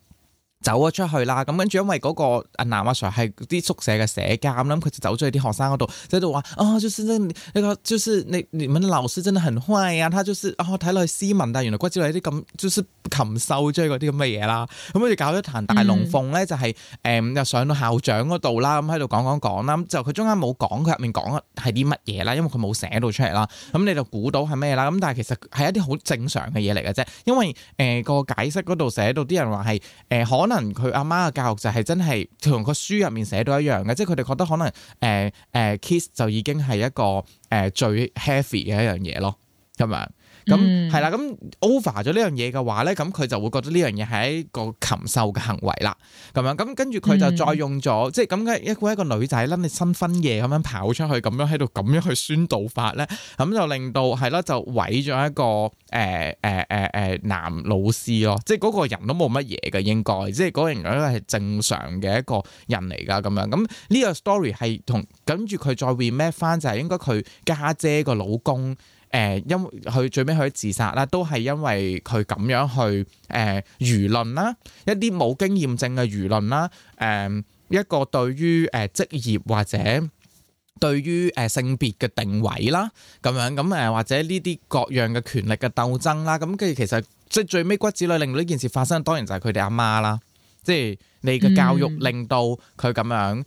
走咗出去啦，咁跟住因為嗰個阿南阿 Sir 係啲宿舍嘅舍監啦，佢就走咗去啲學生嗰度，喺度話啊，朱先生，你個朱師，你你問老師真係很壞啊！他就是啊，睇、哦、落去斯文，但係原來骨子裡啲咁就是禽獸，追係啲咁嘅嘢啦。咁跟住搞咗壇大龍鳳咧，嗯、就係、是、誒、呃、又上到校長嗰度啦，咁喺度講講講啦，咁就佢中間冇講佢入面講係啲乜嘢啦，因為佢冇寫到出嚟啦。咁你就估到係咩啦？咁但係其實係一啲好正常嘅嘢嚟嘅啫，因為誒個、呃、解釋嗰度寫到啲人話係誒可能。可能佢阿媽嘅教育就係真係同個書入面寫到一樣嘅，即係佢哋覺得可能誒誒、呃呃，kiss 就已經係一個誒、呃、最 heavy 嘅一樣嘢咯，咁樣。咁係啦，咁那、嗯、over 咗呢樣嘢嘅話咧，咁佢就會覺得呢樣嘢係一個禽獸嘅行為啦，咁樣咁跟住佢就再用咗，嗯、即係咁嘅一個一個女仔，攞你新婚夜咁樣跑出去，咁樣喺度咁樣去宣導法咧，咁就令到係咯，就毀咗一個誒誒誒誒男老師咯，即係嗰個人都冇乜嘢嘅，應該即係嗰個人應該係正常嘅一個人嚟噶，咁樣咁呢、這個 story 係同跟住佢再 remake 翻就係應該佢家姐個老公。誒因為佢最尾佢自殺啦，都係因為佢咁樣去誒輿論啦，一啲冇經驗證嘅輿論啦，誒、呃、一個對於誒職業或者對於誒、呃、性別嘅定位啦，咁樣咁誒、呃、或者呢啲各樣嘅權力嘅鬥爭啦，咁嘅其實即係最尾骨子裏令到呢件事發生，當然就係佢哋阿媽啦。即係你嘅教育令到佢咁樣誒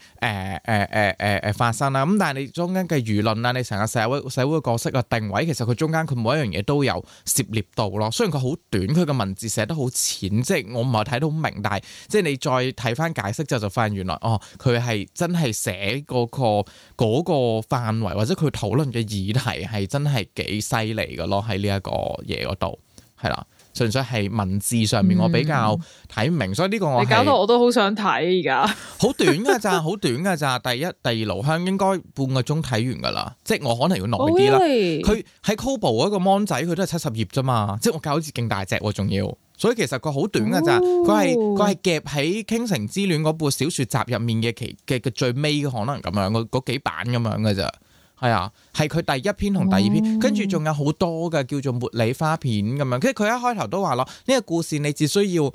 誒誒誒誒發生啦，咁但係你中間嘅輿論啦，你成個社會社會嘅角色嘅定位，其實佢中間佢每一樣嘢都有涉獵到咯。雖然佢好短，佢嘅文字寫得好淺，即係我唔係睇得好明，但係即係你再睇翻解釋之後，就發現原來哦，佢係真係寫嗰個嗰個範圍，或者佢討論嘅議題係真係幾犀利嘅咯，喺呢一個嘢嗰度係啦。純粹係文字上面，我比較睇唔明，嗯、所以呢個我搞到我都好想睇而家。好短㗎咋，好短㗎咋。第一、第二爐香應該半個鐘睇完㗎啦，即係我可能要耐啲啦。佢喺、oh、really? Kobo 嗰個 Mon 仔，佢都係七十頁咋嘛，即係我搞好似勁大隻喎、啊，仲要。所以其實佢好短㗎咋，佢係佢係夾喺《傾城之戀》嗰部小説集入面嘅其嘅嘅最尾可能咁樣個嗰幾版咁樣㗎咋。係啊，係佢第一篇同第二篇，跟住仲有好多嘅叫做茉莉花片咁樣。跟住佢一開頭都話咯，呢個故事你只需要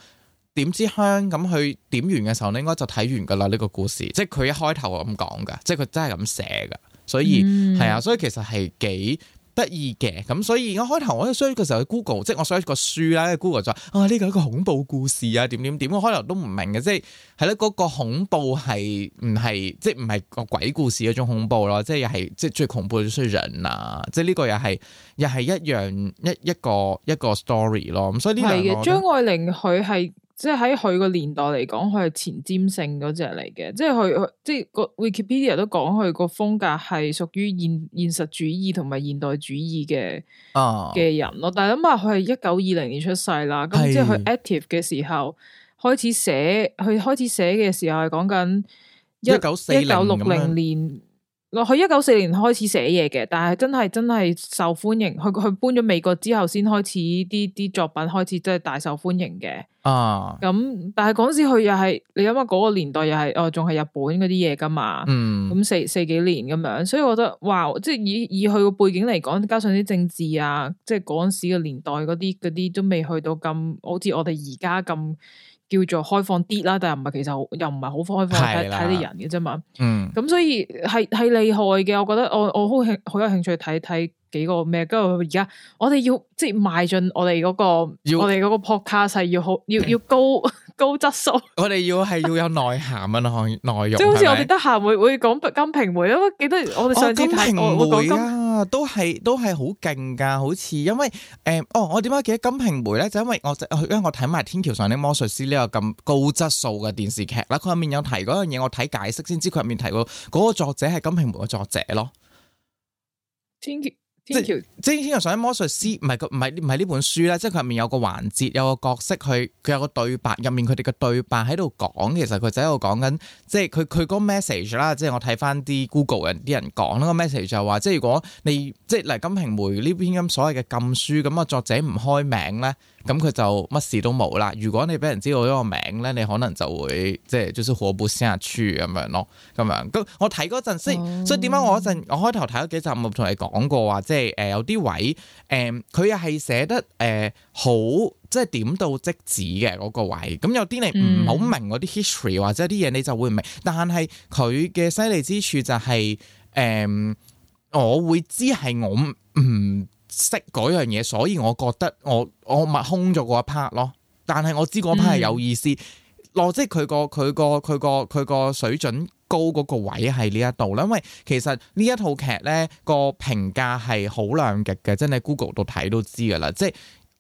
點支香咁去點完嘅時候，你應該就睇完噶啦呢個故事。即係佢一開頭咁講噶，即係佢真係咁寫噶，所以係、嗯、啊，所以其實係幾。得意嘅咁，所以而家開頭我 search 個時候，Google 即係我想 search 個書啦，Google 就話啊呢個係一個恐怖故事啊點點點。我開頭都唔明嘅，即係係咯，嗰個恐怖係唔係，即係唔係個鬼故事一種恐怖咯，即係又係即係最恐怖嘅衰人啊，即係呢個又係又係一樣一一個一個 story 咯，咁所以呢個係嘅張愛玲佢係，即係喺佢個年代嚟講，佢係前瞻性嗰隻嚟嘅。即係佢，即係個 Wikipedia 都講佢個風格係屬於現現實主義同埋現代主義嘅，嘅、啊、人咯。但係諗下佢係一九二零年出世啦，咁是即係佢 active 嘅時候開始寫，佢開始寫嘅時候係講緊一九四一九六零年。我佢一九四年開始寫嘢嘅，但係真係真係受歡迎。佢佢搬咗美國之後，先開始啲啲作品開始真係大受歡迎嘅。啊、嗯，咁但係嗰時佢又係你諗下嗰個年代又係哦，仲係日本嗰啲嘢噶嘛？嗯，咁四四幾年咁樣，所以我覺得哇，即係以以佢個背景嚟講，加上啲政治啊，即係嗰時嘅年代嗰啲嗰啲都未去到咁，好似我哋而家咁。叫做開放啲啦，但係唔係其實又唔係好開放睇睇啲人嘅啫嘛。嗯，咁所以係係厲害嘅。我覺得我我好興好有興趣睇睇幾個咩。跟住而家我哋要即係邁進我哋嗰、嗰個要 我哋嗰個 Podcast 要好要要高。 高質素，我哋要係要有內涵啊，嘅內容。即係好似我哋得閒會會講《金瓶梅》，因為記得我哋上次睇我講《金瓶梅》啊，都係都係好勁噶。好似因為誒，哦，我點解記得《金瓶梅》咧？就因為我因為我睇埋《天橋上的魔術師》呢個咁高質素嘅電視劇啦，佢入面有提嗰樣嘢，我睇解釋先知佢入面提過嗰個作者係《金瓶梅》嘅作者咯，《天橋》。Thank 即係即係《天橋上的魔術師》，唔係個唔係唔係呢本書咧，即係佢入面有個環節，有個角色去，佢有個對白入面，佢哋嘅對白喺度講，其實佢就喺度講緊，即係佢佢個 message 啦，即係我睇翻啲 Google 人啲人講啦、個 message 就係話，即係如果你即係嗱，《金瓶梅》呢篇咁所謂嘅禁書，咁個作者唔開名咧。咁佢就乜事都冇啦。如果你俾人知道呢個名咧，你可能就會即係遭受火暴聲壓處咁樣咯。咁樣咁我睇嗰、oh. 陣先，所以所以點解我嗰陣我開頭睇咗幾集，我同你講過話，即係誒有啲位誒佢又係寫得誒、嗯、好，即係點到即止嘅嗰、嗰個位。咁有啲你唔好明嗰啲 history 或者啲嘢，你就會唔明。但係佢嘅犀利之處就係、是、誒、嗯，我會知係我唔。嗯識嗰樣嘢，所以我覺得我我咪空咗嗰一 part 咯。但係我知嗰 part 係有意思咯，嗯哦，即係佢個佢個佢個佢個水準高嗰個位喺呢一度啦。因為其實呢一套劇咧個評價係好兩極嘅，真係 Google 度睇都知噶啦。即係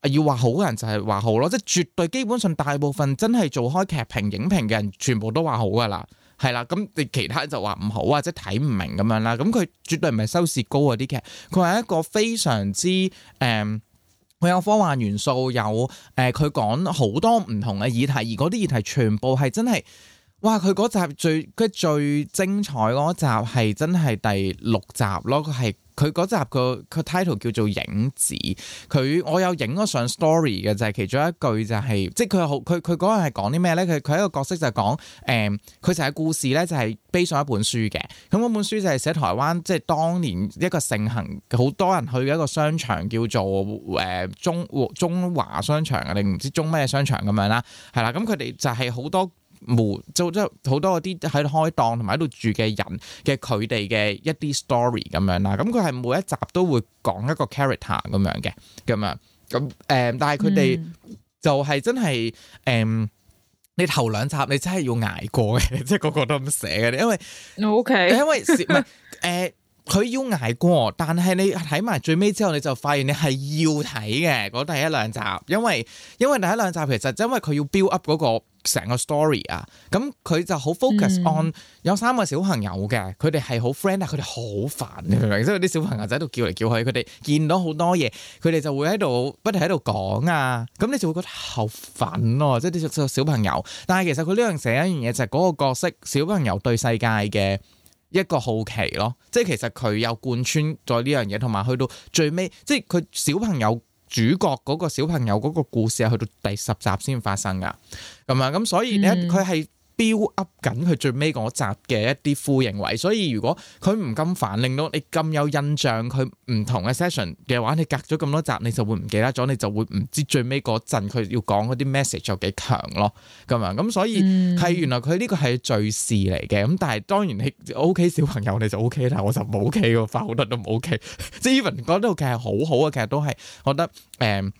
要話好嘅人就係話好咯，即係絕對基本上大部分真係做開劇評影評嘅人，全部都話好噶啦。係啦，咁你其他就話唔好或者睇唔明咁樣啦，咁佢絕對唔係收視高嗰啲劇，佢係一個非常之呃、佢有科幻元素，有誒，佢講好多唔同嘅議題，而嗰啲議題全部係真係，哇！佢嗰集最佢最精彩嗰集係真係第六集咯，佢係。佢嗰集個個 title 叫做影子，佢我有影咗上 story 嘅就係、是、其中一句就係、是、即係佢好佢佢嗰陣係講啲咩咧？佢佢一個角色就係講誒佢就係故事咧就係 based on 一本書嘅，咁嗰本書就係寫台灣即係當年一個盛行好多人去嘅一個商場叫做誒、呃、中中華商場，啊，定唔知中咩商場咁樣啦，係啦，咁佢哋就係好多。冇做咗好多嗰啲喺度開檔同埋喺度住嘅人嘅佢哋嘅一啲 story 咁樣啦，咁佢係每一集都會講一個 character 咁樣嘅，咁啊，咁誒，但係佢哋就係真係誒、嗯嗯，你頭兩集你真係要捱過嘅，即 係個個都唔寫嘅，因為，O K，因為唔係誒。Okay. 佢要捱過，但係你睇埋最尾之後，你就發現你係要睇嘅嗰第一兩集，因為因為第一兩集其實因為佢要 build up 嗰個成個 story 啊、嗯，咁佢就好 focus on 有三個小朋友嘅，佢哋係好 friend 啊，佢哋好煩，即係啲小朋友喺度叫嚟叫去，佢哋見到好多嘢，佢哋就會喺度不停喺度講啊，咁你就會覺得好煩咯，即係啲小朋友。但係其實佢呢樣寫一樣嘢就係嗰個角色小朋友對世界嘅一個好奇咯，即係其實佢有貫穿咗呢樣嘢，同埋去到最尾，即係佢小朋友主角嗰個小朋友嗰個故事，係去到第十集先發生㗎，咁樣，咁所以咧，佢係、嗯。build up 緊佢最尾嗰集嘅一啲呼應位，所以如果佢唔咁反令到你咁有印象，佢唔同嘅 session 嘅話，你隔咗咁多集，你就會唔記得咗，你就會唔知最尾嗰陣佢要講嗰啲 message 有幾強咯，咁樣，咁所以係、嗯、原來佢呢個係敘事嚟嘅，咁但係當然 O、OK、K 小朋友你就 O、OK, K，但我就冇 O K 嘅，發好多都唔 O K，即係 even 講到嘅係好好啊，其實都係我覺得誒。呃。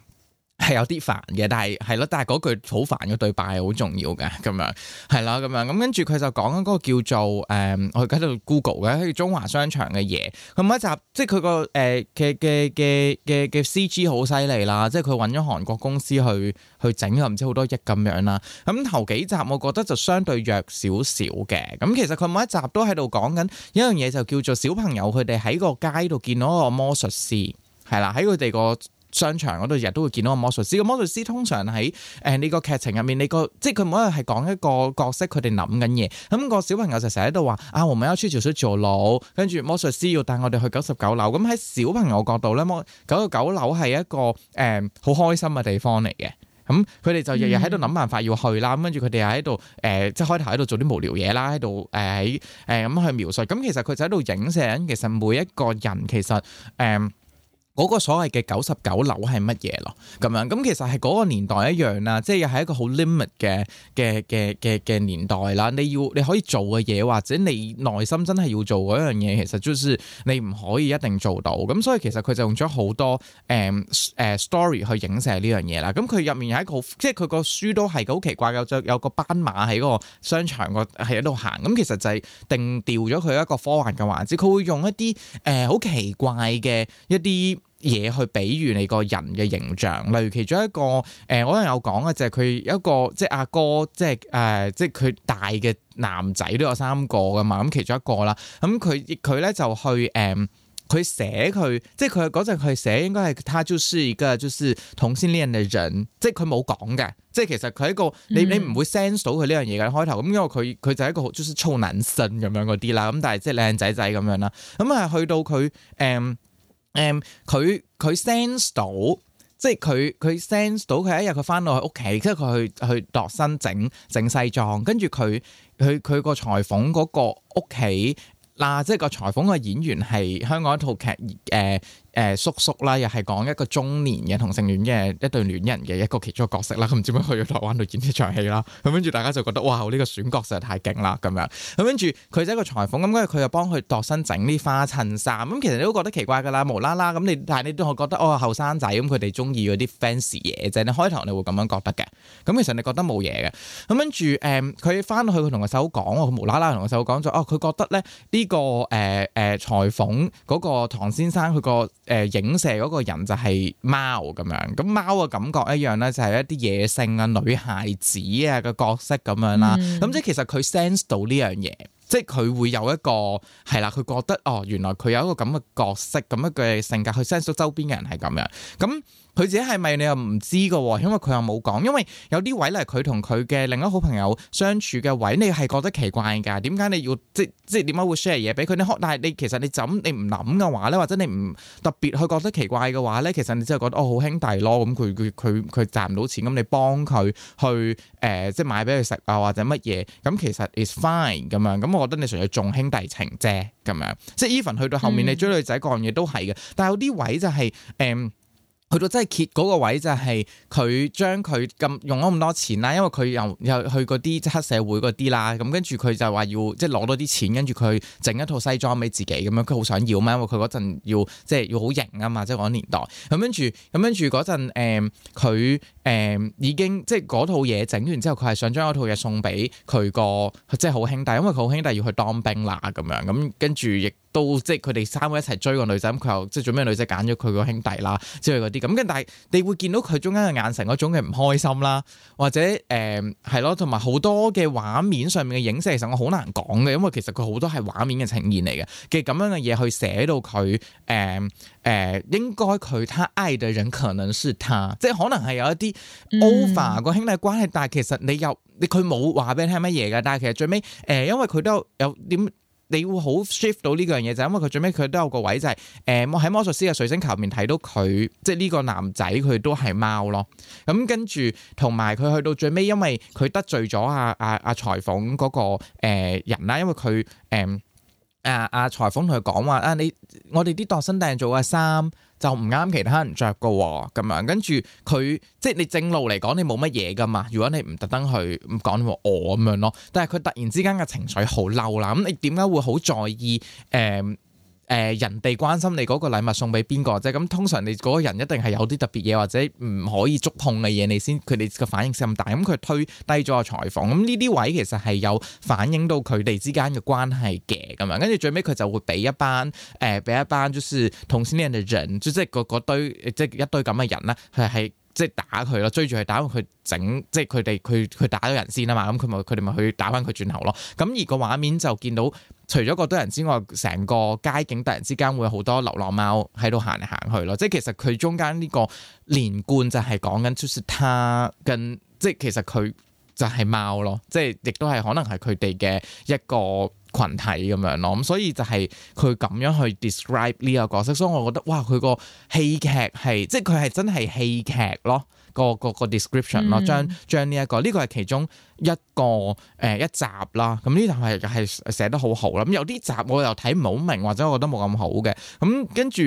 係有啲煩嘅，但係係咯，但係嗰句好煩嘅對白係好重要嘅，咁樣係啦，咁樣咁跟住佢就講緊嗰個叫做誒、呃，我喺度 Google 嘅，跟住中華商場嘅嘢，佢每一集即係佢個誒嘅嘅嘅嘅嘅 CG 好犀利啦，即係佢揾咗韓國公司去去整啊，唔知好多億咁樣啦。咁頭幾集我覺得就相對弱少少嘅，咁其實佢每一集都喺度講緊一樣嘢，就叫做小朋友佢哋喺個街度見到一個魔術師，係啦，喺佢哋個。商場嗰度日日都會見到個魔術師。個魔術師通常喺誒你個劇情入面，你個即係佢每日係講一個角色，佢哋諗緊嘢。咁個小朋友就成日喺度話：啊，我唔想出條船做老。跟住魔術師要帶我哋去九十九樓。咁喺小朋友角度咧，魔九十九樓係一個誒好開心嘅地方嚟嘅。咁佢哋就日日喺度諗辦法要去啦。咁跟住佢哋又喺度誒，即係開頭喺度做啲無聊嘢啦，喺度誒喺誒咁去描述。咁其實佢就喺度影射緊，其實每一個人其實誒。嗰個所謂嘅九十九樓係乜嘢咯？咁樣咁其實係嗰個年代一樣啦，即係又係一個好 limit 嘅嘅嘅嘅嘅年代啦。你要你可以做嘅嘢，或者你內心真係要做嗰樣嘢，其實就是你唔可以一定做到。咁所以其實佢就用咗好多誒誒、嗯啊、story 去影射呢樣嘢啦。咁佢入面有一個即係佢個書都係個好奇怪，有隻有個斑馬喺個商場個係喺度行。咁其實就係定調咗佢一個科幻嘅環節。佢會用一啲誒好奇怪嘅一啲。嘢去比喻你個人嘅形象，例如其中一個誒、嗯，我都有講嘅就係、是、佢一個即係阿哥，即係誒，即係佢大嘅男仔都有三個㗎嘛，咁其中一個啦，咁佢佢咧就去誒，佢、嗯、寫佢即係佢嗰陣佢寫應該係他就是一個就是同性戀嘅人，即係佢冇講嘅，即係其實佢係一個你你唔會 sense 到佢呢樣嘢嘅開頭，咁因為佢佢就係一個就是粗男神咁樣嗰啲啦，咁但係即係靚仔仔咁樣啦，咁啊去到佢誒。嗯誒佢佢 sense、um，到，即係佢佢 sense 到佢一日佢翻到去屋企，即係佢去去度身整整西裝，跟住佢佢佢個裁縫嗰個屋企嗱，即係個裁縫個演員係香港一套劇誒。呃誒、呃、叔叔啦，又係講一個中年嘅同性戀嘅一對戀人嘅一個其中個角色啦。咁唔知點解去咗台灣度演呢場戲啦？咁跟住大家就覺得哇，呢、這個選角實在太勁啦咁樣。咁跟住佢就一個裁縫，咁跟住佢又幫佢度身整啲花襯衫。咁其實你都覺得奇怪㗎啦，無啦啦咁你，但係你都係覺得哦後生仔咁，佢哋中意嗰啲 fancy 嘢啫。你開頭你會咁樣覺得嘅。咁其實你覺得冇嘢嘅。咁、呃、跟住誒，佢翻去佢同個細佬講，佢無啦啦同個細佬講咗，哦佢覺得咧呢、這個誒誒、呃呃、裁縫嗰個唐先生佢個。誒影射嗰個人就係貓咁樣，咁貓嘅感覺一樣咧，就係、是、一啲野性啊、女孩子啊嘅角色咁樣啦。咁、嗯、即係其實佢 sense 到呢樣嘢，即係佢會有一個係啦，佢覺得哦，原來佢有一個咁嘅角色，咁樣嘅性格，佢 sense 到周邊嘅人係咁樣咁。嗯佢自己係咪你又唔知噶？因為佢又冇講，因為有啲位咧，佢同佢嘅另一好朋友相處嘅位，你係覺得奇怪噶？點解你要即即點解會 share 嘢俾佢？你但係你其實你怎你唔諗嘅話咧，或者你唔特別去覺得奇怪嘅話咧，其實你真係覺得哦好兄弟咯。咁佢佢佢佢賺唔到錢，咁、嗯、你幫佢去誒、呃、即買俾佢食啊或者乜嘢？咁其實 it's fine 咁樣。咁我覺得你純粹重兄弟情啫。咁樣，樣即 even 去到後面、嗯、你追女仔樣嘢都係嘅，但係有啲位就係、是、誒。嗯嗯嗯去到真係揭嗰個位就係佢將佢咁用咗咁多錢啦，因為佢又又去嗰啲即係黑社會嗰啲啦，咁跟住佢就話要即係攞多啲錢，跟住佢整一套西裝俾自己咁樣，佢好想要咩？因為佢嗰陣要即係、就是、要好型啊嘛，即係嗰年代。咁跟住，咁跟住嗰陣佢誒已經即係嗰套嘢整完之後，佢係想將嗰套嘢送俾佢個即係好兄弟，因為佢好兄弟要去當兵啦咁樣，咁跟住亦。都即係佢哋三個一齊追個女仔，咁佢又即係做咩女仔揀咗佢個兄弟啦，之類嗰啲咁。咁但係你會見到佢中間嘅眼神嗰種嘅唔開心啦，或者誒係、呃、咯，同埋好多嘅畫面上面嘅影射，其實我好難講嘅，因為其實佢好多係畫面嘅呈現嚟嘅，其實咁樣嘅嘢去寫到佢誒誒，應該佢他愛的人可能是他，即係可能係有一啲 over 個兄弟關係，嗯、但係其實你又佢冇話俾你聽乜嘢㗎。但係其實最尾誒、呃，因為佢都有有點。你會好 shift 到呢樣嘢，就係因為佢最尾，佢都有個位就係、誒、我喺魔術師嘅水晶球面睇到佢，即係呢個男仔佢都係貓咯，咁跟住同埋佢去到最尾，因為佢得罪咗阿阿阿裁縫嗰個誒人啦，因為佢誒阿阿裁縫同佢講，話啊，啊，啊，啊，啊，你我哋啲度身訂做嘅衫。就唔啱其他人著㗎咁樣，跟住佢即係你正路嚟講，你冇乜嘢㗎嘛。如果你唔特登去唔講我咁樣咯，但係佢突然之間嘅情緒好嬲啦。咁、嗯、你點解會好在意誒？呃誒，人哋關心你嗰個禮物送俾邊個啫？咁通常你嗰個人一定係有啲特別嘢或者唔可以觸碰嘅嘢，你先佢哋個反應性咁大。咁佢推低咗個採訪，咁呢啲位其實係有反映到佢哋之間嘅關係嘅咁樣。跟住最尾佢就會俾一班誒俾一班，呃、一班就是同性戀嘅人，即係嗰堆即係、就是、一堆咁嘅人啦。係係。即係打佢咯，追住佢打佢整，即係佢哋佢佢打咗人先啊嘛，咁佢咪佢哋咪去打翻佢轉頭咯。咁而個畫面就見到，除咗個多人之外，成個街景突然之間會有好多流浪貓喺度行嚟行去咯。即係其實佢中間呢個連貫就係講緊 Tusita 跟，即係其實佢就係貓咯，即係亦都係可能係佢哋嘅一個。羣體咁樣咯，咁所以就係佢咁樣去 describe 呢個角色，所以我覺得哇，佢個戲劇係即係佢係真係戲劇咯，個個個 description 咯，將將呢一個呢個係其中一個誒一集啦。咁呢集係係寫得好好啦。咁有啲集我又睇唔好明，或者我覺得冇咁好嘅。咁跟住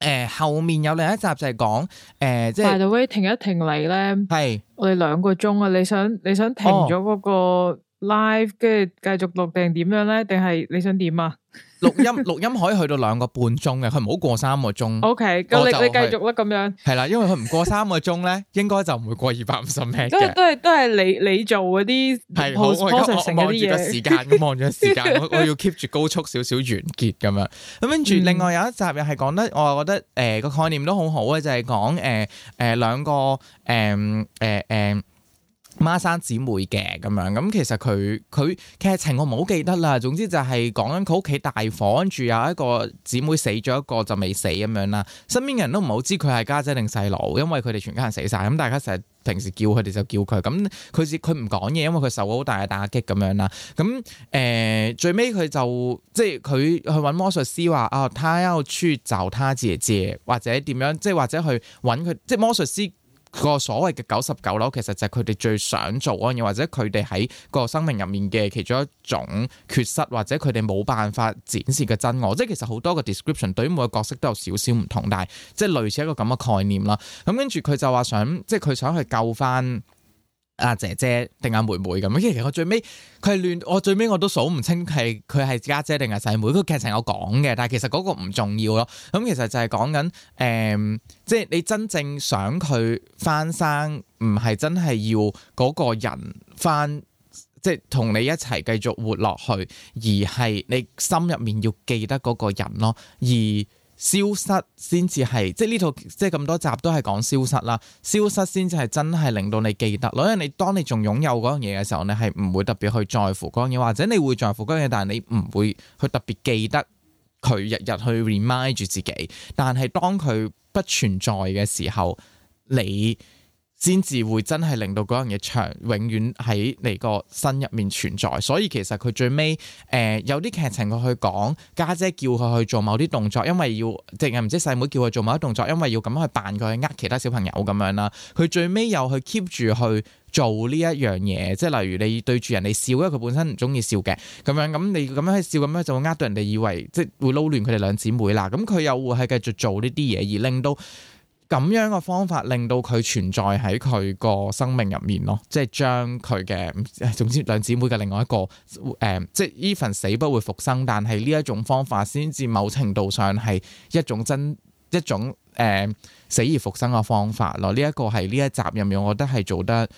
誒後面有另一集就係講誒，即係 By the way，停一停嚟咧。係我哋兩個鐘啊！你想你想停咗嗰個？Live 跟住繼續錄定點樣咧？定係你想點啊？錄音錄音可以去到兩個半鐘嘅，佢唔好過三個鐘。OK，咁你你繼續啦，咁樣係啦，因為佢唔過三個鐘咧， 應該就唔會過二百五十秒嘅。都係都係你你做嗰啲係好我而家望住個時間，望住個時間，我,我要 keep 住高速少少完結咁樣。咁跟住另外有一集又係講得我又覺得誒個、呃、概念都好好嘅，就係講誒誒兩個誒誒誒。呃呃呃呃呃呃孖生姊妹嘅咁樣，咁其實佢佢劇情我唔好記得啦。總之就係講緊佢屋企大火，跟住，有一個姊妹死咗一個就未死咁樣啦。身邊嘅人都唔好知佢係家姐定細佬，因為佢哋全家人死晒，咁大家成日平時叫佢哋就叫佢。咁佢佢唔講嘢，因為佢受咗好大嘅打擊咁樣啦。咁誒、呃，最尾佢就即係佢去揾魔術師話啊，他要出就他姐姐或者點樣，即係或者去揾佢，即係魔術師。個所謂嘅九十九樓其實就係佢哋最想做嘅嘢，或者佢哋喺個生命入面嘅其中一種缺失，或者佢哋冇辦法展示嘅真我。即係其實好多個 description 對於每個角色都有少少唔同，但係即係類似一個咁嘅概念啦。咁跟住佢就話想，即係佢想去救翻阿姐姐定阿妹妹咁，因為其實我最尾佢係亂，我最尾我都數唔清係佢係家姐定係細妹，個劇情我講嘅，但係其實嗰個唔重要咯。咁、嗯、其實就係講緊，誒、嗯，即係你真正想佢翻生，唔係真係要嗰個人翻，即係同你一齊繼續活落去，而係你心入面要記得嗰個人咯，而。消失先至係，即係呢套即係咁多集都係講消失啦。消失先至係真係令到你記得囉，因為你當你仲擁有嗰樣嘢嘅時候，你係唔會特別去在乎嗰樣嘢，或者你會在乎嗰樣嘢，但係你唔會去特別記得佢，日日去 remind 住自己。但係當佢不存在嘅時候，你。先至會真係令到嗰樣嘅牆永遠喺你個身入面存在，所以其實佢最尾誒、呃、有啲劇情佢去講家姐，姐叫佢去做某啲動作，因為要淨係唔知細妹，妹叫佢做某啲動作，因為要咁樣去扮佢去呃其他小朋友咁樣啦。佢最尾又去 keep 住去做呢一樣嘢，即係例如你對住人哋笑，因為佢本身唔中意笑嘅咁樣，咁你咁樣去笑咁樣就會呃到人哋以為即係會撈亂佢哋兩姊妹啦。咁佢又會係繼續做呢啲嘢，而令到。咁樣嘅方法令到佢存在喺佢個生命入面咯，即係將佢嘅，總之兩姊妹嘅另外一個誒、呃，即係 Evan 死不會復生，但係呢一種方法先至某程度上係一種真一種誒、呃、死而復生嘅方法咯。呢、這、一個係呢一集入面，我覺得係做得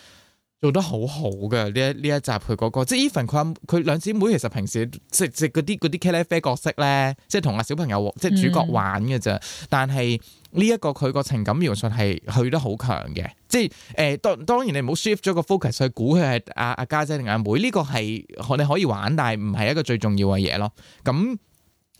做得好好嘅。呢一呢一集佢嗰、那個，即係伊凡佢佢兩姊妹其實平時即係即嗰啲嗰啲茄喱啡角色咧，即係同阿小朋友即係主角玩嘅啫，嗯、但係。呢一、這個佢個情感描述係去得好強嘅，即係誒，當、呃、當然你唔好 shift 咗個 focus 去估佢係阿阿家姐定阿妹，呢、這個係我哋可以玩，但係唔係一個最重要嘅嘢咯。咁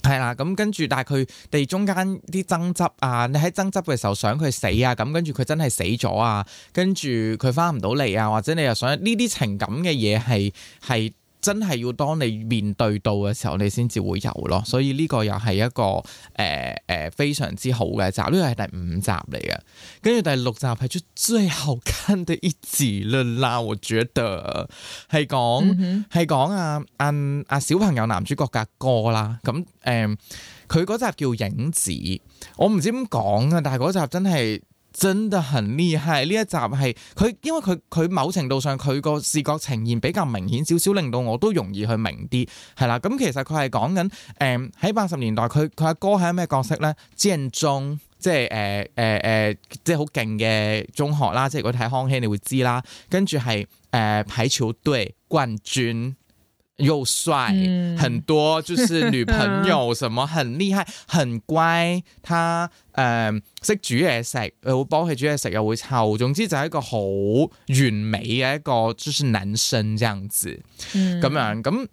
係啦，咁、嗯嗯、跟住但係佢地中間啲爭執啊，你喺爭執嘅時候想佢死啊，咁跟住佢真係死咗啊，跟住佢翻唔到嚟啊，或者你又想呢啲情感嘅嘢係係。真係要當你面對到嘅時候，你先至會有咯。所以呢個又係一個誒誒、呃呃、非常之好嘅一集。呢個係第五集嚟嘅，跟住第六集係出最好看的一集啦，我覺得係講係講阿阿小朋友男主角嘅歌啦。咁、啊、誒，佢、啊、嗰集叫影子，我唔知點講啊，但係嗰集真係～真的很厲害。呢一集係佢，因為佢佢某程度上佢個視覺呈現比較明顯少少，令到我都容易去明啲，係啦。咁其實佢係講緊誒喺八十年代，佢佢阿哥係咩角色咧？建中，即係誒誒誒，即係好勁嘅中學啦。即係如果睇康熙，你會知啦。跟住係誒排球隊冠軍。又帥，很多就是女朋友什麼 很厲害，很乖，他誒、呃、會煮嘢食，食，又會幫佢煮嘢食，又會臭。總之就係一個好完美嘅一個就是男生這樣子，咁 樣咁。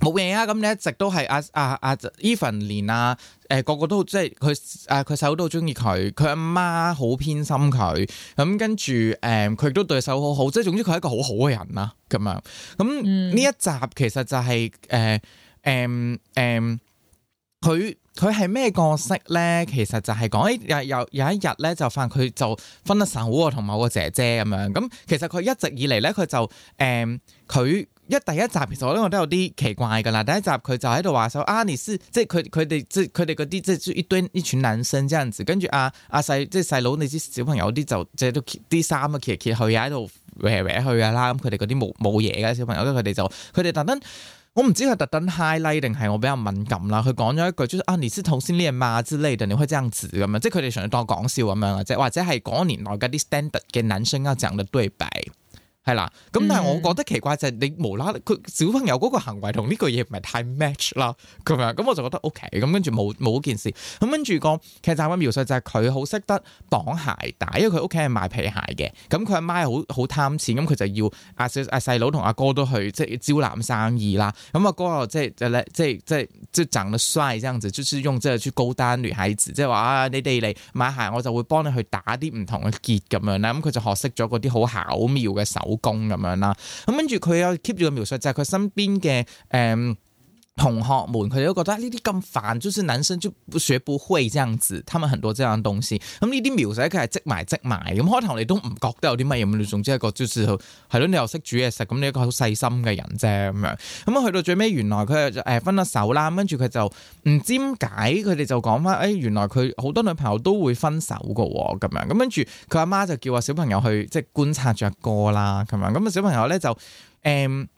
冇嘢啊！咁你一直都係阿阿阿 Evan 連啊，誒、呃、個個都即係佢誒佢細佬都好中意佢，佢阿媽好偏心佢，咁、嗯、跟住誒佢都對手好好，即係總之佢係一個好好嘅人啦咁樣。咁呢一集其實就係誒誒誒，佢佢係咩角色咧？其實就係講誒有有有一日咧，就發現佢就分得手好啊，同某個姐姐咁樣。咁其實佢一直以嚟咧，佢就誒佢。嗯。一第一集其實我咧我都有啲奇怪㗎喇，第一集佢就喺度話說啊，你是即係佢佢哋即係佢哋嗰啲即係一堆一群男生，這樣子跟住啊啊細即係細佬，你知小朋友啲就即係都啲衫啊，揭揭去啊，喺度搲搲去㗎喇，咁佢哋嗰啲冇冇嘢嘅小朋友，咁佢哋就佢哋特登，我唔知佢特登 highlight 定係我比較敏感啦。佢講咗一句，即係啊，你是同性戀嗎之類，定係會這樣子咁樣，即係佢哋純粹當講笑咁樣，或者或者係嗰年內嗰啲 standard 嘅男生要講嘅對白。係啦，咁但係我覺得奇怪就係、是、你無啦，佢小朋友嗰個行為同呢個嘢唔係太 match 啦咁樣，咁我就覺得 OK，咁跟住冇冇件事，咁跟住個劇集嘅描述就係佢好識得綁鞋帶，因為佢屋企係賣皮鞋嘅，咁佢阿媽好好貪錢，咁佢就要阿阿細佬同阿哥都去即係招攬生意啦。咁阿哥，哥即係即係即係即係長得帥，這樣子就用即係去勾搭女孩子，即係話啊你哋嚟買鞋，我就會幫你去打啲唔同嘅結咁樣啦。咁佢就學識咗嗰啲好巧妙嘅手段。工咁樣啦，咁 跟住佢有 keep 住個描述就係佢身邊嘅誒。嗯同學們佢哋都覺得呢啲咁煩，就算、是、男生就不學不會這樣子。他們很多這樣東西，咁呢啲描寫佢係積埋積埋。咁開頭你都唔覺得有啲乜嘢，咁你總之一個就是係咯、就是，你又識煮嘢食，咁你一個好細心嘅人啫咁樣。咁啊去到最尾，原來佢誒分咗手啦，跟住佢就唔知點解，佢哋就講翻誒，原來佢好多女朋友都會分手噶，咁樣咁跟住佢阿媽就叫個小朋友去即係觀察着哥啦，咁樣咁啊小朋友咧就誒。嗯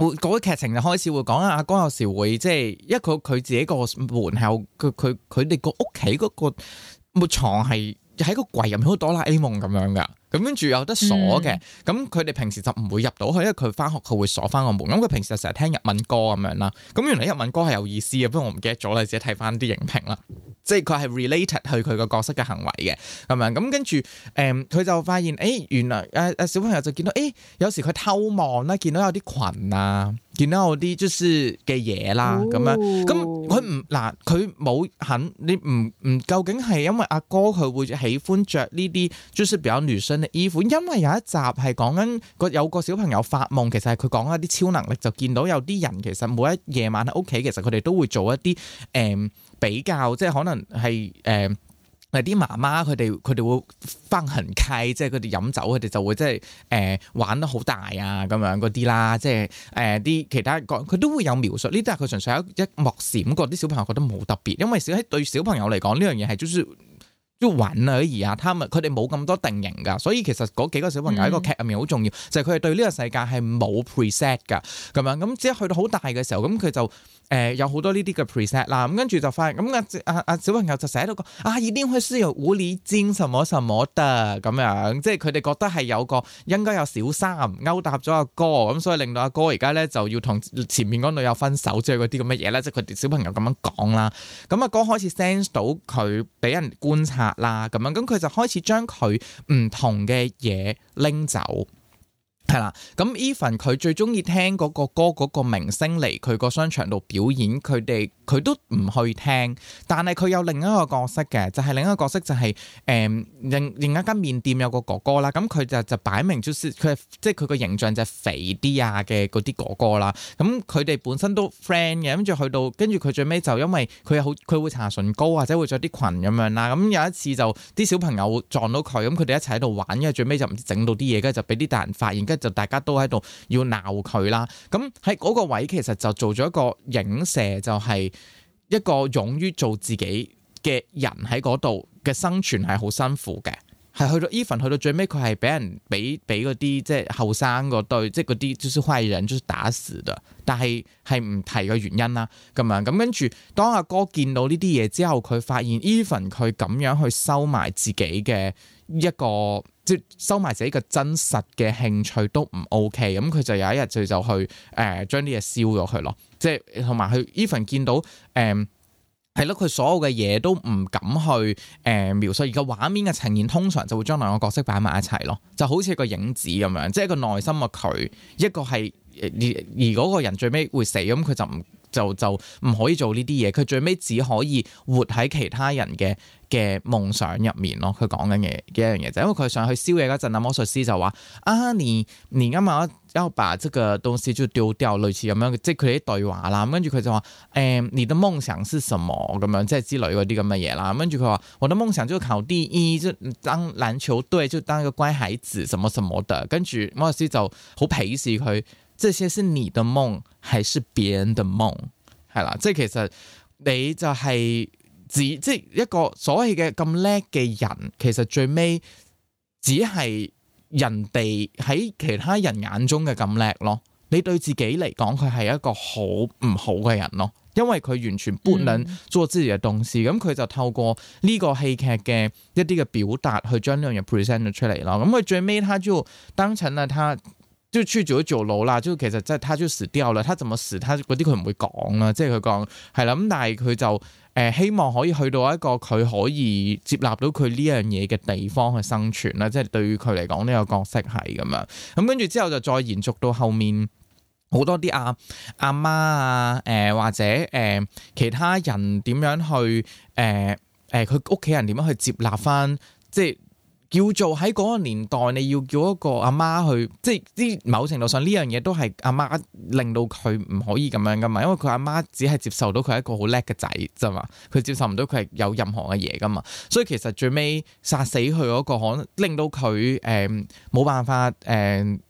嗰、那個劇情就開始會講，阿哥有時會即係，因為佢自己個門口，佢佢佢哋個屋企嗰個木牀係，喺個櫃入面多，好似哆啦 A 夢咁樣噶，咁跟住有得鎖嘅，咁佢哋平時就唔會入到去，因為佢翻學佢會鎖翻個門。咁佢平時就成日聽日文歌咁樣啦，咁原來日文歌係有意思嘅，不過我唔記得咗啦，自己睇翻啲影評啦。即係佢係 related 去佢個角色嘅行為嘅，係咪？咁跟住，誒，佢就發現，誒、欸，原來誒誒，小朋友就見到，誒、欸，有時佢偷望啦，見到有啲群啊。見到我啲即係嘅嘢啦，咁、哦、樣咁佢唔嗱佢冇肯，你唔唔究竟係因為阿哥佢會喜歡着呢啲即係比較女性嘅衣服，因為有一集係講緊個有個小朋友發夢，其實係佢講一啲超能力，就見到有啲人其實每一夜晚喺屋企，其實佢哋都會做一啲誒、呃、比較，即係可能係誒。呃咪啲媽媽佢哋佢哋會翻行契，即係佢哋飲酒，佢哋就會即係誒玩得好大啊咁樣嗰啲啦，即係誒啲其他講，佢都會有描述。呢啲係佢純粹一幕閃過，啲小朋友覺得冇特別，因為小對小朋友嚟講呢樣嘢係即係即係玩啊而啊，佢哋冇咁多定型㗎，所以其實嗰幾個小朋友喺個劇入面好重要，嗯、就係佢哋對呢個世界係冇 preset 㗎咁樣。咁只係去到好大嘅時候，咁佢就。誒、嗯、有好多呢啲嘅 preset 啦、嗯，咁跟住就發現咁阿阿阿小朋友就寫到個啊，已定去使用狐狸精什麼什麼的咁樣，即係佢哋覺得係有個應該有小三勾搭咗阿哥，咁、嗯、所以令到阿哥而家咧就要同前面嗰女友分手，即係嗰啲咁嘅嘢咧，即係佢哋小朋友咁樣講啦。咁阿哥開始 sense 到佢俾人觀察啦，咁樣咁佢、嗯、就開始將佢唔同嘅嘢拎走。係啦，咁 Even 佢最中意聽嗰個歌嗰個明星嚟佢個商場度表演，佢哋佢都唔去聽，但係佢有另一個角色嘅，就係另一個角色就係誒另另一間麵店有個哥哥啦，咁佢就就擺明佢即係佢個形象就肥啲啊嘅嗰啲哥哥啦，咁佢哋本身都 friend 嘅，跟住去到跟住佢最尾就因為佢好佢會搽唇膏或者會着啲裙咁樣啦，咁有一次就啲小朋友撞到佢，咁佢哋一齊喺度玩，因為最尾就唔知整到啲嘢，跟住就俾啲大人發現，跟就大家都喺度要鬧佢啦，咁喺嗰個位其實就做咗一個影射，就係一個勇於做自己嘅人喺嗰度嘅生存係好辛苦嘅，係去到 Even 去到最尾佢係俾人俾俾嗰啲即係後生嗰對即係嗰啲即係壞人即係、就是、打死嘅，但係係唔提個原因啦咁樣咁跟住，當阿哥見到呢啲嘢之後，佢發現 Even 佢咁樣去收埋自己嘅。一個即收埋自己嘅真實嘅興趣都唔 OK，咁佢就有一日就就去誒、呃、將啲嘢燒咗佢咯，即係同埋佢 even 見到誒係咯，佢、呃、所有嘅嘢都唔敢去誒、呃、描述，而個畫面嘅呈現通常就會將兩個角色擺埋一齊咯，就好似個影子咁樣，即係個內心嘅佢一個係而而嗰個人最尾會死，咁佢就唔就就唔可以做呢啲嘢，佢最尾只可以活喺其他人嘅。嘅夢想入面咯，佢講緊嘅嘅一樣嘢就因為佢上去宵夜嗰陣啊，魔術師就話啊，你你啱啱要把這個東西就丟掉，類似咁樣即係佢啲對話啦。跟住佢就話誒、欸，你的夢想是什麼咁樣，即係之類嗰啲咁嘅嘢啦。跟住佢話，我的夢想就考第一，就當籃球隊，就當一個乖孩子，什麼什麼的。跟住魔術師就好鄙視佢，這些是你的夢，還是別人的夢？係啦，即係其實你就係、是。即係一個所謂嘅咁叻嘅人，其實最尾只係人哋喺其他人眼中嘅咁叻咯。你對自己嚟講，佢係一個好唔好嘅人咯，因為佢完全不能做自己嘅東西。咁佢、嗯、就透過呢個戲劇嘅一啲嘅表達，去將呢樣嘢 present 咗出嚟咯。咁佢最尾，他就當成了他。即就出咗酒樓啦，就其實即係，他就死掉了。他就冇死，他嗰啲佢唔會講啦。即係佢講係啦，咁但係佢就誒、呃、希望可以去到一個佢可以接納到佢呢樣嘢嘅地方去生存啦。即係對於佢嚟講呢個角色係咁樣。咁跟住之後就再延續到後面好多啲阿阿媽啊，誒、呃、或者誒、呃、其他人點樣去誒誒佢屋企人點樣去接納翻，即係。叫做喺嗰個年代，你要叫一個阿媽去，即係啲某程度上呢樣嘢都係阿媽令到佢唔可以咁樣噶嘛，因為佢阿媽只係接受到佢係一個好叻嘅仔啫嘛，佢接受唔到佢係有任何嘅嘢噶嘛，所以其實最尾殺死佢嗰個可能令到佢誒冇辦法誒、嗯，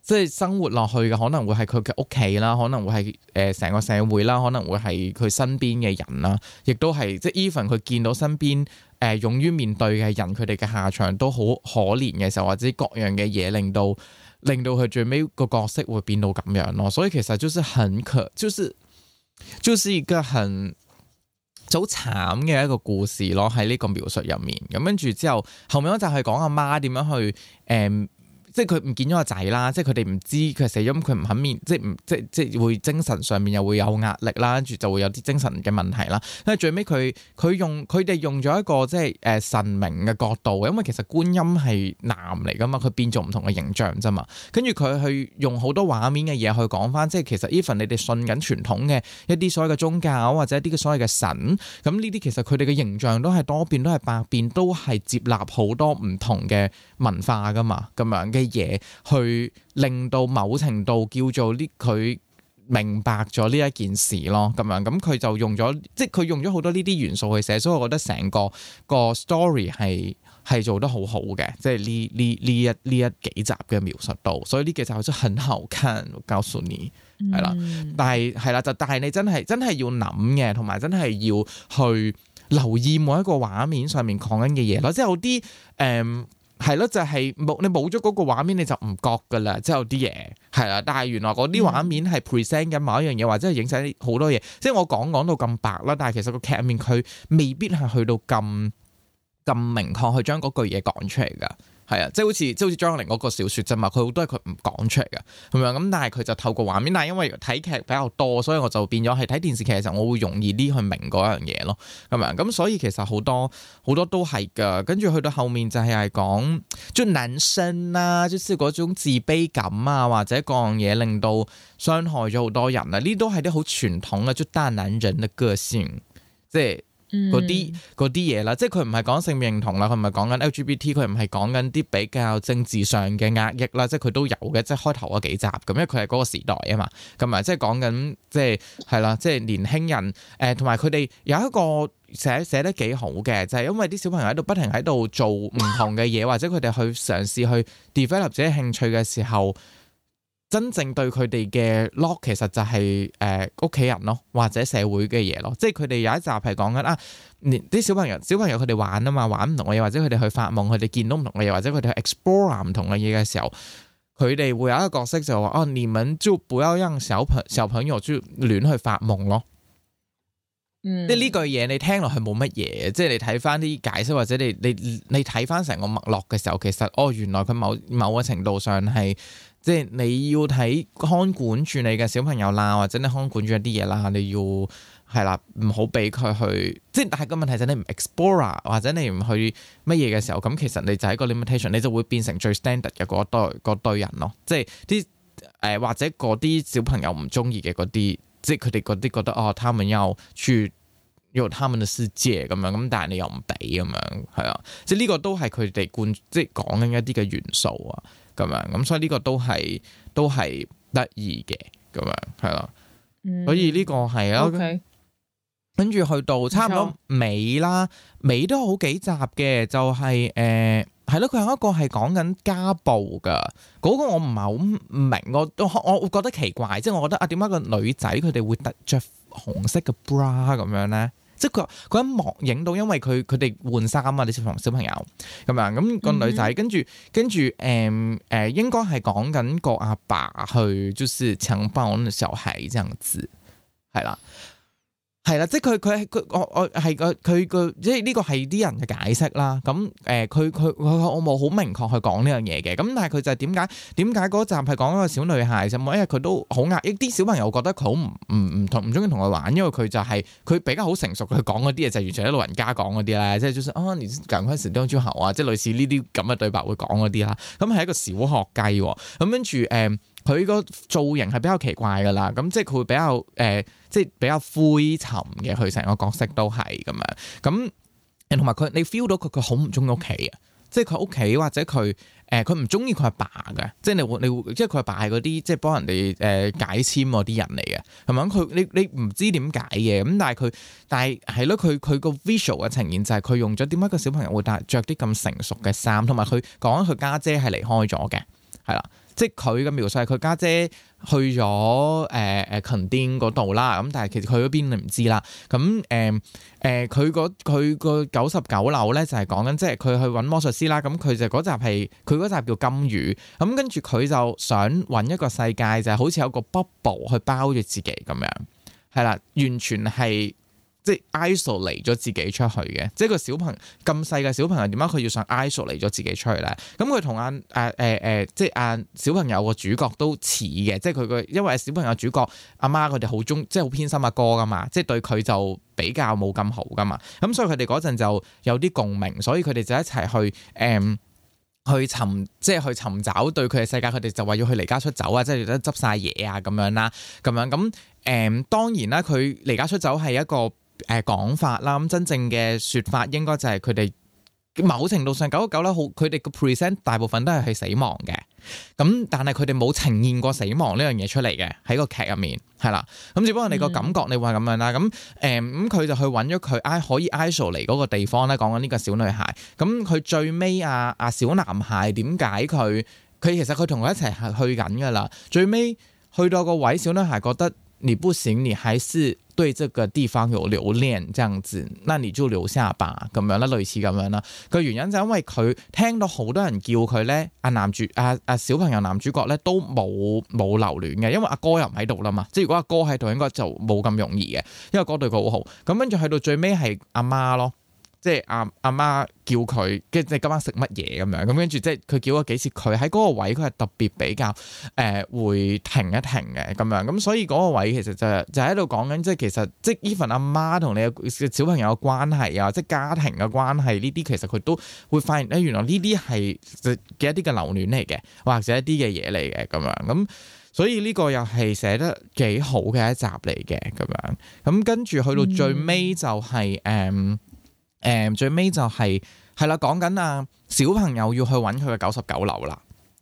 即係生活落去嘅可能會係佢嘅屋企啦，可能會係誒成個社會啦，可能會係佢、呃、身邊嘅人啦，亦都係即係 even 佢見到身邊。誒，勇於面對嘅人佢哋嘅下場都好可憐嘅時候，或者各樣嘅嘢令到令到佢最尾個角色會變到咁樣咯，所以其實就是很可，就是就是一個很好、就是、慘嘅一個故事咯，喺呢個描述入面，咁跟住之後後面我就係講阿媽點樣去誒。呃即係佢唔見咗個仔啦，即係佢哋唔知佢死咗，咁佢唔肯面，即係唔即即係會精神上面又會有壓力啦，跟住就會有啲精神嘅問題啦。但係最尾佢佢用佢哋用咗一個即係誒、呃、神明嘅角度，因為其實觀音係男嚟㗎嘛，佢變做唔同嘅形象啫嘛。跟住佢去用好多畫面嘅嘢去講返，即係其實 even 你哋信緊傳統嘅一啲所謂嘅宗教或者一啲嘅所謂嘅神，咁呢啲其實佢哋嘅形象都係多變，都係百變，都係接納好多唔同嘅文化㗎嘛，咁樣嘅，嘢去令到某程度叫做呢，佢明白咗呢一件事咯，咁樣咁佢就用咗，即係佢用咗好多呢啲元素去寫，所以我覺得成個個 story 係係做得好好嘅，即係呢呢呢一呢一幾集嘅描述度，所以呢幾集真係很好看。告訴你係啦，嗯、但係係啦，就但係你真係真係要諗嘅，同埋真係要去留意每一個畫面上面講緊嘅嘢咯，嗯、即係有啲誒。呃係咯，就係冇你冇咗嗰個畫面，你就唔覺噶啦。之後啲嘢係啦，但係原來嗰啲畫面係 present 緊某一樣嘢，或者係影晒啲好多嘢。即係我講講到咁白啦，但係其實個劇面佢未必係去到咁咁明確去將嗰句嘢講出嚟噶。 係啊、 嗯，即係好似即係好似張愛玲嗰個小説啫嘛，佢好多係佢唔講出嚟嘅，係咪啊？咁但係佢就透過畫面，但係因為睇劇比較多，所以我就變咗係睇電視劇嘅時候，我會容易啲去明嗰樣嘢咯，係咪啊？咁、嗯、所以其實好多好多都係噶，跟住去到後面就係係講即男性啦、啊，即係嗰種自卑感啊，或者嗰樣嘢令到傷害咗好多人啊，呢都係啲好傳統嘅即係大男人嘅個性，即係。嗰啲啲嘢啦，即係佢唔係講性別認同啦，佢唔係講緊 LGBT，佢唔係講緊啲比較政治上嘅壓抑啦，即係佢都有嘅，即係開頭嗰幾集咁，因為佢係嗰個時代啊嘛，咁啊即係講緊即係係啦，即係年輕人誒，同埋佢哋有一個寫寫得幾好嘅，就係因為啲小朋友喺度不停喺度做唔同嘅嘢， 或者佢哋去嘗試去 develop 自己興趣嘅時候。真正對佢哋嘅 lock 其實就係誒屋企人咯，或者社會嘅嘢咯，即係佢哋有一集係講緊啊，連啲小朋友，小朋友佢哋玩啊嘛，玩唔同嘅嘢，或者佢哋去發夢，佢哋見到唔同嘅嘢，或者佢哋去 explore 唔同嘅嘢嘅時候，佢哋會有一個角色就話哦，你唔要不要讓小朋小朋友亂去發夢咯？嗯，即係呢句嘢你聽落係冇乜嘢，即係你睇翻啲解釋或者你你你睇翻成個脈絡嘅時候，其實哦原來佢某某個程度上係。即係你要睇看，看管住你嘅小朋友啦，或者你看管住一啲嘢啦，你要係啦，唔好俾佢去。即係但係個問題就係你唔 explore，啊，或者你唔去乜嘢嘅時候，咁其實你就喺個 limitation，你就會變成最 standard 嘅嗰堆嗰堆人咯。即係啲誒或者嗰啲小朋友唔中意嘅嗰啲，即係佢哋嗰啲覺得哦，他們又去用他們嘅世界咁樣，咁但係你又唔俾咁樣，係啊，即係呢個都係佢哋灌，即係講緊一啲嘅元素啊。咁樣，咁所以呢個都係都係得意嘅，咁樣係咯，所以呢個係啊，OK，跟住去到差唔多尾啦，錯尾都好幾集嘅，就係誒係咯，佢、呃、有一個係講緊家暴噶，嗰、那個我唔係好明，我我我會覺得奇怪，即、就、係、是、我覺得啊，點解個女仔佢哋會特着紅色嘅 bra 咁樣咧？即佢佢一望影到，因為佢佢哋換衫啊嘛，啲小朋小朋友咁樣咁、個女仔、mm hmm.，跟住跟住誒誒，應該係講緊個阿爸，爸去就是強暴那小孩，這樣子係啦。係啦、 嗯，即係佢佢佢我我係個佢即係呢個係啲人嘅解釋啦。咁誒，佢佢佢我冇好明確去講呢樣嘢嘅。咁但係佢就係點解點解嗰集係講一個小女孩？因為佢都好壓抑，啲小朋友覺得佢好唔唔唔同唔中意同佢玩，因為佢就係、是、佢比較好成熟。佢講嗰啲嘢就係、是、完全係老人家講嗰啲啦，即係就算，啊年近四十當豬頭啊，即係類似呢啲咁嘅對白會講嗰啲啦。咁係一個小學雞喎。咁跟住誒。佢個造型係比較奇怪噶啦，咁、嗯、即係佢會比較誒、呃，即係比較灰沉嘅。佢成個角色都係咁樣。咁同埋佢，你 feel 到佢佢好唔中意屋企啊！即係佢屋企或者佢誒，佢唔中意佢阿爸嘅。即係你會你會，即係佢阿爸係嗰啲即係幫人哋誒解簽嗰啲人嚟嘅，係、嗯、咪？佢你你唔知點解嘅咁、嗯，但係佢但係係咯，佢佢個 visual 嘅呈現就係佢用咗點解個小朋友會戴著啲咁成熟嘅衫，同埋佢講佢家姐係離開咗嘅，係啦。即係佢嘅描述係佢家姐去咗誒誒墾丁嗰度啦，咁但係其實佢嗰邊你唔知啦。咁誒誒佢佢個九十九樓咧就係講緊，即係佢去揾魔術師啦。咁佢就嗰集係佢嗰集叫金魚。咁、嗯、跟住佢就想揾一個世界就係、是、好似有個 bubble 去包住自己咁樣，係啦，完全係。即係 isolate 自己出去嘅，即係個小朋友咁細嘅小朋友點解佢要上 isolate 自己出去咧？咁佢同阿誒誒誒，即係阿、啊、小朋友個主角都似嘅，即係佢個因為小朋友主角阿媽佢哋好鍾，即係好偏心阿哥噶嘛，即係對佢就比較冇咁好噶嘛。咁所以佢哋嗰陣就有啲共鳴，所以佢哋就一齊去誒、嗯、去尋，即係去尋找對佢嘅世界，佢哋就話要去離家出走要啊，即係執晒嘢啊，咁樣啦，咁樣咁誒、嗯，當然啦，佢離家出走係一個。誒講、呃、法啦，咁真正嘅說法應該就係佢哋某程度上九九啦，好佢哋個 present 大部分都係去死亡嘅，咁但係佢哋冇呈現過死亡呢樣嘢出嚟嘅喺個劇入面，係啦，咁、嗯嗯、只不過你個感覺你話咁樣啦，咁誒咁佢就去揾咗佢可以 isolate 嚟嗰個地方咧，講緊呢個小女孩，咁、嗯、佢最尾啊，阿、啊、小男孩點解佢佢其實佢同佢一齊去緊噶啦，最尾去到個位，小女孩覺得你不你還是。對這個地方有留戀，這樣子，那你就留下吧，咁樣啦，類似咁樣啦。個原因就係因為佢聽到好多人叫佢咧，阿、啊、男主，阿、啊、阿、啊、小朋友男主角咧都冇冇留戀嘅，因為阿哥，哥又唔喺度啦嘛。即係如果阿哥喺度，應該就冇咁容易嘅，因為哥對佢好好。咁跟住去到最尾係阿媽咯。即係阿阿媽叫佢，跟住今晚食乜嘢咁樣咁，跟、嗯、住即係佢叫咗幾次，佢喺嗰個位佢係特別比較誒、呃、會停一停嘅咁樣，咁、嗯、所以嗰個位其實就就喺度講緊，即係其實即係 Even 阿媽同你小朋友嘅關係啊，即係家庭嘅關係呢啲，其實佢都會發現、欸、原來呢啲係嘅一啲嘅留戀嚟嘅，或者一啲嘅嘢嚟嘅咁樣咁、嗯，所以呢個又係寫得幾好嘅一集嚟嘅咁樣，咁跟住去到最尾就係、是、誒。嗯嗯誒、嗯，最尾就係、是、係啦，講緊啊小朋友要去揾佢嘅九十九樓啦，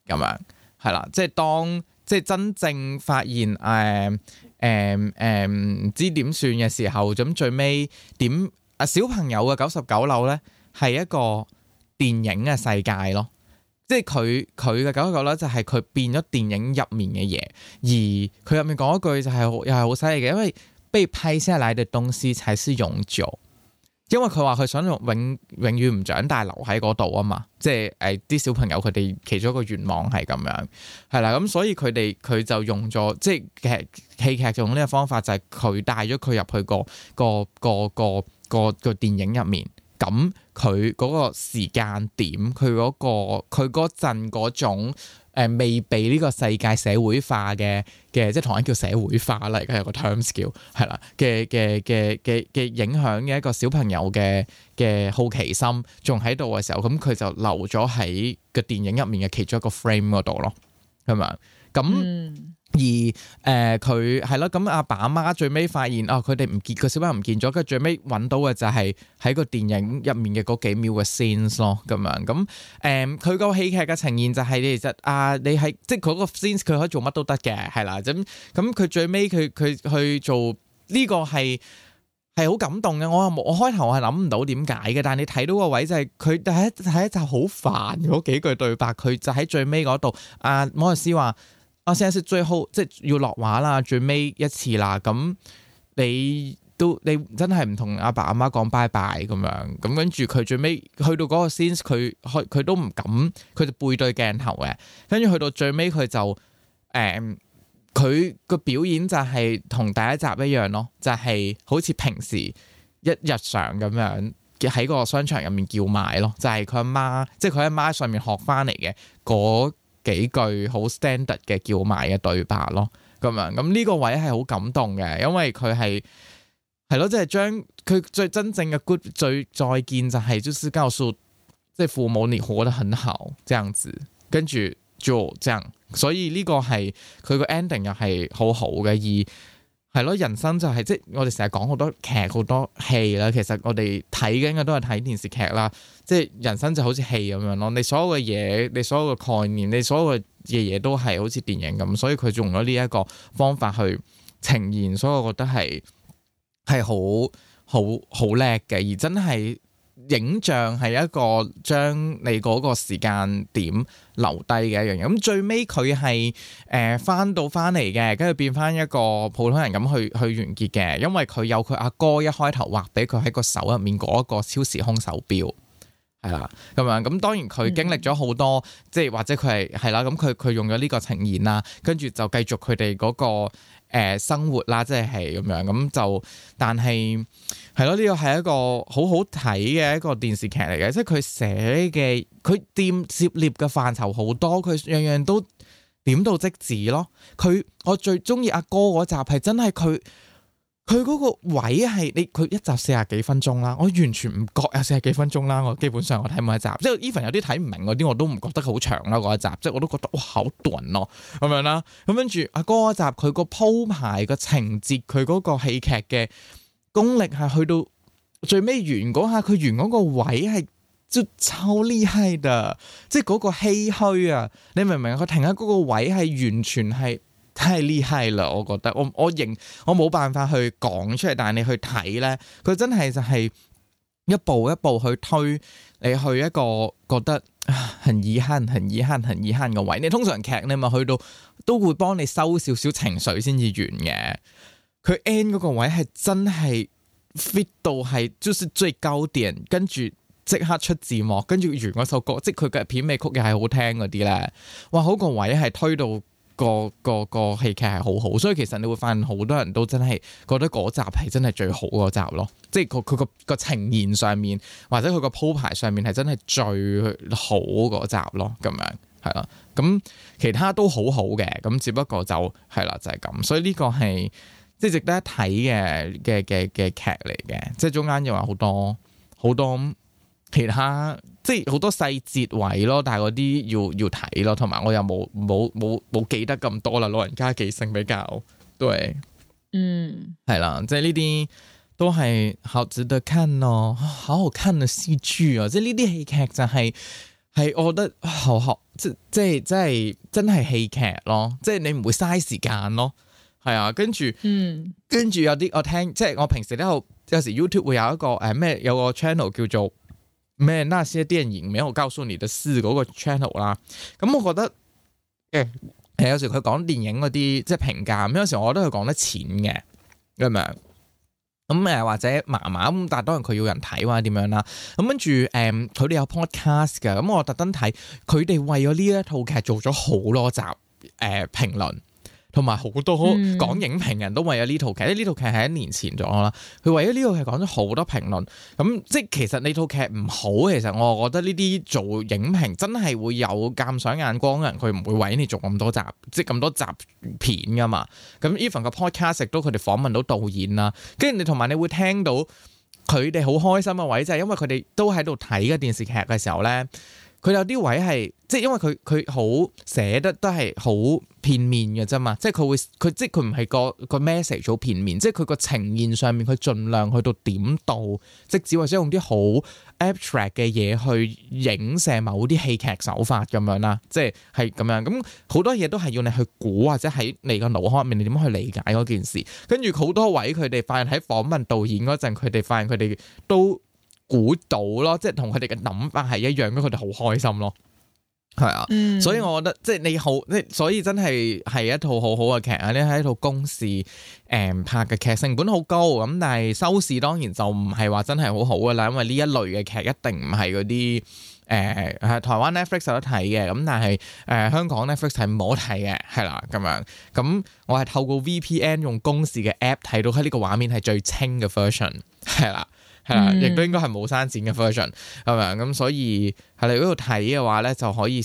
咁樣係啦，即係當即係真正發現誒誒誒唔知點算嘅時候，咁最尾點啊？小朋友嘅九十九樓咧係一個電影嘅世界咯，即係佢佢嘅九十九樓就係佢變咗電影入面嘅嘢，而佢入面講一句就係又係好犀利嘅，因為被拍下來嘅東西才是永久。因為佢話佢想用永永遠唔長大留喺嗰度啊嘛，即係誒啲小朋友佢哋其中一個願望係咁樣係啦，咁所以佢哋佢就用咗即係劇戲劇用呢個方法，就係佢帶咗佢入去個個個個個個個電影入面，咁佢嗰個時間點，佢嗰個，佢嗰陣嗰種。誒未被呢個世界社會化嘅嘅，即係台灣叫社會化啦，而家有個 terms 叫係啦嘅嘅嘅嘅嘅影響嘅一個小朋友嘅嘅好奇心仲喺度嘅時候，咁佢就留咗喺個電影入面嘅其中一個 frame 嗰度咯，係咪啊？咁。嗯。而誒，佢係咯，咁阿、嗯、爸阿媽最尾發現哦，佢哋唔見個小朋友唔見咗，跟住最尾搵到嘅就係喺個電影入面嘅嗰幾秒嘅 scenes 咯，咁樣咁誒，佢個戲劇嘅呈現就係，其實啊，你係即係嗰、嗰個 sense 佢可以做乜都得嘅，係啦，咁咁佢最尾佢佢去做呢個係係好感動嘅，我冇我開頭我係諗唔到點解嘅，但係你睇到個位就係佢第一第一集好煩嗰幾句對白，佢就喺最尾嗰度，阿摩爾斯話。我成日最後，即係要落畫啦，最尾一次啦。咁你都你真係唔同阿爸阿媽講拜拜咁樣。咁跟住佢最尾去到嗰個 scenes 佢佢佢都唔敢，佢就背對鏡頭嘅。跟住去到最尾，佢就誒，佢個表演就係同第一集一樣咯，就係、是、好似平時一日常咁樣喺個商場入面叫賣咯。就係佢阿媽，即係佢阿媽喺上面學翻嚟嘅幾句好 standard 嘅叫賣嘅對白咯，咁樣，咁呢個位係好感動嘅，因為佢係係咯，即係將佢最真正嘅 good 最再見就係，就是告訴即係父母你活得很好，這樣子，跟住就這樣，所以呢個係佢個 ending 又係好好嘅，而。係咯，人生就係、係、即我哋成日講好多劇好多戲啦。其實我哋睇緊嘅都係睇電視劇啦。即係人生就好似戲咁樣咯。你所有嘅嘢，你所有嘅概念，你所有嘅嘢嘢都係好似電影咁。所以佢用咗呢一個方法去呈現，所以我覺得係係好好好叻嘅，而真係。影像係一個將你嗰個時間點留低嘅一樣嘢。咁最尾佢係誒翻到翻嚟嘅，跟住變翻一個普通人咁去去完結嘅，因為佢有佢阿哥，哥一開頭畫俾佢喺個手入面嗰個超時空手錶，係啦咁樣。咁當然佢經歷咗好多，嗯、即係或者佢係係啦。咁佢佢用咗呢個呈現啦，跟住就繼續佢哋嗰個、呃、生活啦，即係係咁樣。咁就但係。係咯，呢個係一個好好睇嘅一個電視劇嚟嘅，即係佢寫嘅，佢掂涉獵嘅範疇好多，佢樣樣都點到即止咯。佢我最中意阿哥嗰集係真係佢，佢嗰個位係你，佢一集四十幾分鐘啦，我完全唔覺有四十幾分鐘啦。我基本上我睇每一集，即係 even 有啲睇唔明嗰啲我都唔覺得佢好長啦嗰一集，即係我都覺得哇好短咯，咁樣啦。咁跟住阿哥嗰集佢個鋪排個情節佢嗰個戲劇嘅。功力係去到最尾完嗰下，佢完嗰個位係即係超厲害噶，即係嗰個唏噓啊！你明唔明？佢停喺嗰個位係完全係太厲害啦！我覺得，我我認我冇辦法去講出嚟，但係你去睇咧，佢真係就係一步一步去推你去一個覺得很易慳、很易慳、很易慳嘅位。你通常劇你咪去到都會幫你收少少情緒先至完嘅。佢 end 嗰個位係真係 fit 到係，就是最高點，跟住即刻出字幕，跟住完嗰首歌，即係佢嘅片尾曲嘅係好聽嗰啲咧。哇，好、嗰個位係推到個個個戲劇係好好，所以其實你會發現好多人都真係覺得嗰集係真係最好嗰集咯，即係佢佢個個呈現上面或者佢個鋪排上面係真係最好嗰集咯，咁樣係啦。咁其他都好好嘅，咁只不過就係啦，就係、是、咁，所以呢個係。即係值得一睇嘅嘅嘅嘅劇嚟嘅，即係中間又話好多好多其他，即係好多細節位咯。但係嗰啲要要睇咯，同埋我又冇冇冇冇記得咁多啦。老人家記性比較對，嗯，係啦。即係呢啲都係好值得看咯，好好看嘅戲劇啊！即係呢啲戲劇就係、是、係，我覺得好好，即即係即係真係戲劇咯。即係你唔會嘥時間咯。係啊，跟住，嗯、跟住有啲我聽，即係我平時咧有有時 YouTube 會有一個誒咩、哎、有個 channel 叫做咩，那些影有啲人研名我個教索尼的詩嗰個 channel 啦。咁、嗯、我覺得誒誒、欸、有時佢講電影嗰啲即係評價，咁有時我覺得佢講得淺嘅咁樣。咁、嗯、誒或者麻麻咁，但係當然佢要人睇或者點樣啦。咁跟住誒佢哋有 podcast 噶，咁、嗯、我特登睇佢哋為咗呢一套劇做咗好多集誒、呃、評論。同埋好多講影評人都為咗呢套劇，呢、嗯、套劇係一年前咗啦。佢為咗呢套劇講咗好多評論，咁即係其實呢套劇唔好，其實我覺得呢啲做影評真係會有鑑賞眼光嘅人，佢唔會為咗你做咁多集，即係咁多集片噶嘛。咁 even 個 podcast 亦都佢哋訪問到導演啦，跟住你同埋你會聽到佢哋好開心嘅位，就係因為佢哋都喺度睇嘅電視劇嘅時候咧。佢有啲位係，即係因為佢佢好寫得都係好片面嘅啫嘛，即係佢會佢即係佢唔係個個 message 好片面，即係佢個呈現上面佢盡量去到點到，甚至或者用啲好 abstract 嘅嘢去影射某啲戲劇手法咁樣啦，即係係咁樣，咁好多嘢都係要你去估或者喺你個腦海面你點樣去理解嗰件事，跟住好多位佢哋發現喺訪問導演嗰陣，佢哋發現佢哋都。估到咯，即係同佢哋嘅諗法係一樣，咁佢哋好開心咯。係啊，嗯、所以我覺得即係你好，即係所以真係係一套好好嘅劇啊！呢係一套公視誒、嗯、拍嘅劇，成本好高咁，但係收視當然就唔係話真係好好噶啦，因為呢一類嘅劇一定唔係嗰啲誒係台灣 Netflix 有得睇嘅，咁但係誒、呃、香港 Netflix 係冇得睇嘅，係啦咁樣。咁、嗯、我係透過 VPN 用公視嘅 app 睇到喺呢個畫面係最清嘅 version，係啦、啊。係啦，亦都應該係冇刪剪嘅 version，係咪？咁所以喺你嗰度睇嘅話咧，就可以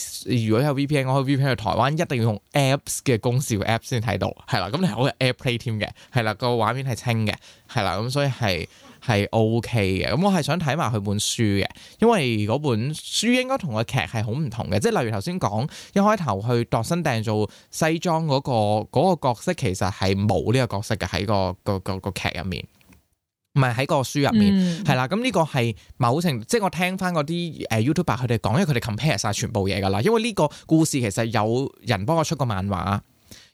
如果有 VPN，我可以 VPN 去台灣，一定要用 Apps 嘅公視 Apps 先睇到。係啦，咁你係好有 AirPlay 添嘅。係啦，個畫面係清嘅。係啦，咁所以係係 OK 嘅。咁我係想睇埋佢本書嘅，因為嗰本書應該同個劇係好唔同嘅。即係例如頭先講一開頭去度身訂造西裝嗰個嗰個角色，其實係冇呢個角色嘅喺個個個個個劇入面。唔係喺個書入面，係啦、嗯，咁呢個係某程度，即係我聽翻嗰啲誒 YouTuber 佢哋講，因為佢哋 compare 晒全部嘢噶啦。因為呢個故事其實有人幫我出過漫畫，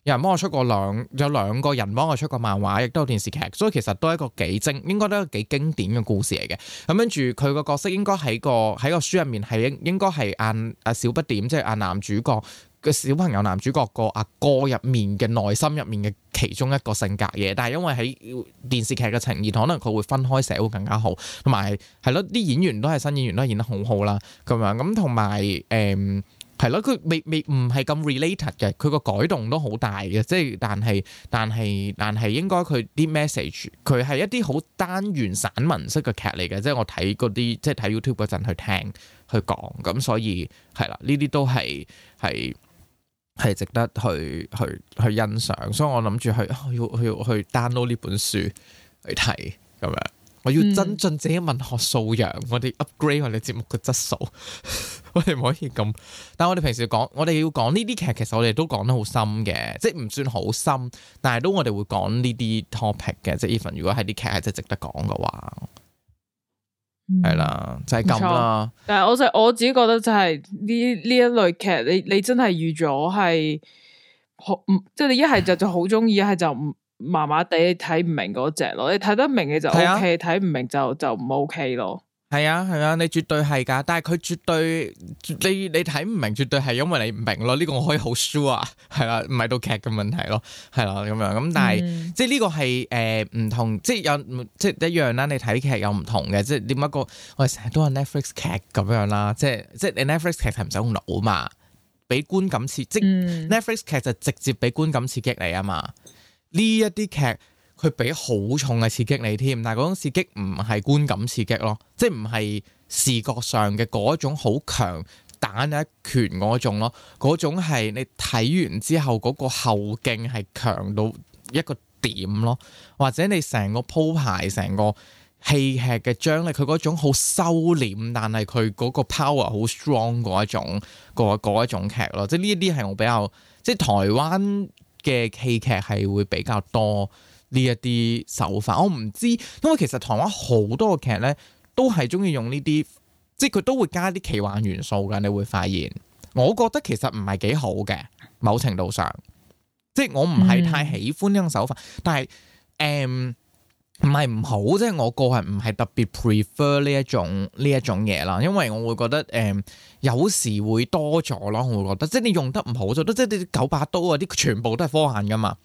有人幫我出過兩有兩個人幫我出過漫畫，亦都有電視劇，所以其實都係一個幾精，應該都係幾經典嘅故事嚟嘅。咁跟住佢個角色應該喺個喺個書入面係應應該係阿阿小不點，即係阿男主角，嘅小朋友男主角個阿哥入面嘅內心入面嘅其中一個性格嘢，但係因為喺電視劇嘅呈現，可能佢會分開寫會更加好，同埋係咯啲演員都係新演員，都係演得好好啦咁樣，咁同埋誒係咯，佢未未唔係咁 related 嘅，佢個改動都好大嘅，即係但係但係但係應該佢啲 message 佢係一啲好單元散文式嘅劇嚟嘅，即係我睇嗰啲即係睇 YouTube 嗰陣去聽去講咁，所以係啦，呢啲都係係。係值得去去去欣賞，所以我諗住去去去去 download 呢本書去睇咁樣，我要增進自己文學素養，嗯， 我哋 upgrade 我哋節目嘅質素，我哋唔可以咁。但係我哋平時講，我哋要講呢啲劇，其實我哋都講得好深嘅，即係唔算好深，但係都我哋會講呢啲 topic 嘅，即係 even 如果係啲劇係真係值得講嘅話。係、 就是、啦，就係咁啦。但係我就我自己覺得就係呢呢一類劇，你你真係預咗係好，即係你一係就 就好中意，一係就麻麻地睇唔明嗰隻咯。你睇得明嘅就 O K，睇唔明就就唔 O K 咯。係啊係啊，你絕對係噶，但係佢絕對絕你你睇唔明，絕對係因為你唔明咯。呢、這個我可以好 sure 係啦，唔係、啊、到劇嘅問題咯，係啦咁樣。咁但係、嗯、即係呢個係誒唔同，即係有即係一樣啦。你睇劇有唔同嘅，即係點解我哋成日都話 Netflix 劇咁樣啦。即係即係你 Netflix 劇係唔使用腦嘛？俾觀感刺激、嗯、Netflix 劇就直接俾觀感刺激你啊嘛。呢一啲劇。佢俾好重嘅刺激你添，但係嗰種刺激唔係觀感刺激咯，即係唔係視覺上嘅嗰一種好強，彈一拳嗰種咯。嗰種係你睇完之後嗰個後勁係強到一個點咯，或者你成個鋪排、成個戲劇嘅張力，佢嗰種好收斂，但係佢嗰個 power 好 strong 嗰一種嗰一種劇咯。即係呢啲係我比較即係台灣嘅戲劇係會比較多。呢一啲手法，我唔知，因為其實台灣好多劇咧，都係中意用呢啲，即係佢都會加啲奇幻元素噶。你會發現，我覺得其實唔係幾好嘅，某程度上，即係我唔係太喜歡呢種手法。嗯、但係，誒唔係唔好，即係我個人唔係特別 prefer 呢一種呢一種嘢啦。因為我會覺得，誒、嗯、有時會多咗咯，我會覺得，即係你用得唔好就得即係你九把刀啊啲全部都係科幻噶嘛。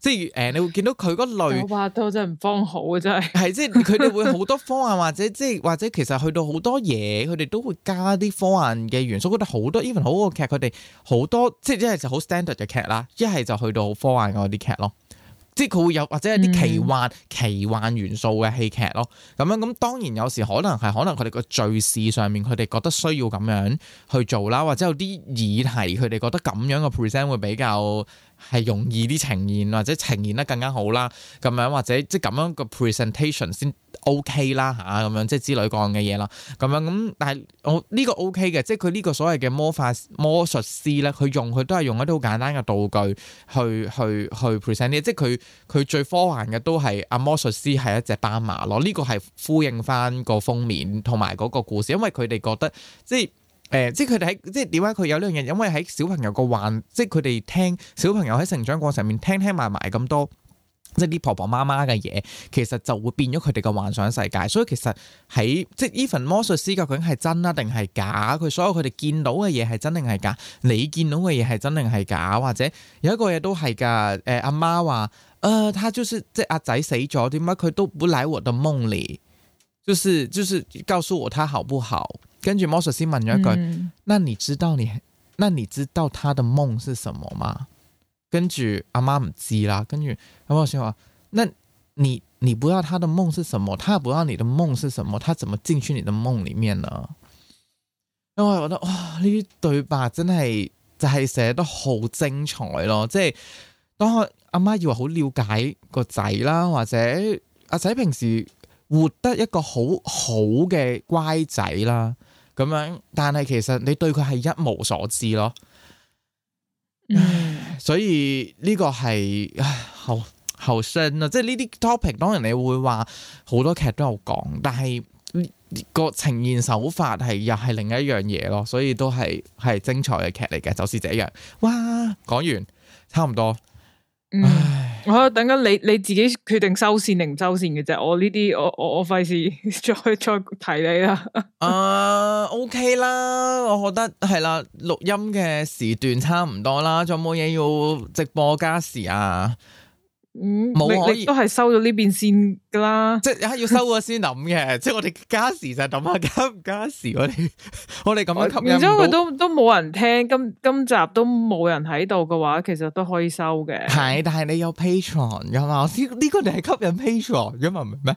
即係，誒、呃，你會見到佢嗰類，我怕都真係唔方好，真係。係 即係佢哋會好多科幻，或者即係或者其實去到好多嘢，佢哋都會加啲科幻嘅元素。覺得好多 even 好個劇，佢哋好多即係一係就好 standard 嘅劇啦，一係就去到科幻嗰啲劇咯。即係佢會有或者係啲奇幻、嗯、奇幻元素嘅戲劇咯。咁樣咁當然有時可能係可能佢哋個敘事上面佢哋覺得需要咁樣去做啦，或者有啲議題佢哋覺得咁樣嘅 present 會比較。係容易啲呈現，或者呈現得更加好啦，咁樣或者即係咁樣個 presentation 先 OK 啦吓，咁樣即係之類各樣嘅嘢啦，咁樣咁，但係我呢個 OK 嘅，即係佢呢個所謂嘅魔法魔術師咧，佢用佢都係用一啲好簡單嘅道具去去去，去 present 即係佢佢最科幻嘅都係阿魔術師係一隻斑馬咯，呢個係呼應翻個封面同埋嗰個故事，因為佢哋覺得即係。誒、呃，即係佢哋喺，即係點解佢有呢樣嘢？因為喺小朋友個幻，即係佢哋聽小朋友喺成長過程入面聽聽埋埋咁多，即係啲婆婆媽媽嘅嘢，其實就會變咗佢哋個幻想世界。所以其實喺即係 Even 魔術師究竟係真呀定係假？佢所有佢哋見到嘅嘢係真定係假？你見到嘅嘢係真定係假？或者有一個嘢都係噶？誒、呃，阿媽話：誒、呃，他就算、是、即係阿仔死咗，點解佢都不來我的夢裡？就是就是告訴我他好不好？跟住，魔術師問咗一句，那你知道你，那你知道他的夢是什麼嗎？跟住，阿媽唔知啦，跟住，阿媽先話：“那你你不知道他的夢是什麼，他也不知道你的夢是什麼，他怎麼進去你的夢裏面呢？”因為我覺得哇，呢啲對白真係就係寫得好精彩咯，即係當阿媽以為好了解個仔啦，或者阿仔、欸、平時。活得一個好好嘅乖仔啦，咁樣，但係其實你對佢係一無所知咯。 所以呢個係唉，後後生啊，即係呢啲 topic，當然你會話好多劇都有講，但係個呈現手法係又係另一樣嘢咯，所以都係係精彩嘅劇嚟嘅，就是這樣。哇，講完差唔多。嗯，唉，我等緊你，你自己決定收綫定唔收綫嘅啫。我呢啲，我我我費事再再再提你啦。啊，OK 啦，我覺得係啦，錄音嘅時段差唔多啦。仲有冇嘢要直播加時啊？嗯，冇可以你你都係收咗呢邊先噶啦，即係要收咗先諗嘅， 即係我哋加時就諗下加唔加時我哋我哋咁樣吸引，然之後都都冇人聽，今今集都冇人喺度嘅話，其實都可以收嘅。係，但係你有 Patreon 噶嘛？呢、呢、呢個你係吸引 Patreon 噶嘛？唔 係？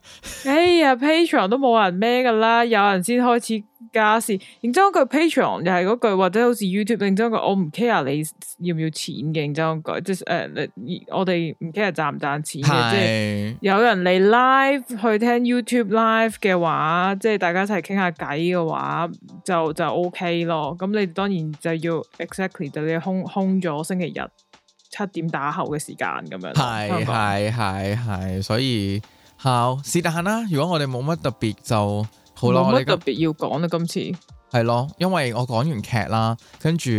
哎呀、hey，Patreon 都冇人咩噶啦，有人先開始。加士認真嗰句 Patreon 又係嗰句，或者好似 YouTube 認真嗰，我唔 care 你要唔要錢嘅認真嗰句，即係誒，我哋唔 care 賺唔賺錢嘅，是 即係有人嚟 live 去聽 YouTube live 嘅話，即係大家一齊傾下偈嘅話，就就 OK 咯。咁你當然就要 exactly 就你空空咗星期日七點打後嘅時間咁樣。係係係係，所以好是但啦。如果我哋冇乜特別就。好冇乜特別要講啦，今次係咯，因為我講完劇啦，跟住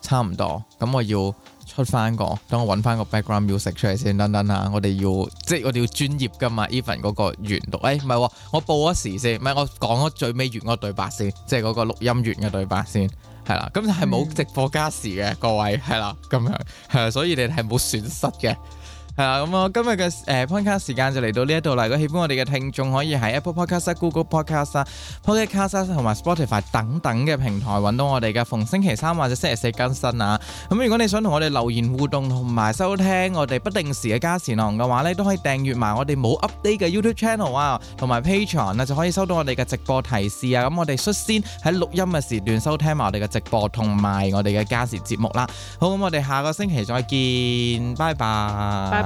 差唔多，咁我要出翻個，等我揾翻個 background music 出嚟先，等等下、欸、啊，我哋要即係我哋要專業噶嘛，even 嗰個原讀，哎唔係喎，我報嗰時先，唔係我講咗最尾完嗰對白先，即係嗰個錄音完嘅對白先，係啦，咁就係冇直播加時嘅，嗯、各位係啦，咁樣係啊，所以你哋係冇損失嘅。係啊，咁我今日嘅誒 Podcast 時間就嚟到呢一度啦。如果喜歡我哋嘅聽眾，可以喺 Apple Podcast 啊、Google Podcast 啊、Podcast 啊同埋 Spotify 等等嘅平台揾到我哋嘅逢星期三或者星期四更新啊。咁如果你想同我哋留言互動同埋收聽我哋不定時嘅加時內容嘅話咧，都可以訂閱埋我哋冇 update 嘅 YouTube Channel 啊，同埋 Patreon 啊就可以收到我哋嘅直播提示啊。咁我哋率先喺錄音嘅時段收聽埋我哋嘅直播同埋我哋嘅加時節目啦。好，咁我哋下個星期再見，拜拜。